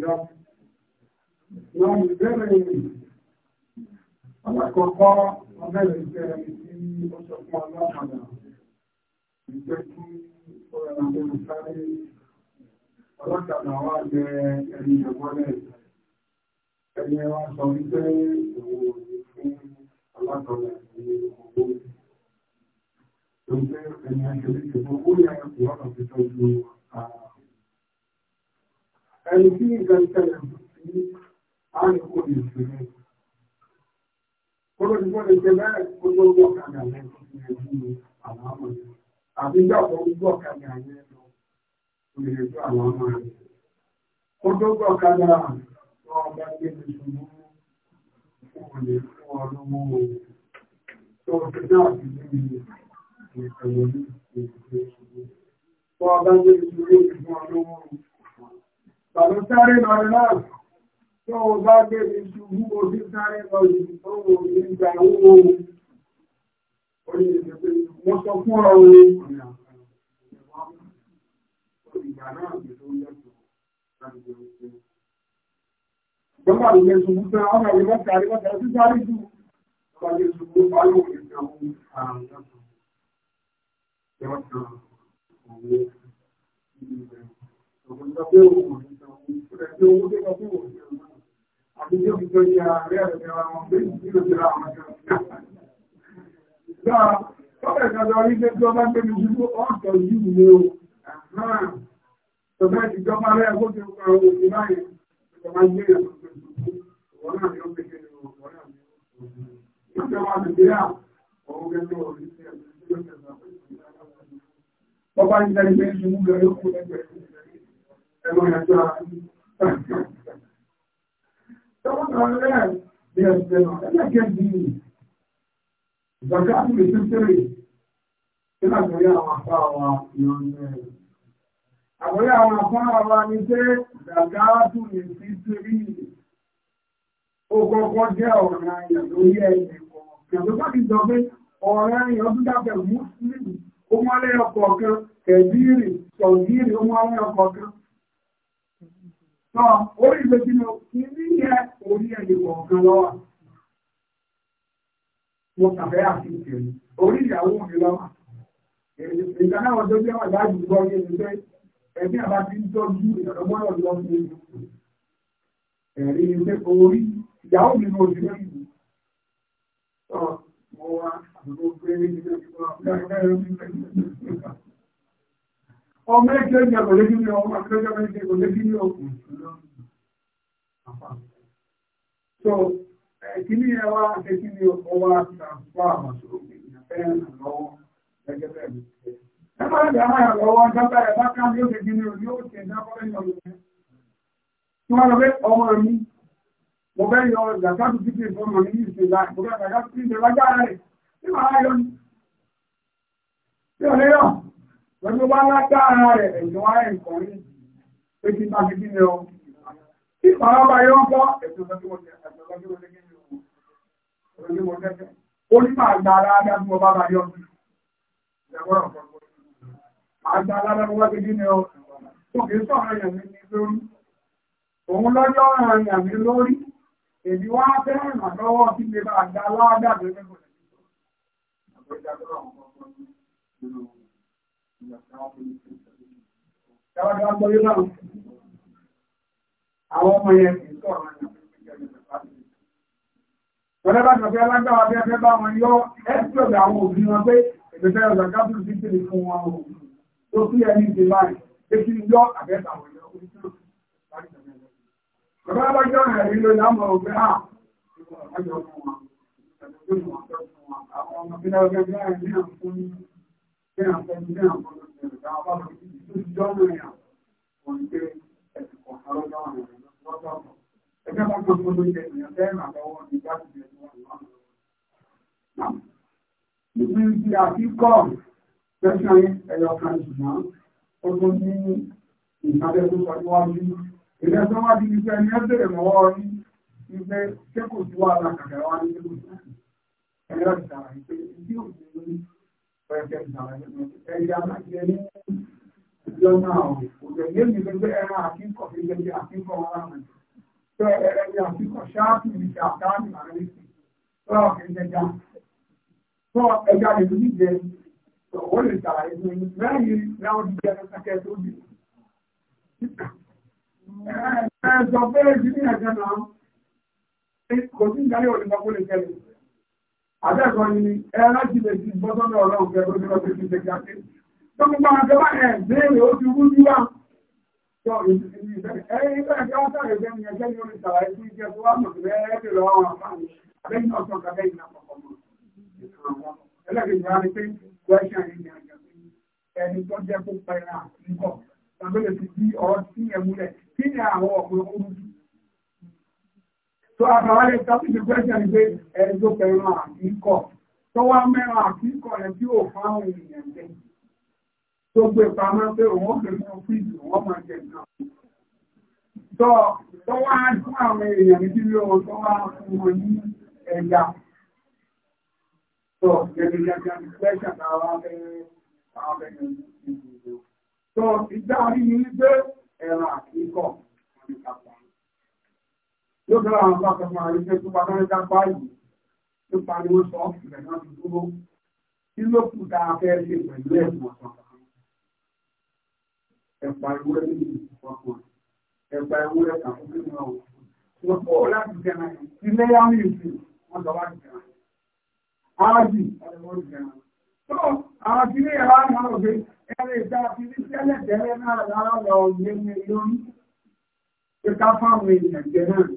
lọ. Wọ́n ń bẹ̀rẹ̀ àlàkọ́kọ́ ọbẹ̀rẹ̀ jẹ́ ní oṣù fún ọlọ́pàá. Ìjẹ́ kí ọ̀rẹ́ àwọn olùsáré ọlọ́pàá wá jẹ ẹni ìjọgbọ́lẹ̀. Ẹni wá sọ wípé òun ò ní fún alákọ̀ọ́lẹ̀ ní owó. Ìjẹ́ ẹni ẹgbẹ̀rẹ̀ ìjọgbọ́lẹ̀ ọ̀rọ̀ ẹni tí nǹkan tẹ̀lẹ̀ sí àìkú ìṣòro. Olóòtúkọ́ lè jẹ bẹ́ẹ̀ kó tó gbọ́ ọ̀kadà rẹ̀ tó ti rẹ̀ fún àwọn ọmọ rẹ̀. Àbí ìjọba ó gbọ́ ọ̀kadà rẹ̀ lọ kó lè fún o. Tó o ti náà ti gbé mi ìṣòro ní ìṣòro. Tó ọba gbé Tàbí sáré lọ náà tó o bá gbé ìṣubú orí sáré lọ yìí Ọ̀pẹ̀ ìjọba orílẹ̀ tí ọba gbé mi ṣúgbó ọ̀tọ̀ yìí ni o, àmáà, tọ̀bẹ́ ìjọba rẹ̀ gbókè ọkọ̀ òfin báyìí, ìjọba gbé ẹ̀sùn tó ṣùgbó, wọ́n náà ni ó gbé kéré ọ̀pọ̀ náà ni ó ṣùgbó. Ìjọba Nàìjíríà, ẹgbẹ́ ìrìnàjò àti ẹgbẹ́ ìrìnàjò ẹgbẹ́ ìrìnàjò Ìgbàgbà àti lè tún tẹ́rẹ ìlà àgbẹ̀rẹ̀ àwọn àpá wa ìrọ̀lẹ́ rẹ̀. Àgbẹ̀rẹ̀ àwọn àpá wa ní pé ìgbàgbà àti lè tún tẹ́rẹ ó kọ́kọ́ jẹ́ ọ̀rọ̀ ayẹ̀ lórí ẹ̀yẹ̀ kọ̀ọ̀kan. Ìgbàgbà ti sọ pé ọ̀rọ̀ ayẹ̀ ọdún dábẹ̀ mú ó mọ́lẹ́ ọkọ̀ kan, kẹ̀bírì, sọ̀gírì ó mọ́lẹ́ ọkọ̀ kan. Sọ orí ìgbésínú kí ní yẹ orí ẹ̀yẹ kọ̀ọ̀kan lọ́wọ́. Mo tàbẹ́ àti ìṣèlú. Orí ìyàwó mi lọ́wọ́. Ìgbàlá ọjọ́ jẹ́ wà láàyè gbọ́ yé mi pé ẹ̀mí àbá ti ń tọ́jú ìrànlọ́wọ́ lọ sí ẹ̀mí. Ẹ̀rí ilé orí ìyàwó mi ló ti lẹ́yìn. Sọ mo wá àbúrò pé ní ìgbésínú ọ̀gá ẹ̀rọ mi lẹ́yìn ọmọ ẹgbẹ́ ìjà kò lébi ní ọmọ akẹ́kọ̀ọ́ méje kò lébi ní ọkùn so kíní ẹ wá ṣe kí ni ọwọ́ àtàkùn ẹ má dà kí ni o yóò ṣe dábọ́lẹ́ yọ lọ rẹ. tí wọ́n lọ pé ọmọ mi mo fẹ́ yọ zakatu títí ìfọ̀mọ̀ ní ìṣẹ̀lá mo fẹ́ zakatu títí ìṣẹ̀lá rẹ̀ tí màá yọ ni. tí Lọ́jọ́ bá lágbára rẹ̀ ẹ̀yọ́ ààrẹ̀ nǹkan rí. Pé kí bá fi kí ni ọ. Tí bàbá bá yọ ń bọ́, ẹ̀sùn lọ́jọ́ mo jẹ́ ẹ̀sùn lọ́jọ́ mo jẹ́ kí ni ọ. Lọ́jọ́ mo jẹ́ fẹ́. Ó ní máa gba ara dá tí mo bá bá yọ. Ìjàgbọ́rọ̀ kan. Àgbà alára mo wá ti kí ni ọ. Tó kì í sọ̀rọ̀ yẹn mi ní lórí. Òun lọ́jọ́ ràn yàn mí lórí. Èmi wá fẹ́ ìrànlọ́wọ́ kí ni bá àgbà alára dà Àwọn ọmọ yẹn kìí sọ̀rọ̀ ẹ̀yàn fún ìjẹun ìpàdé. Tọ́lẹ́bà tọ̀fẹ́ alágbàwà bí ẹfẹ́ bá wọn yọ́ ẹ́sìlọ̀dà àwọn òbí wọn pé ìgbẹ̀fẹ́ ọ̀dà kápùlù sí tèrè fún wọn ohun tó kí ẹni ti láì pé kí ní yọ́ àbẹ́ta wọn yọ́ orí tó láti tẹ̀lé. Bàbá bá jọ́ ẹ̀rí ló lámọ̀ ọ̀gbẹ́ ọjọ́ fún kí àwọn ọmọ ní àwọn ọmọ ìgbà àwọn ọmọ ìgbà àwọn ọmọ ìgbà àwọn ọmọ ìgbà àwọn ọmọ ìgbà àwọn ọmọ Ẹgbẹ́ bá gbogbo ló jẹ ìrìn àfẹ́ ìrànlọ́wọ́ ìgbà tó jẹ ìwọ̀n ìwọ̀n. Ìgbé ti àfikọ́ tẹ́sán ẹ̀yọ̀ kan ṣùgbọ́n ó tún ní ìsàlẹ̀ tó sọ níwájú. Ìrẹ́ tó wá di iṣẹ́ ni ẹ́ mọ́wọ́ rí iṣẹ́ ṣé kò tó wà lákàtà wá ní ṣé ẹ̀yà máa jẹ ní ìjọ náà ò kò lè ní ìlú pé ẹran àkíkọ̀ fi lè jẹ àkíkọ̀ wọn láti tó ẹ̀rẹ́ jẹ àkíkọ̀ ṣáàpì ní ṣe àtàrí àárín sí tó ọ̀kẹ́ jẹjà tó ẹja lè ní jẹ ó lè ṣàlàyé fún yín lẹ́yìn láwọn ti jẹ kẹkẹ tó bì. ẹ sọ pé jíjìn ẹ̀jẹ̀ náà kò sí ìdáyọ̀ olùkọ́ kó lè tẹ̀lé. Àjẹ́kọ̀ọ́ ni ẹran ti lè ti gbọ́ sọ́dọ̀ ọlọ́run kẹrọ ní ọdún ti tẹ̀kí àti. Tó gbogbo àwọn akẹ́wà ẹ̀ béèrè ó ti wú níwá. Tọ́ ìsinmi ìfẹ́ ẹ̀yìn ìfẹ́ ẹ̀kẹ́ wọ́n sáré jẹ́ ní ẹgbẹ́ ní orí sàlàyé fún iṣẹ́ tó wà mọ̀ sí ẹ̀ẹ́dẹ̀ lọ́wọ́ àwọn àfáàní. Àbẹ́yìn ọ̀sán kàbẹ́ ìlànà ọ̀pọ̀ mọ̀. Ẹlẹ́gbẹ̀ẹ́ ìyá ni pé question ìrìn àjẹ́ ẹni tó jẹ́ kó pẹ̀lá nǹkan. Tàbí lè fi bí ọ̀rọ̀ sí ẹ̀múlẹ̀ kí ni àwọn ọ̀pọ̀ orúkú tó àkàwálẹ̀ ìtàkùn ìgbẹ́jẹ̀ ìgbé ẹni tó fẹ́ràn àkíkọ̀ tó wá mẹ́ràn àkíkọ̀ rẹ̀ tí ò fáwọn èèyàn jẹ́ tó gbé pamọ́ pé òun kò ní fíìsì wọ́n máa jẹ nǹkan tó tó wá fún àwọn èèyàn ní bí lóò tó wá fún wọn ní ẹ̀yà tó jẹ̀dẹ̀jẹ̀dẹ̀ yóò fẹ́ràn àwọn bá kọfà àrífẹ́ tó bá fẹ́rẹ́ dápá yìí nípa ni wọ́n sọ ìrẹ̀ náà ti dúró tí ló kù tá a fẹ́ ṣe pẹ̀lú ẹ̀sùn ọ̀sán ẹ̀pà ìwúrẹ́ ní ìfọ̀kàn ẹ̀pà ìwúrẹ́ kan fún mímú ọ̀hún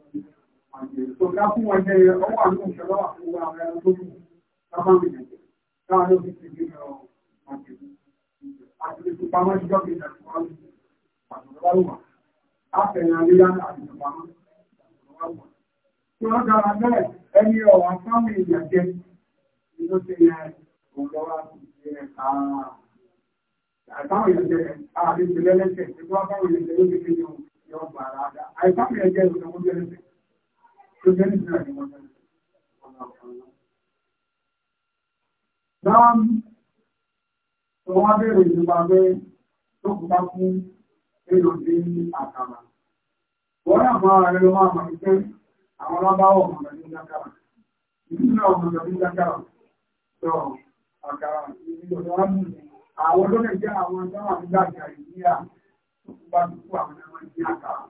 So ká fún wọn jẹ ọwọ́ àwọn òṣèlú wà fún àwọn ẹran tó kù lábá mi jẹ. Káwọn ló fi ti gbé lọ àjẹmí. Àti ètò pamọ́ ìjọ kejì àti pamọ́ àtọ̀rọ̀ wà lùwà. Àfẹ̀yìn àríyá àti ìpamọ́ àtọ̀rọ̀ wà lùwà. Tí wọ́n dára bẹ́ẹ̀ ẹni ọ̀wà fáwọn èèyàn jẹ. Ìjọ ti yẹ òun lọ́wọ́ àti ìṣẹ́ àà àìfáwọn èèyàn jẹ àà lè ṣe lẹ́lẹ́sẹ̀ nígbà fáwọn èèyàn jẹ ló fi kéde òun yọ gbàrà àdá. Àìfáwọn èèyàn jẹ òun lọ́wọ́ jẹ lẹ́sẹ̀. Náà tó wá bèèrè ìjọba pé tó kúta fún èlò dé àkàrà. Wọ́n yà máa rẹ̀ lọ máa mọ̀ ìpé àwọn alábáwọ̀ mọ̀lẹ̀ ní àkàrà. Ìdílé ọmọdé ní àkàrà. Tọ́ àkàrà ìlú ọ̀dọ́ wá mú àwọn olóògbé jẹ́ àwọn ọjọ́ àwọn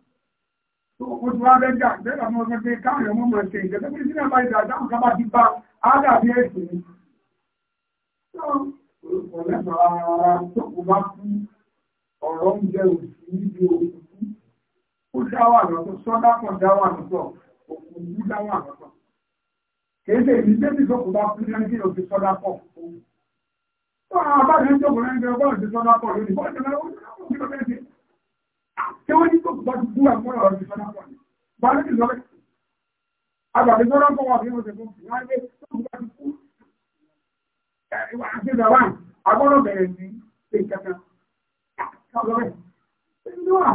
Oṣù wa bẹ́jà bẹ́ẹ̀ mọ́ ọmọ pé káwọn ọmọ máa ṣe ìjẹ́ pé sílẹ̀ bá ìdá dáhùn ká bá ti bá ádàbí ẹ̀sìn ni. Orúkọ lẹ́sọ̀ ara tó kò bá kú ọ̀rọ̀ ń jẹ òsì níbi òkú. Ó dáwà lọ́tọ̀, sọ́dá kan dáwà lọ́tọ̀, òkú dáwà lọ́tọ̀. Kéde ìlú débi tó kò bá kú ní ẹni òsì sọ́dá pọ̀. Tó àwọn abájẹ́ tó kò rẹ́ ń jẹ ọgọ́rùn-ún sọ́dá pọ̀ lónìí, bọ́ọ̀dẹ̀ tí wọ́n ní tó bá ti bú àwọn ọ̀rọ̀ ìfọ́nà wọn bá lókè lọ́wọ́ àgbàdo tó rọ́pọ̀ wà nínú ìṣẹ̀fún wọn á gbé tó bá ti kú ìwà àti ìdàwà agbọ́dọ̀ bẹ̀rẹ̀ ní ṣe ìkẹta lọ́wọ́ nínú à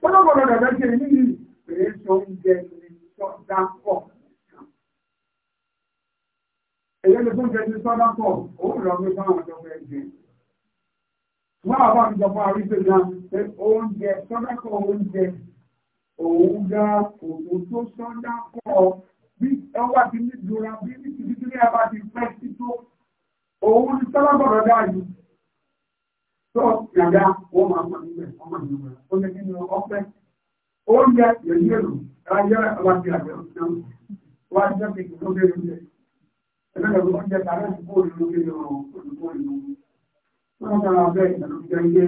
fọ́nà gbọ́dọ̀ dàgbà ṣe ní ìlú rèé sọ oúnjẹ ní sọ dáńpọ̀ èyí ló tó ń jẹ ní sọ dáńpọ̀ òun lọ Láwọn bá ń jọ fún àríṣẹ́ náà pé oúnjẹ sọ́dákọ̀ oúnjẹ òun ga òun tó sọ́dákọ̀ bí ọwọ́ ti ní ìdúra bí ní ti títí ní ẹ̀bá ti pẹ́ sí tó òun ní sọ́dákọ̀rọ̀ dáàjú. Tó yàgá wọ́n máa mọ̀ níbẹ̀ ọmọ ìlú rẹ̀ ó lè nínú ọpẹ́. Oúnjẹ yẹ̀yẹ́ èrò ẹ̀ráyẹ́ ọba ti àgbẹ̀ ọ̀sán wá jẹ́ kékeré lóde lóde. Ẹgbẹ́ látara bẹ́ẹ̀ ìtàlùjọ ilé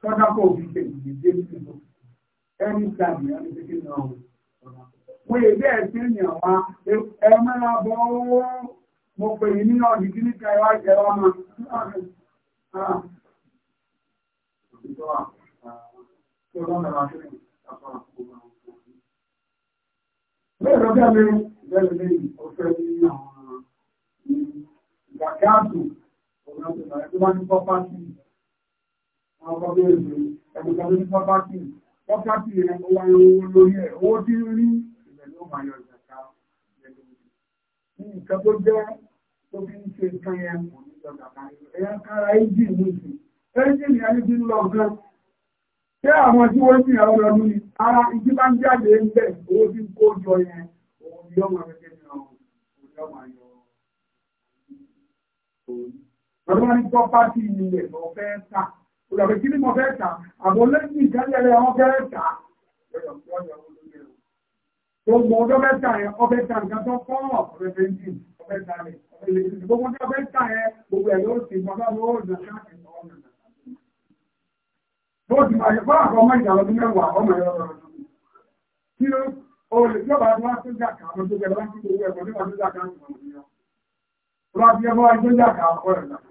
sọ́dápọ̀ òfìsẹ̀ ìdíje ìlú ẹni tàbí alẹ́sẹ̀kẹ́ náà wọ́n èdè ẹ̀sìn ènìyàn wa ẹ mẹ́ra bọ́ owó mo pè ní ní ọ̀dí kí níta ẹwà ìjẹwà máa Bẹ́ẹ̀ lọ́jọ́ mi, bẹ́ẹ̀ lè ní ọ̀fẹ́ ní àwọn ìgbàkáàtù Pọ́pátì rẹ̀ ó wá owó lórí ẹ̀, owó tí ń rí ìbẹ̀lú ọmọ ayọ̀ ìjàká ìgbẹ̀lú. Ní nǹkan tó jẹ́ tó fi ń ṣe nǹkan yẹn kò ní ìjọba kan. Ẹ̀yà kára ẹ́jì ní ìsìn. Ẹ́jì ni a ní bí ń lọ gan. Ṣé àwọn tí wọ́n ń rìn àwọn ọdún ni ara ìdí bá ń jáde ń bẹ̀ owó tí ń kó jọ yẹn òun ni ọmọ rẹ̀ Ọdún wọn ní gbọ́ bá ti ilẹ̀ lọ fẹ́ tà. Olùdàbẹ̀ kí ni mo fẹ́ tà? Àbọ̀ lẹ́yìn ìdálẹ́lẹ̀ wọn fẹ́ tà. Tó mọ ọjọ́ mẹ́ta yẹn, ọbẹ̀ ta nǹkan tó kọ́ ọ̀rẹ́ bẹ́ńdì, ọbẹ̀ ta rẹ̀, ọbẹ̀ lè ti gbogbo ọjọ́ mẹ́ta yẹn, gbogbo ẹ̀ ló ti bàbá ló nà káàkiri ọ̀nà. Bó ti máa yẹ fún àkọ́ ọmọ ìjà mẹ́wàá, ọmọ ẹ̀rọ Rọ́bíọ́mọ́ ìgbéjàkà ọ̀rẹ́ náà.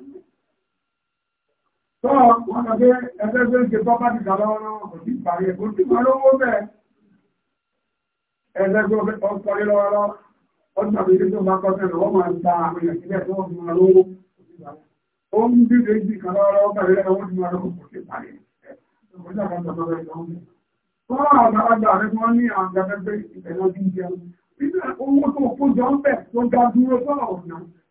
Tọ́ wọn kà pé ẹgbẹ́ tó ń ṣe pọ́pátì kàlọ́wọ́ náà kò sí ìparí ẹ̀kọ́ tí wọ́n lówó bẹ́ẹ̀. Ẹgbẹ́ tó ń kọrí lọ́wọ́ lọ, ọdún àbí tó bá kọ́ sẹ́nu, wọ́n máa ń ta àwọn èèyàn sílẹ̀ tó ń máa lówó. Ó ń bí méjì kàlọ́wọ́ lọ́wọ́ bẹ̀rẹ̀ lọ́wọ́ tí wọ́n lówó kò sí ìparí.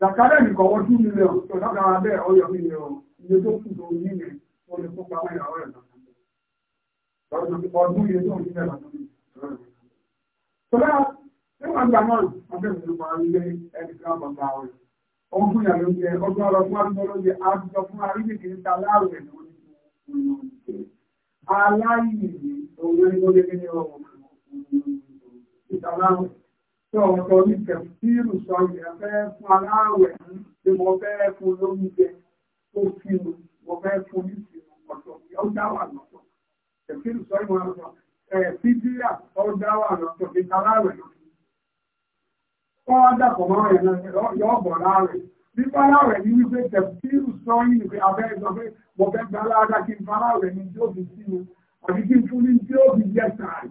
Zakara nìkan wọ́n tún mílíọ̀n tó lọ́dọ̀ àwọn abẹ́ ọyọ̀ mílíọ̀n iye tó kù tó ní yẹn ó lè kó pamọ́ ìyàwó ẹ̀ lọ́dọ̀. Ọdún iye tó ń fi bẹ̀rẹ̀ lọ́dún. Tọ́lá níwọ̀n gbà náà abẹ́ mi ló máa ń lé ẹni kan bàbá rẹ̀. Ó ń fún ìyàwó oúnjẹ ọdún ọ̀rọ̀ fún àdúgbò lóye àdúgbò fún àríyìnkì níta láàrẹ̀ ló ní aláìyè òun ni ó lé ní ọ̀rọ̀ ìtàláwẹ̀ tó ọ̀tọ̀ ní kẹfìrù sọ yẹ fẹ́ fún aláwẹ̀ pé mo fẹ́ fún lóúnjẹ tó sínú mo fẹ́ fún ní sínú ọ̀tọ̀ ó dá wà lọ́tọ̀ kẹfìrù sọ yẹ wọn sọ ẹ̀ fídíà ó dá wà lọ́tọ̀ kí aláwẹ̀ lọ́tọ̀ kọ́ dàpọ̀ mọ́ ẹ̀ náà yọ ọ̀bọ̀ láwẹ̀ nípa aláwẹ̀ ní wípé kẹfìrù sọ yìí pé abẹ́ sọ pé mo fẹ́ gba aláàdá kí n fa aláwẹ̀ ní tí ó fi sínú àbí kí n fún ní tí ó fi yẹ sàárì.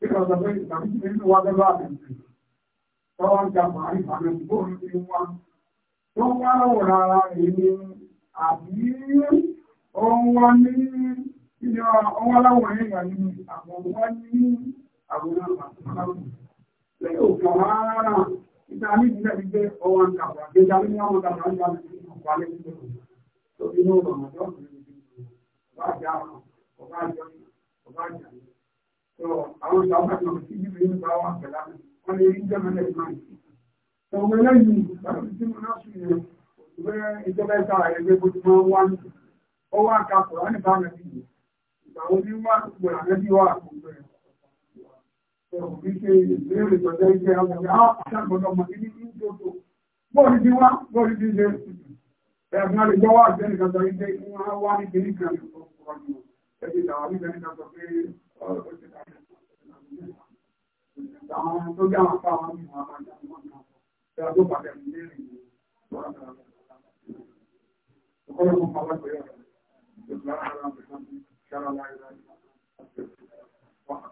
Because the way that we didn't want to happen to you. So I'm just my family born to you one. So one over our evening, a year, or one year, you know, all our way, I mean, about one year, I will not. Lẹ́yìn òkè rárá, ìdáni ìdílé mi gbé ọwọ́ ń kàwá, ìdáni ní àwọn ọ̀gá máa ń yára ọba àjà ọ̀rọ̀, ọba àjọ ọba àwọn ìjọba kan tí ìlú yìí bá wà pẹ̀lá wọn lè rí jẹ́mọ́ lẹ́yìn náà ọmọ eléyìí tàbí tí mo náà sùn yẹn ìwé ìjọba ẹ̀ta ẹgbẹ́ bó ti máa ń wá ní ó wá ka kọ̀ọ̀ ní bá mẹ́bí yìí ìgbà wo ní wá pè àmẹ́bí wà àkókò rẹ̀ kì í ṣe ìbéèrè ìjọba ẹgbẹ́ àwọn ọmọ àṣàgbọ́dọ̀ ọmọ ní ní ìjọba bóòlù ti wá bóòlù ti ṣe ẹ̀gbọ́n lè gbọ́ wà àgbẹ̀rẹ̀ kan sọ wípé wọ́n wá ní kìnnìkan ọ̀pọ̀ ọ̀pọ̀ ọ̀pọ̀ àwọn tó